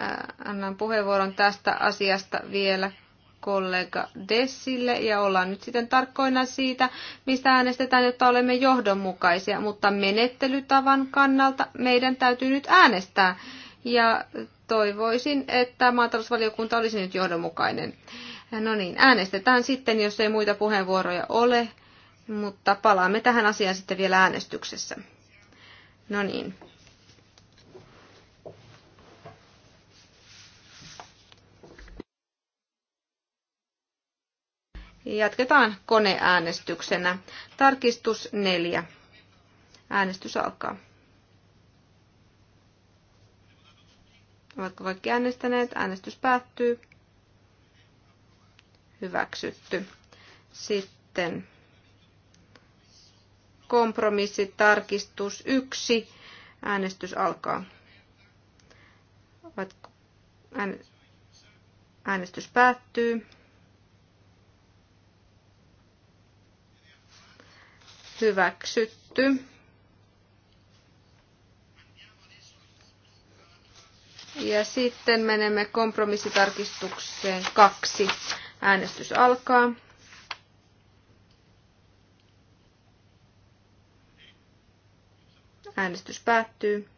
äh, annan puheenvuoron tästä asiasta vielä kollega Dessille ja ollaan nyt sitten tarkkoina siitä, mistä äänestetään, jotta olemme johdonmukaisia, mutta menettelytavan kannalta meidän täytyy nyt äänestää ja toivoisin, että maatalousvaliokunta olisi nyt johdonmukainen. No niin, äänestetään sitten, jos ei muita puheenvuoroja ole, mutta palaamme tähän asiaan sitten vielä äänestyksessä. No niin. Jatketaan koneäänestyksenä. Tarkistus neljä. Äänestys alkaa. Ovatko kaikki äänestäneet? Äänestys päättyy hyväksytty. Sitten kompromissitarkistus 1. Äänestys alkaa. Äänestys päättyy. Hyväksytty. Ja sitten menemme kompromissitarkistukseen kaksi. Äänestys alkaa. Äänestys päättyy.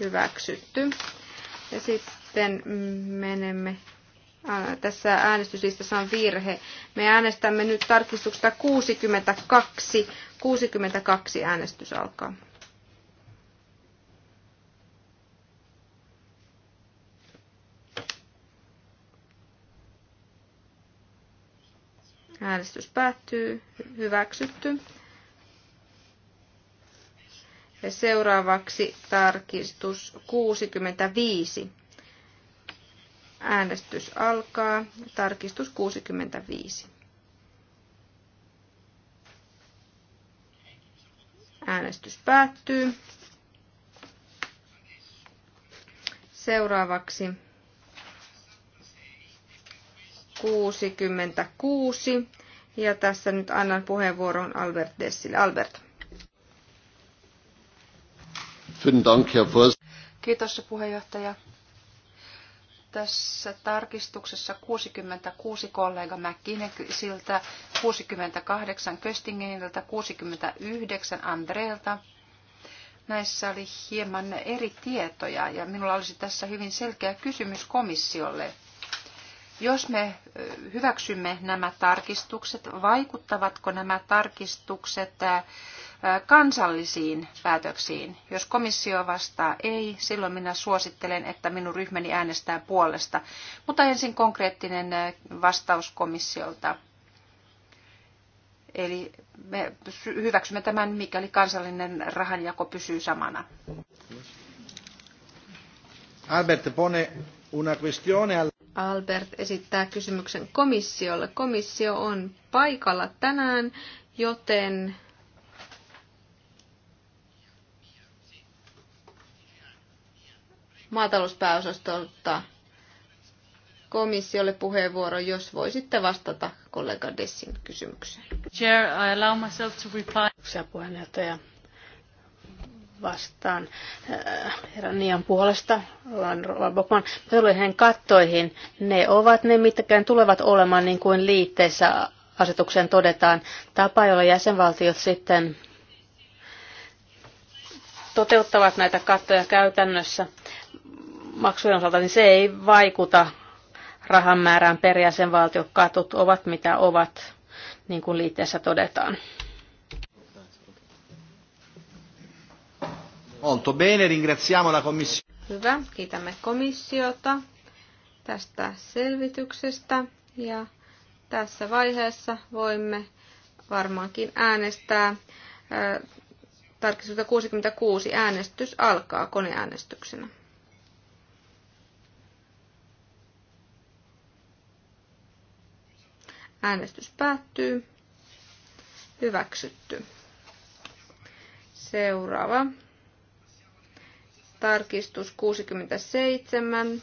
Hyväksytty. Ja sitten menemme äh, tässä äänestyslistassa on virhe. Me äänestämme nyt tarkistuksesta 62. 62 äänestys alkaa. Äänestys päättyy. Hyväksytty. Ja seuraavaksi tarkistus 65. Äänestys alkaa. Tarkistus 65. Äänestys päättyy. Seuraavaksi 66. Ja tässä nyt annan puheenvuoron Albert Dessille. Albert. Kiitos puheenjohtaja. Tässä tarkistuksessa 66 kollega siltä 68 Köstingeniltä, 69 Andreelta. Näissä oli hieman eri tietoja ja minulla olisi tässä hyvin selkeä kysymys komissiolle jos me hyväksymme nämä tarkistukset, vaikuttavatko nämä tarkistukset kansallisiin päätöksiin? Jos komissio vastaa ei, silloin minä suosittelen, että minun ryhmäni äänestää puolesta. Mutta ensin konkreettinen vastaus komissiolta. Eli me hyväksymme tämän, mikäli kansallinen rahanjako pysyy samana. Albert pone una questione al... Albert esittää kysymyksen komissiolle. Komissio on paikalla tänään, joten maatalouspääosastolta komissiolle puheenvuoro, jos voisitte vastata kollega Dessin kysymykseen. Chair, I allow myself to reply. Puheenjohtaja, vastaan äh, Nian puolesta, Bokman, hänen kattoihin. Ne ovat ne, mitkä tulevat olemaan, niin kuin liitteessä asetukseen todetaan, tapa, jolla jäsenvaltiot sitten toteuttavat näitä kattoja käytännössä maksujen osalta, niin se ei vaikuta rahan määrään per jäsenvaltio. Katut ovat mitä ovat, niin kuin liitteessä todetaan. Molto bene, ringraziamo la commissione. Hyvä, kiitämme komissiota tästä selvityksestä ja tässä vaiheessa voimme varmaankin äänestää tarkistusta 66 äänestys alkaa koneäänestyksenä. Äänestys päättyy. Hyväksytty. Seuraava Tarkistus 67.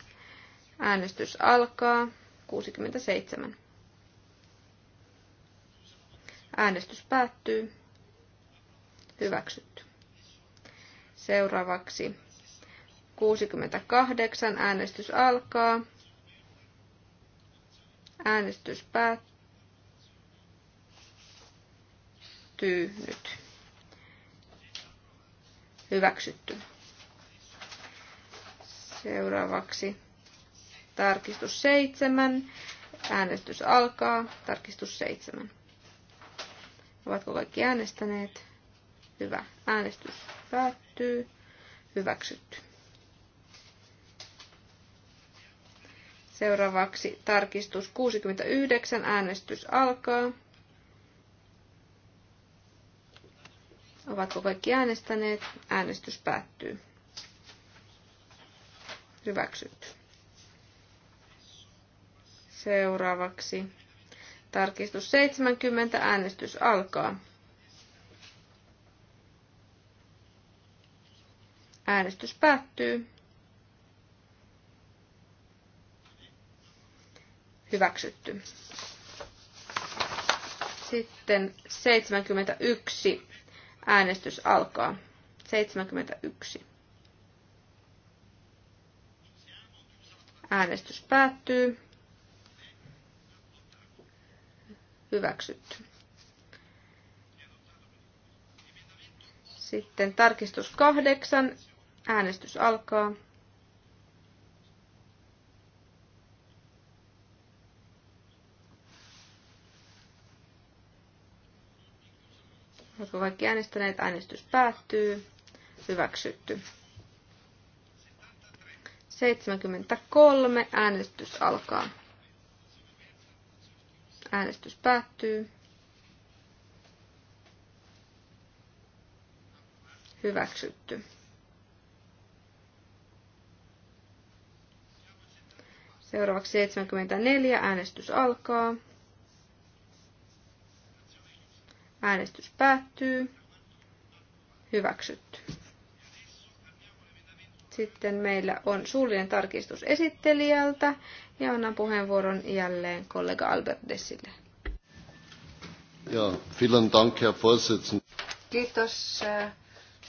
Äänestys alkaa. 67. Äänestys päättyy. Hyväksytty. Seuraavaksi 68. Äänestys alkaa. Äänestys päättyy nyt. Hyväksytty. Seuraavaksi tarkistus seitsemän. Äänestys alkaa. Tarkistus seitsemän. Ovatko kaikki äänestäneet? Hyvä. Äänestys päättyy. Hyväksytty. Seuraavaksi tarkistus 69. Äänestys alkaa. Ovatko kaikki äänestäneet? Äänestys päättyy. Hyväksytty. Seuraavaksi tarkistus 70. Äänestys alkaa. Äänestys päättyy. Hyväksytty. Sitten 71. Äänestys alkaa. 71. Äänestys päättyy. Hyväksytty. Sitten tarkistus kahdeksan. Äänestys alkaa. Oletko kaikki äänestäneet? Äänestys päättyy. Hyväksytty. 73. Äänestys alkaa. Äänestys päättyy. Hyväksytty. Seuraavaksi 74. Äänestys alkaa. Äänestys päättyy. Hyväksytty. Sitten meillä on suullinen tarkistus esittelijältä ja annan puheenvuoron jälleen kollega Albert Dessille. Ja, vielen Dank, Herr Vorsitzender. Kiitos äh,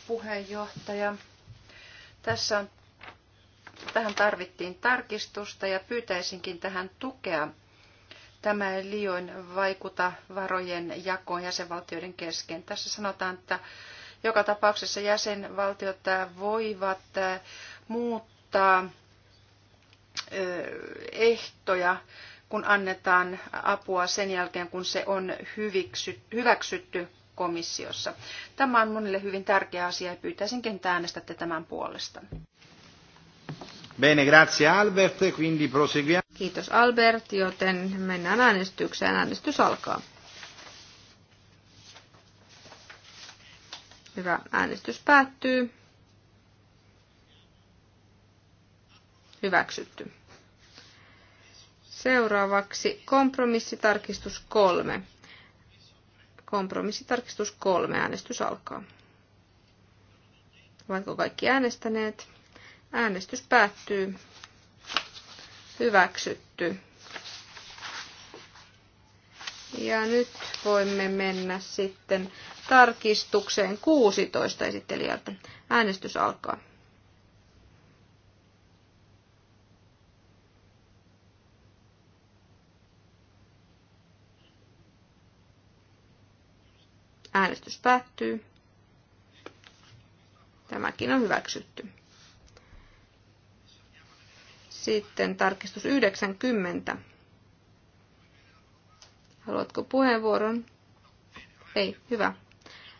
puheenjohtaja. Tässä on, tähän tarvittiin tarkistusta ja pyytäisinkin tähän tukea. Tämä ei liioin vaikuta varojen jakoon jäsenvaltioiden kesken. Tässä sanotaan, että joka tapauksessa jäsenvaltiot äh, voivat äh, muuttaa äh, ehtoja, kun annetaan apua sen jälkeen, kun se on hyväksytty komissiossa. Tämä on monille hyvin tärkeä asia ja pyytäisinkin, että äänestätte tämän puolesta. Bene, grazie Albert, quindi proseguiamo. Kiitos Albert, joten mennään äänestykseen. Äänestys alkaa. Hyvä. Äänestys päättyy. Hyväksytty. Seuraavaksi kompromissitarkistus kolme. Kompromissitarkistus kolme. Äänestys alkaa. Ovatko kaikki äänestäneet? Äänestys päättyy. Hyväksytty. Ja nyt voimme mennä sitten tarkistukseen 16 esittelijältä. Äänestys alkaa. Äänestys päättyy. Tämäkin on hyväksytty. Sitten tarkistus 90. Haluatko puheenvuoron? Ei, hyvä.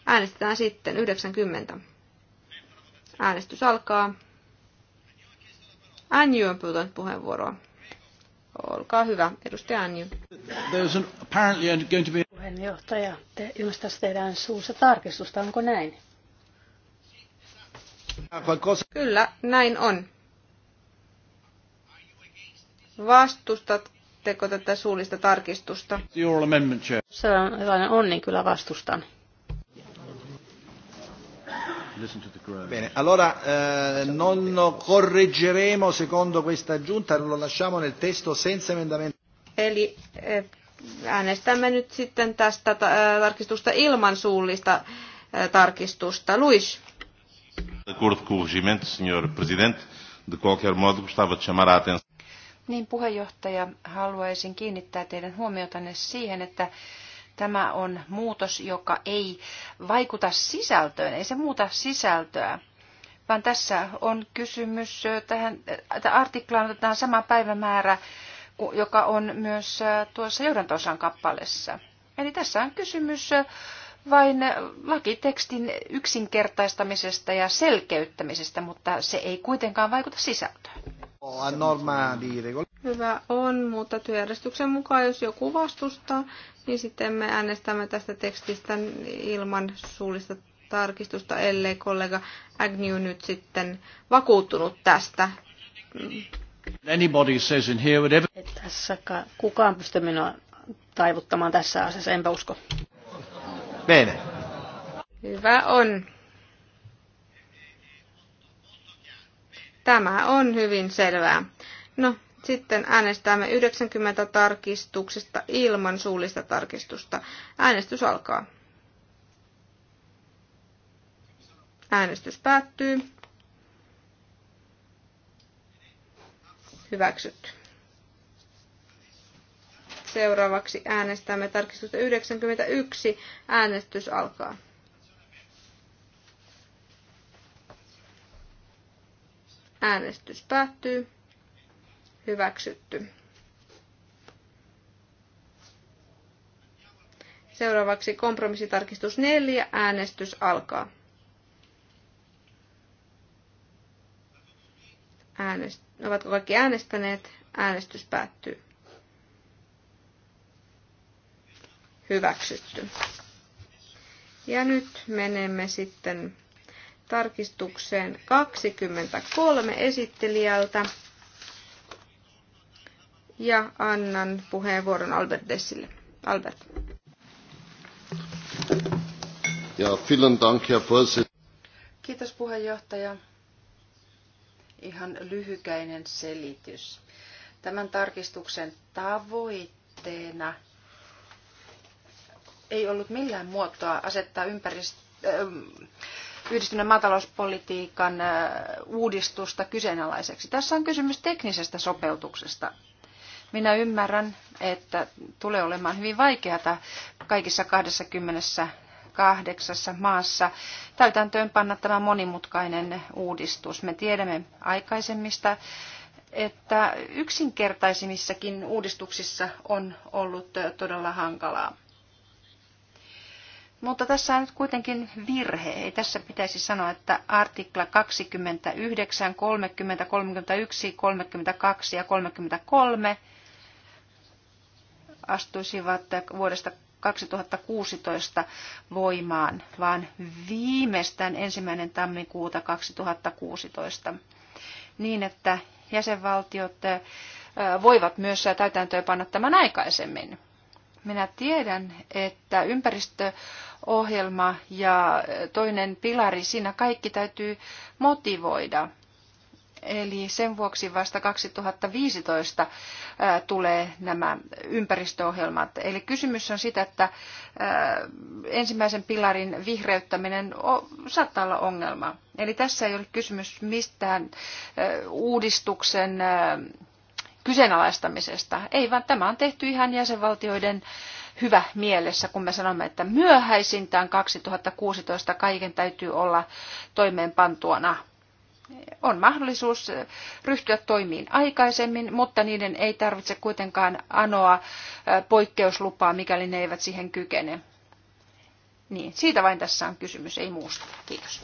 Äänestetään sitten 90. Äänestys alkaa. Anju on pyytänyt puheenvuoroa. Olkaa hyvä, edustaja Anju. Puheenjohtaja, te ilmeisesti tehdään suussa tarkistusta, onko näin? Kyllä, näin on. Vastustatteko tätä suullista tarkistusta? Se on on, niin kyllä vastustan. Bene, allora eh, non lo correggeremo secondo questa aggiunta, lo lasciamo nel testo senza emendamento. Eli eh, äänestämme nyt sitten tästä eh, tarkistusta ilman suullista eh, tarkistusta. Luis. De acordo com o regimento, senhor presidente, de qualquer modo gostava de chamar a atenção. Niin puheenjohtaja, haluaisin kiinnittää teidän huomiotanne siihen, että Tämä on muutos, joka ei vaikuta sisältöön, ei se muuta sisältöä, vaan tässä on kysymys tähän että artiklaan otetaan sama päivämäärä, joka on myös tuossa johdantosan kappaleessa. Eli tässä on kysymys vain lakitekstin yksinkertaistamisesta ja selkeyttämisestä, mutta se ei kuitenkaan vaikuta sisältöön. Hyvä on, mutta työjärjestyksen mukaan, jos joku vastustaa, niin sitten me äänestämme tästä tekstistä ilman suullista tarkistusta, ellei kollega Agnew nyt sitten vakuuttunut tästä. Mm. Anybody says in here Tässä kukaan pysty minua taivuttamaan tässä asiassa, enpä usko. Mene. Hyvä on. Tämä on hyvin selvää. No, sitten äänestämme 90 tarkistuksesta ilman suullista tarkistusta. Äänestys alkaa. Äänestys päättyy. Hyväksytty. Seuraavaksi äänestämme tarkistusta 91. Äänestys alkaa. Äänestys päättyy hyväksytty. Seuraavaksi kompromissitarkistus 4. Äänestys alkaa. Äänest... Ovatko kaikki äänestäneet? Äänestys päättyy. Hyväksytty. Ja nyt menemme sitten tarkistukseen 23 esittelijältä ja annan puheenvuoron Albert Dessille. Albert. Ja, vielen Dank, Herr Kiitos puheenjohtaja. Ihan lyhykäinen selitys. Tämän tarkistuksen tavoitteena ei ollut millään muotoa asettaa ympäristö, äh, yhdistyneen maatalouspolitiikan äh, uudistusta kyseenalaiseksi. Tässä on kysymys teknisestä sopeutuksesta minä ymmärrän, että tulee olemaan hyvin vaikeata kaikissa 28 maassa täytäntöönpanna tämä monimutkainen uudistus. Me tiedämme aikaisemmista, että yksinkertaisimmissakin uudistuksissa on ollut todella hankalaa. Mutta tässä on nyt kuitenkin virhe. Ei tässä pitäisi sanoa, että artikla 29, 30, 31, 32 ja 33 astuisivat vuodesta 2016 voimaan, vaan viimeistään ensimmäinen tammikuuta 2016, niin että jäsenvaltiot voivat myös täytäntöönpanna tämän aikaisemmin. Minä tiedän, että ympäristöohjelma ja toinen pilari, siinä kaikki täytyy motivoida – Eli sen vuoksi vasta 2015 tulee nämä ympäristöohjelmat. Eli kysymys on sitä, että ensimmäisen pilarin vihreyttäminen saattaa olla ongelma. Eli tässä ei ole kysymys mistään uudistuksen kyseenalaistamisesta. Ei, vaan tämä on tehty ihan jäsenvaltioiden hyvä mielessä, kun me sanomme, että myöhäisintään 2016 kaiken täytyy olla toimeenpantuona on mahdollisuus ryhtyä toimiin aikaisemmin, mutta niiden ei tarvitse kuitenkaan anoa poikkeuslupaa, mikäli ne eivät siihen kykene. Niin, siitä vain tässä on kysymys, ei muusta. Kiitos.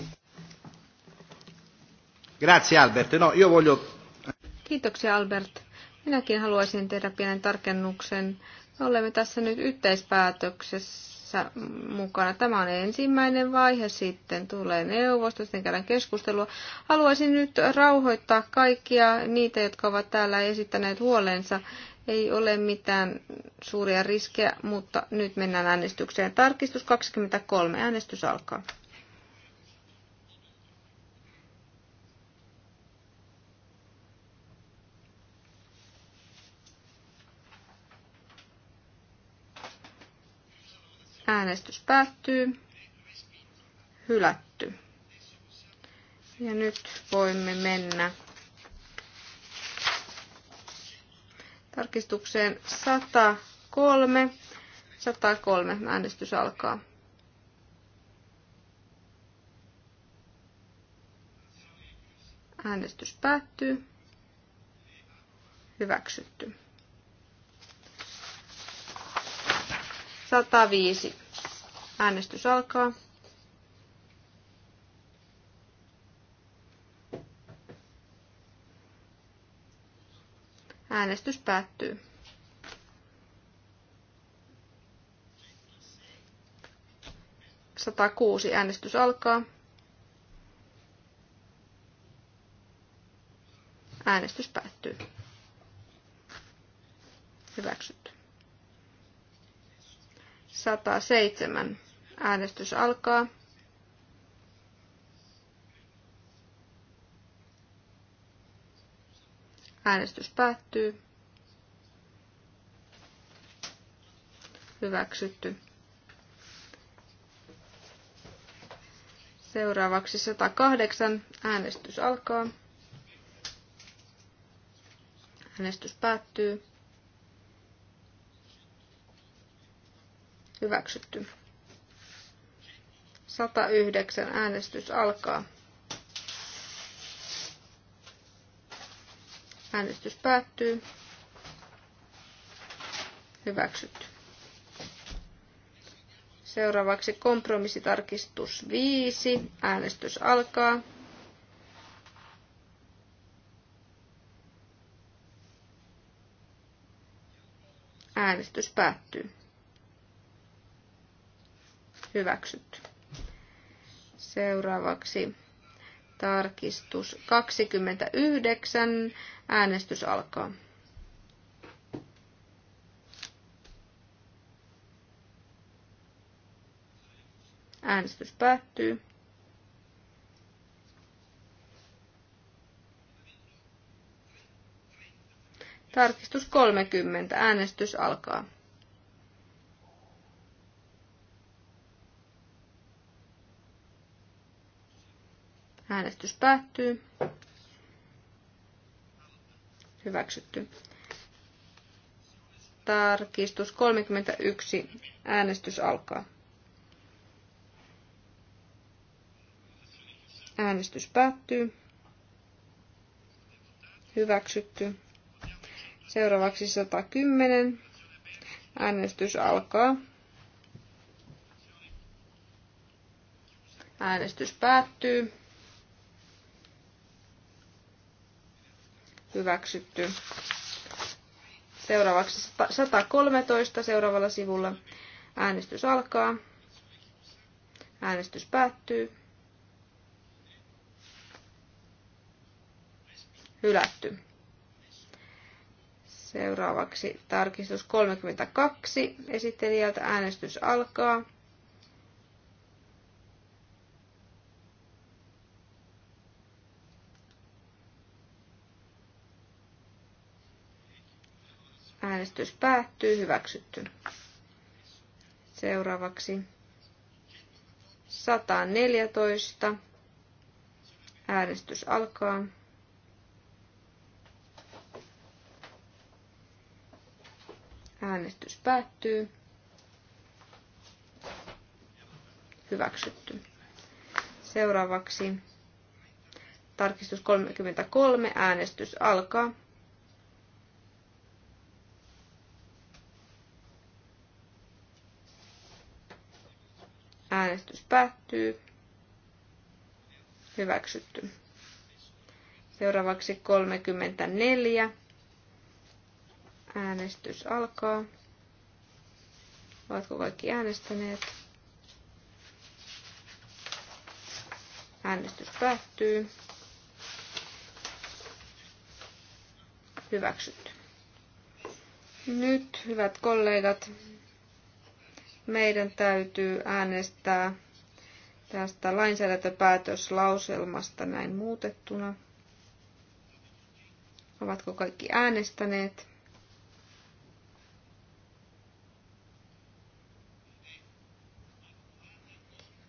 Grazie Albert. No, io voglio... Kiitoksia Albert. Minäkin haluaisin tehdä pienen tarkennuksen. Me olemme tässä nyt yhteispäätöksessä tässä mukana. Tämä on ensimmäinen vaihe, sitten tulee neuvosto, sitten käydään keskustelua. Haluaisin nyt rauhoittaa kaikkia niitä, jotka ovat täällä esittäneet huolensa. Ei ole mitään suuria riskejä, mutta nyt mennään äänestykseen. Tarkistus 23. Äänestys alkaa. Äänestys päättyy. Hylätty. Ja nyt voimme mennä tarkistukseen 103. 103 äänestys alkaa. Äänestys päättyy. Hyväksytty. 105. Äänestys alkaa. Äänestys päättyy. Sata kuusi Äänestys alkaa. Äänestys päättyy. Hyväksy. 107. Äänestys alkaa. Äänestys päättyy. Hyväksytty. Seuraavaksi 108. Äänestys alkaa. Äänestys päättyy. Hyväksytty. 109 äänestys alkaa. Äänestys päättyy. Hyväksytty. Seuraavaksi kompromissitarkistus 5. Äänestys alkaa. Äänestys päättyy. Hyväksytty. Seuraavaksi tarkistus 29. Äänestys alkaa. Äänestys päättyy. Tarkistus 30. Äänestys alkaa. Äänestys päättyy. Hyväksytty. Tarkistus 31. Äänestys alkaa. Äänestys päättyy. Hyväksytty. Seuraavaksi 110. Äänestys alkaa. Äänestys päättyy. hyväksytty. Seuraavaksi 113 seuraavalla sivulla. Äänestys alkaa. Äänestys päättyy. Hylätty. Seuraavaksi tarkistus 32 esittelijältä äänestys alkaa. Äänestys päättyy. Hyväksytty. Seuraavaksi 114. Äänestys alkaa. Äänestys päättyy. Hyväksytty. Seuraavaksi tarkistus 33. Äänestys alkaa. Äänestys päättyy. Hyväksytty. Seuraavaksi 34. Äänestys alkaa. Ovatko kaikki äänestäneet? Äänestys päättyy. Hyväksytty. Nyt, hyvät kollegat, meidän täytyy äänestää tästä lainsäädäntöpäätöslauselmasta näin muutettuna. Ovatko kaikki äänestäneet?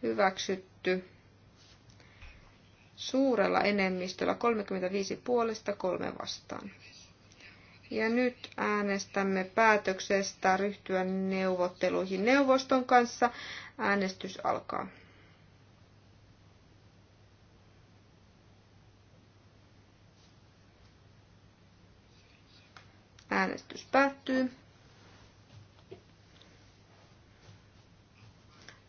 Hyväksytty suurella enemmistöllä 35 puolesta kolme vastaan. Ja nyt äänestämme päätöksestä ryhtyä neuvotteluihin neuvoston kanssa. Äänestys alkaa. Äänestys päättyy.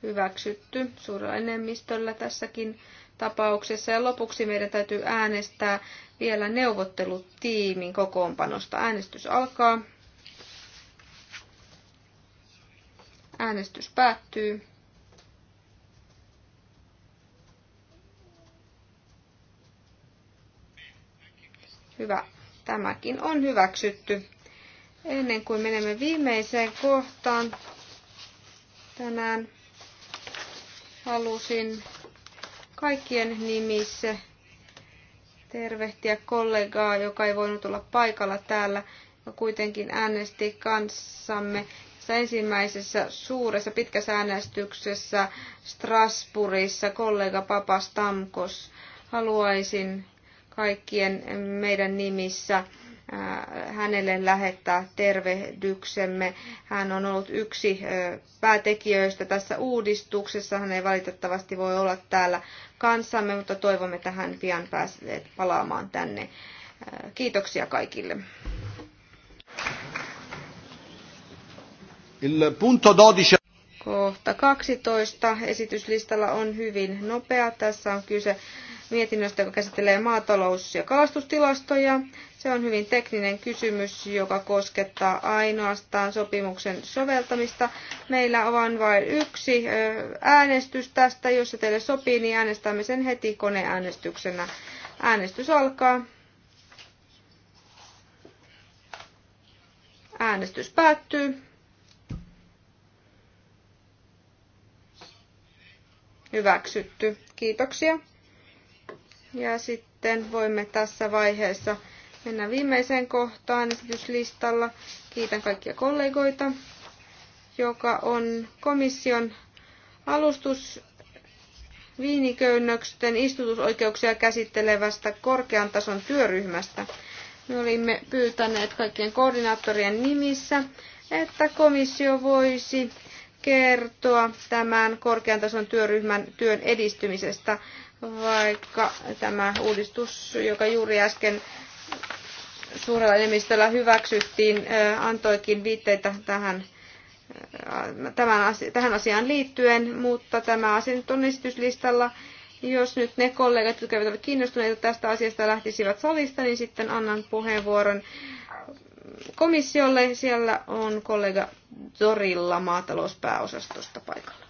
Hyväksytty suurella enemmistöllä tässäkin tapauksessa. Ja lopuksi meidän täytyy äänestää vielä neuvottelutiimin kokoonpanosta. Äänestys alkaa. Äänestys päättyy. Hyvä. Tämäkin on hyväksytty. Ennen kuin menemme viimeiseen kohtaan tänään, halusin kaikkien nimissä tervehtiä kollegaa, joka ei voinut olla paikalla täällä, ja kuitenkin äänesti kanssamme tässä ensimmäisessä suuressa pitkässä äänestyksessä Strasbourgissa kollega Papa Stamkos. Haluaisin kaikkien meidän nimissä hänelle lähettää tervehdyksemme. Hän on ollut yksi päätekijöistä tässä uudistuksessa. Hän ei valitettavasti voi olla täällä kanssamme, mutta toivomme, tähän pian pääsee palaamaan tänne. Kiitoksia kaikille. Il punto Kohta 12 esityslistalla on hyvin nopea. Tässä on kyse mietinnöstä, joka käsittelee maatalous- ja kalastustilastoja. Se on hyvin tekninen kysymys, joka koskettaa ainoastaan sopimuksen soveltamista. Meillä on vain yksi äänestys tästä. Jos se teille sopii, niin äänestämme sen heti koneäänestyksenä. Äänestys alkaa. Äänestys päättyy. Hyväksytty. Kiitoksia. Ja sitten voimme tässä vaiheessa mennä viimeiseen kohtaan esityslistalla. Kiitän kaikkia kollegoita, joka on komission alustus viiniköynnöksten istutusoikeuksia käsittelevästä korkean tason työryhmästä. Me olimme pyytäneet kaikkien koordinaattorien nimissä, että komissio voisi kertoa tämän korkean tason työryhmän työn edistymisestä vaikka tämä uudistus, joka juuri äsken suurella enemmistöllä hyväksyttiin, antoikin viitteitä tähän, tämän, tähän asiaan liittyen, mutta tämä asia nyt on esityslistalla. Jos nyt ne kollegat, jotka ole kiinnostuneita tästä asiasta, lähtisivät salista, niin sitten annan puheenvuoron komissiolle. Siellä on kollega Zorilla maatalouspääosastosta paikalla.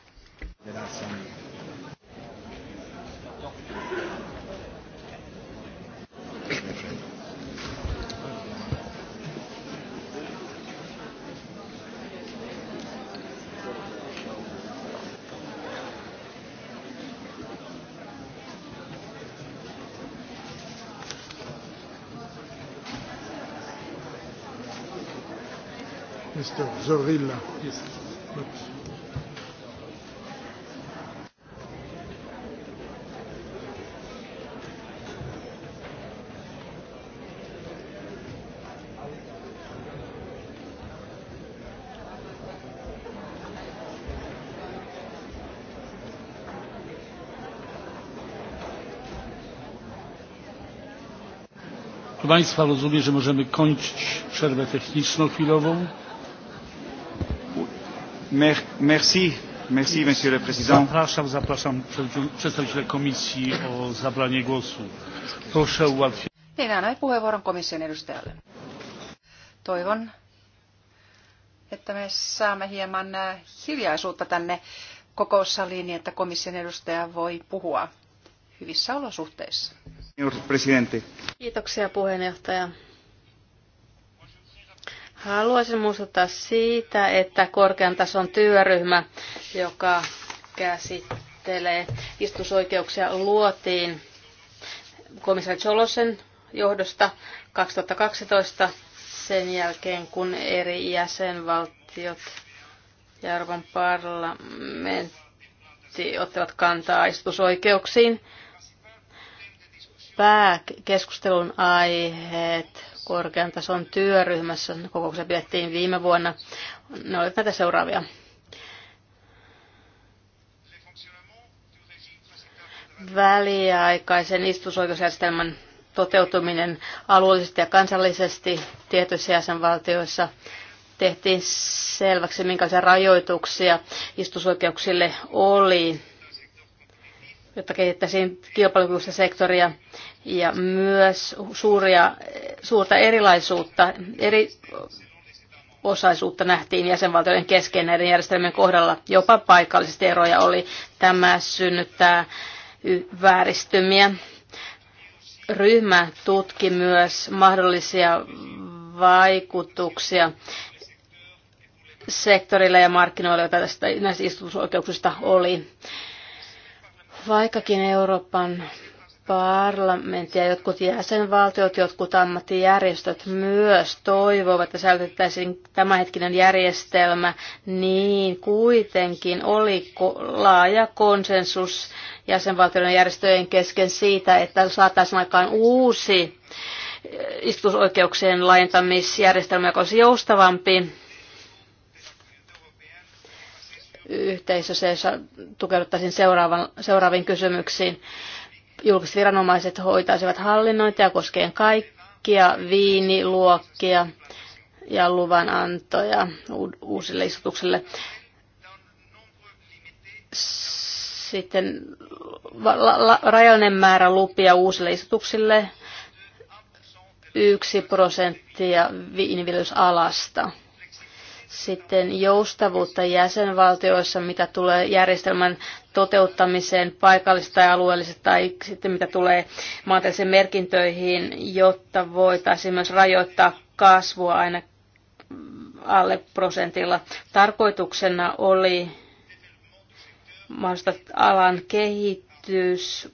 Mr. Zorilla. Yes. Oops. państwa rozumiem że możemy kończyć przerwę techniczną chwilową. Merci. Merci, monsieur le président. Zapraszam, zapraszam przedstawiciela komisji o zabranie głosu. Proszę ułatwić. Niin, annan puheenvuoron komission edustajalle. Toivon, että me saamme hieman äh, hiljaisuutta tänne kokoussaliin, niin että komission edustaja voi puhua hyvissä olosuhteissa. Kiitoksia puheenjohtaja. Haluaisin muistuttaa siitä, että korkean tason työryhmä, joka käsittelee istusoikeuksia, luotiin komissaari Cholosen johdosta 2012 sen jälkeen, kun eri jäsenvaltiot ja Euroopan parlamentti ottivat kantaa istusoikeuksiin pääkeskustelun aiheet korkean tason työryhmässä. kokouksessa pidettiin viime vuonna. Ne olivat näitä seuraavia. Väliaikaisen istusoikeusjärjestelmän toteutuminen alueellisesti ja kansallisesti tietyissä jäsenvaltioissa tehtiin selväksi, minkälaisia rajoituksia istusoikeuksille oli jotta kehittäisiin kilpailukykyistä sektoria ja myös suuria, suurta erilaisuutta, eri osaisuutta nähtiin jäsenvaltioiden kesken näiden järjestelmien kohdalla. Jopa paikallisesti eroja oli. Tämä synnyttää vääristymiä. Ryhmä tutki myös mahdollisia vaikutuksia sektorille ja markkinoille, joita tästä, näistä istutusoikeuksista oli. Vaikkakin Euroopan parlamentti ja jotkut jäsenvaltiot, jotkut ammattijärjestöt myös toivovat, että säilytettäisiin tämänhetkinen järjestelmä, niin kuitenkin oli laaja konsensus jäsenvaltioiden järjestöjen kesken siitä, että saataisiin aikaan uusi istutusoikeuksien laajentamisjärjestelmä, joka olisi joustavampi yhteisössä, jossa tukeuduttaisiin seuraavan, seuraaviin kysymyksiin julkiset viranomaiset hoitaisivat hallinnointia koskien kaikkia viiniluokkia ja luvanantoja uusille istutukselle. Sitten rajallinen määrä lupia uusille istutuksille, yksi prosenttia viiniviljelysalasta. Sitten joustavuutta jäsenvaltioissa, mitä tulee järjestelmän toteuttamiseen paikallisesti tai alueellisesti tai sitten mitä tulee maantieteellisiin merkintöihin, jotta voitaisiin myös rajoittaa kasvua aina alle prosentilla. Tarkoituksena oli mahdollista alan kehitys,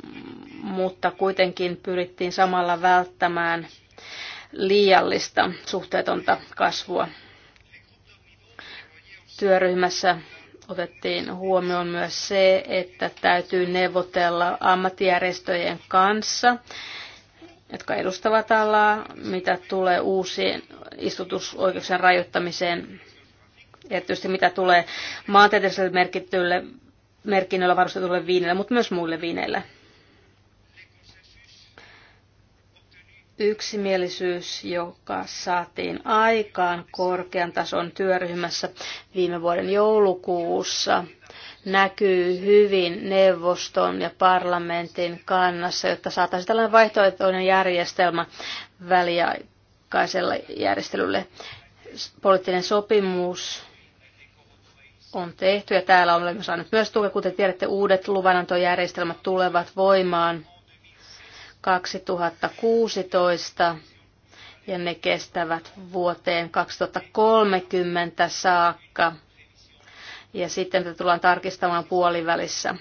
mutta kuitenkin pyrittiin samalla välttämään liiallista suhteetonta kasvua. Työryhmässä otettiin huomioon myös se, että täytyy neuvotella ammattijärjestöjen kanssa, jotka edustavat alaa, mitä tulee uusien istutusoikeuksien rajoittamiseen, erityisesti mitä tulee maantieteelliselle merkinnöllä varustetulle viineille, mutta myös muille viineille. yksimielisyys, joka saatiin aikaan korkean tason työryhmässä viime vuoden joulukuussa, näkyy hyvin neuvoston ja parlamentin kannassa, jotta saataisiin tällainen vaihtoehtoinen järjestelmä väliaikaiselle järjestelylle. Poliittinen sopimus on tehty ja täällä olemme saaneet myös tukea, kuten tiedätte, uudet luvanantojärjestelmät tulevat voimaan 2016 ja ne kestävät vuoteen 2030 saakka. Ja sitten tätä tullaan tarkistamaan puolivälissä,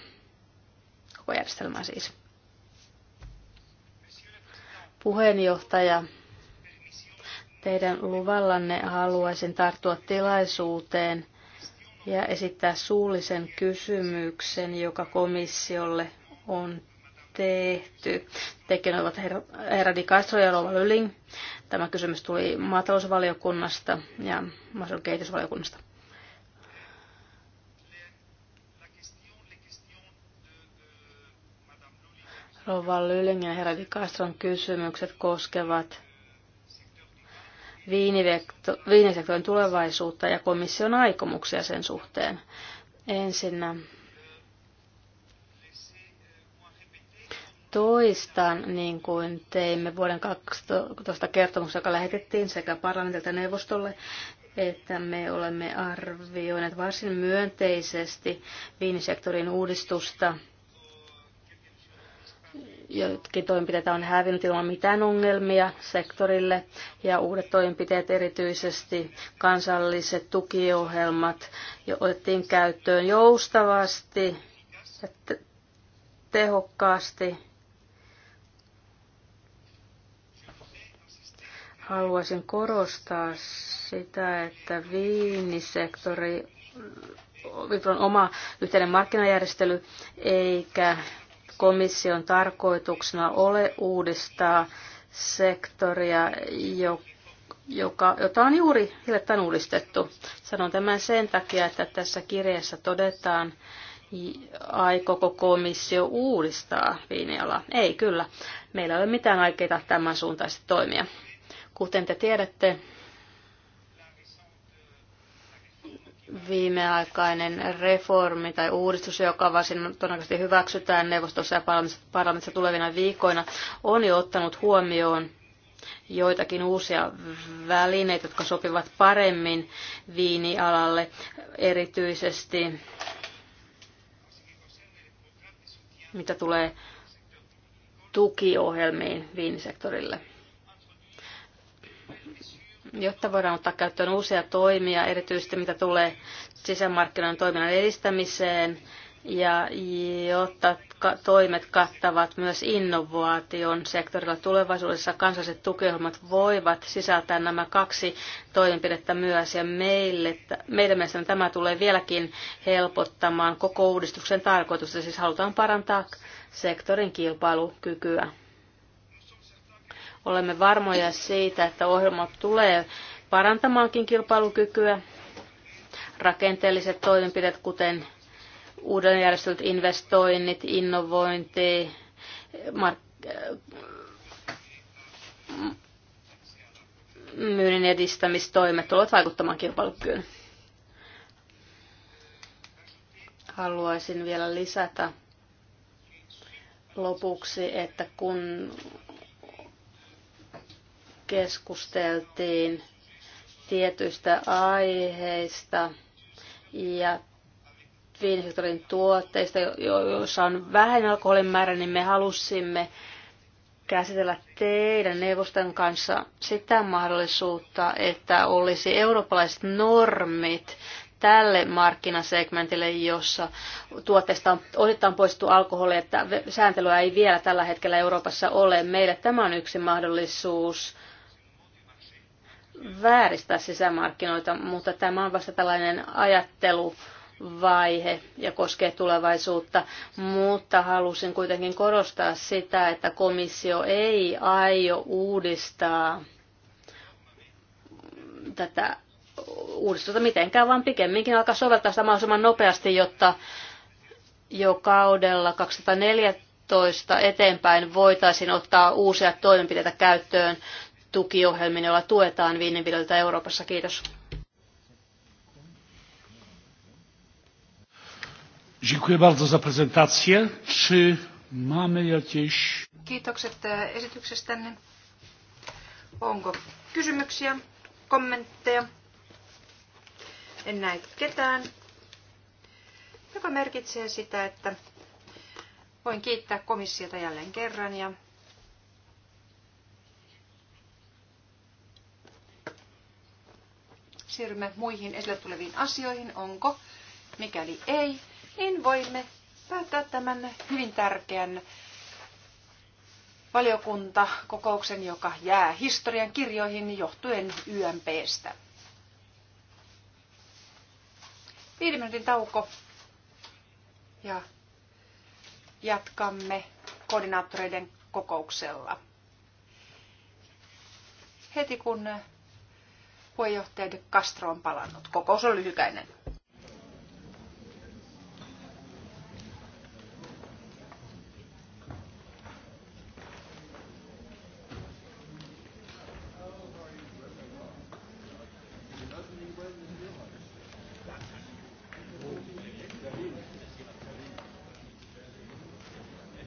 koko järjestelmää siis. Puheenjohtaja, teidän luvallanne haluaisin tarttua tilaisuuteen ja esittää suullisen kysymyksen, joka komissiolle on tehty. Tekijät ovat herra, Di Castro ja Rova Lyling. Tämä kysymys tuli maatalousvaliokunnasta ja maaseudun kehitysvaliokunnasta. Rova Lyling ja herra Di Castron kysymykset koskevat viinisektorin tulevaisuutta ja komission aikomuksia sen suhteen. Ensinnä toistaan, niin kuin teimme vuoden 2012 kertomuksessa, joka lähetettiin sekä parlamentilta neuvostolle, että me olemme arvioineet varsin myönteisesti viinisektorin uudistusta. Jotkin toimenpiteitä on hävinnyt ilman mitään ongelmia sektorille ja uudet toimenpiteet, erityisesti kansalliset tukiohjelmat, jo otettiin käyttöön joustavasti ja tehokkaasti Haluaisin korostaa sitä, että viinisektori on oma yhteinen markkinajärjestely, eikä komission tarkoituksena ole uudistaa sektoria, joka, jota on juuri hiljattain uudistettu. Sanon tämän sen takia, että tässä kirjassa todetaan, aikoko komissio uudistaa viinialaa. Ei kyllä, meillä ei ole mitään aikeita tämän suuntaisesti toimia. Kuten te tiedätte, viimeaikainen reformi tai uudistus, joka varsin todennäköisesti hyväksytään neuvostossa ja parlamentissa tulevina viikoina, on jo ottanut huomioon joitakin uusia välineitä, jotka sopivat paremmin viinialalle, erityisesti mitä tulee tukiohjelmiin viinisektorille jotta voidaan ottaa käyttöön uusia toimia, erityisesti mitä tulee sisämarkkinoiden toiminnan edistämiseen, ja jotta toimet kattavat myös innovaation sektorilla tulevaisuudessa, kansalliset tukiohjelmat voivat sisältää nämä kaksi toimenpidettä myös, ja meille, meidän mielestämme tämä tulee vieläkin helpottamaan koko uudistuksen tarkoitusta, siis halutaan parantaa sektorin kilpailukykyä. Olemme varmoja siitä, että ohjelma tulee parantamaankin kilpailukykyä. Rakenteelliset toimenpiteet, kuten uudelleenjärjestelyt, investoinnit, innovointi, mark- myynnin edistämistoimet tulevat vaikuttamaan kilpailukykyyn. Haluaisin vielä lisätä lopuksi, että kun keskusteltiin tietyistä aiheista ja viinisektorin tuotteista, joissa on vähän alkoholin määrä, niin me halusimme käsitellä teidän neuvoston kanssa sitä mahdollisuutta, että olisi eurooppalaiset normit tälle markkinasegmentille, jossa tuotteista on osittain poistettu alkoholi, että sääntelyä ei vielä tällä hetkellä Euroopassa ole. Meille tämä on yksi mahdollisuus vääristää sisämarkkinoita, mutta tämä on vasta tällainen ajatteluvaihe ja koskee tulevaisuutta, mutta halusin kuitenkin korostaa sitä, että komissio ei aio uudistaa tätä uudistusta mitenkään, vaan pikemminkin alkaa soveltaa sitä mahdollisimman nopeasti, jotta jo kaudella 2014 eteenpäin voitaisiin ottaa uusia toimenpiteitä käyttöön tukiohjelmiin, joilla tuetaan viininviljelijöitä Euroopassa. Kiitos. Dziękuję bardzo za prezentację. Czy mamy jakieś... Kiitokset e, esityksestänne. Onko kysymyksiä, kommentteja? En näe ketään, joka merkitsee sitä, että voin kiittää komissiota jälleen kerran ja siirrymme muihin esille tuleviin asioihin. Onko? Mikäli ei, niin voimme päättää tämän hyvin tärkeän valiokuntakokouksen, joka jää historian kirjoihin johtuen YMPstä. Viiden minuutin tauko ja jatkamme koordinaattoreiden kokouksella. Heti kun puheenjohtaja De Castro on palannut. Kokous on lyhykäinen.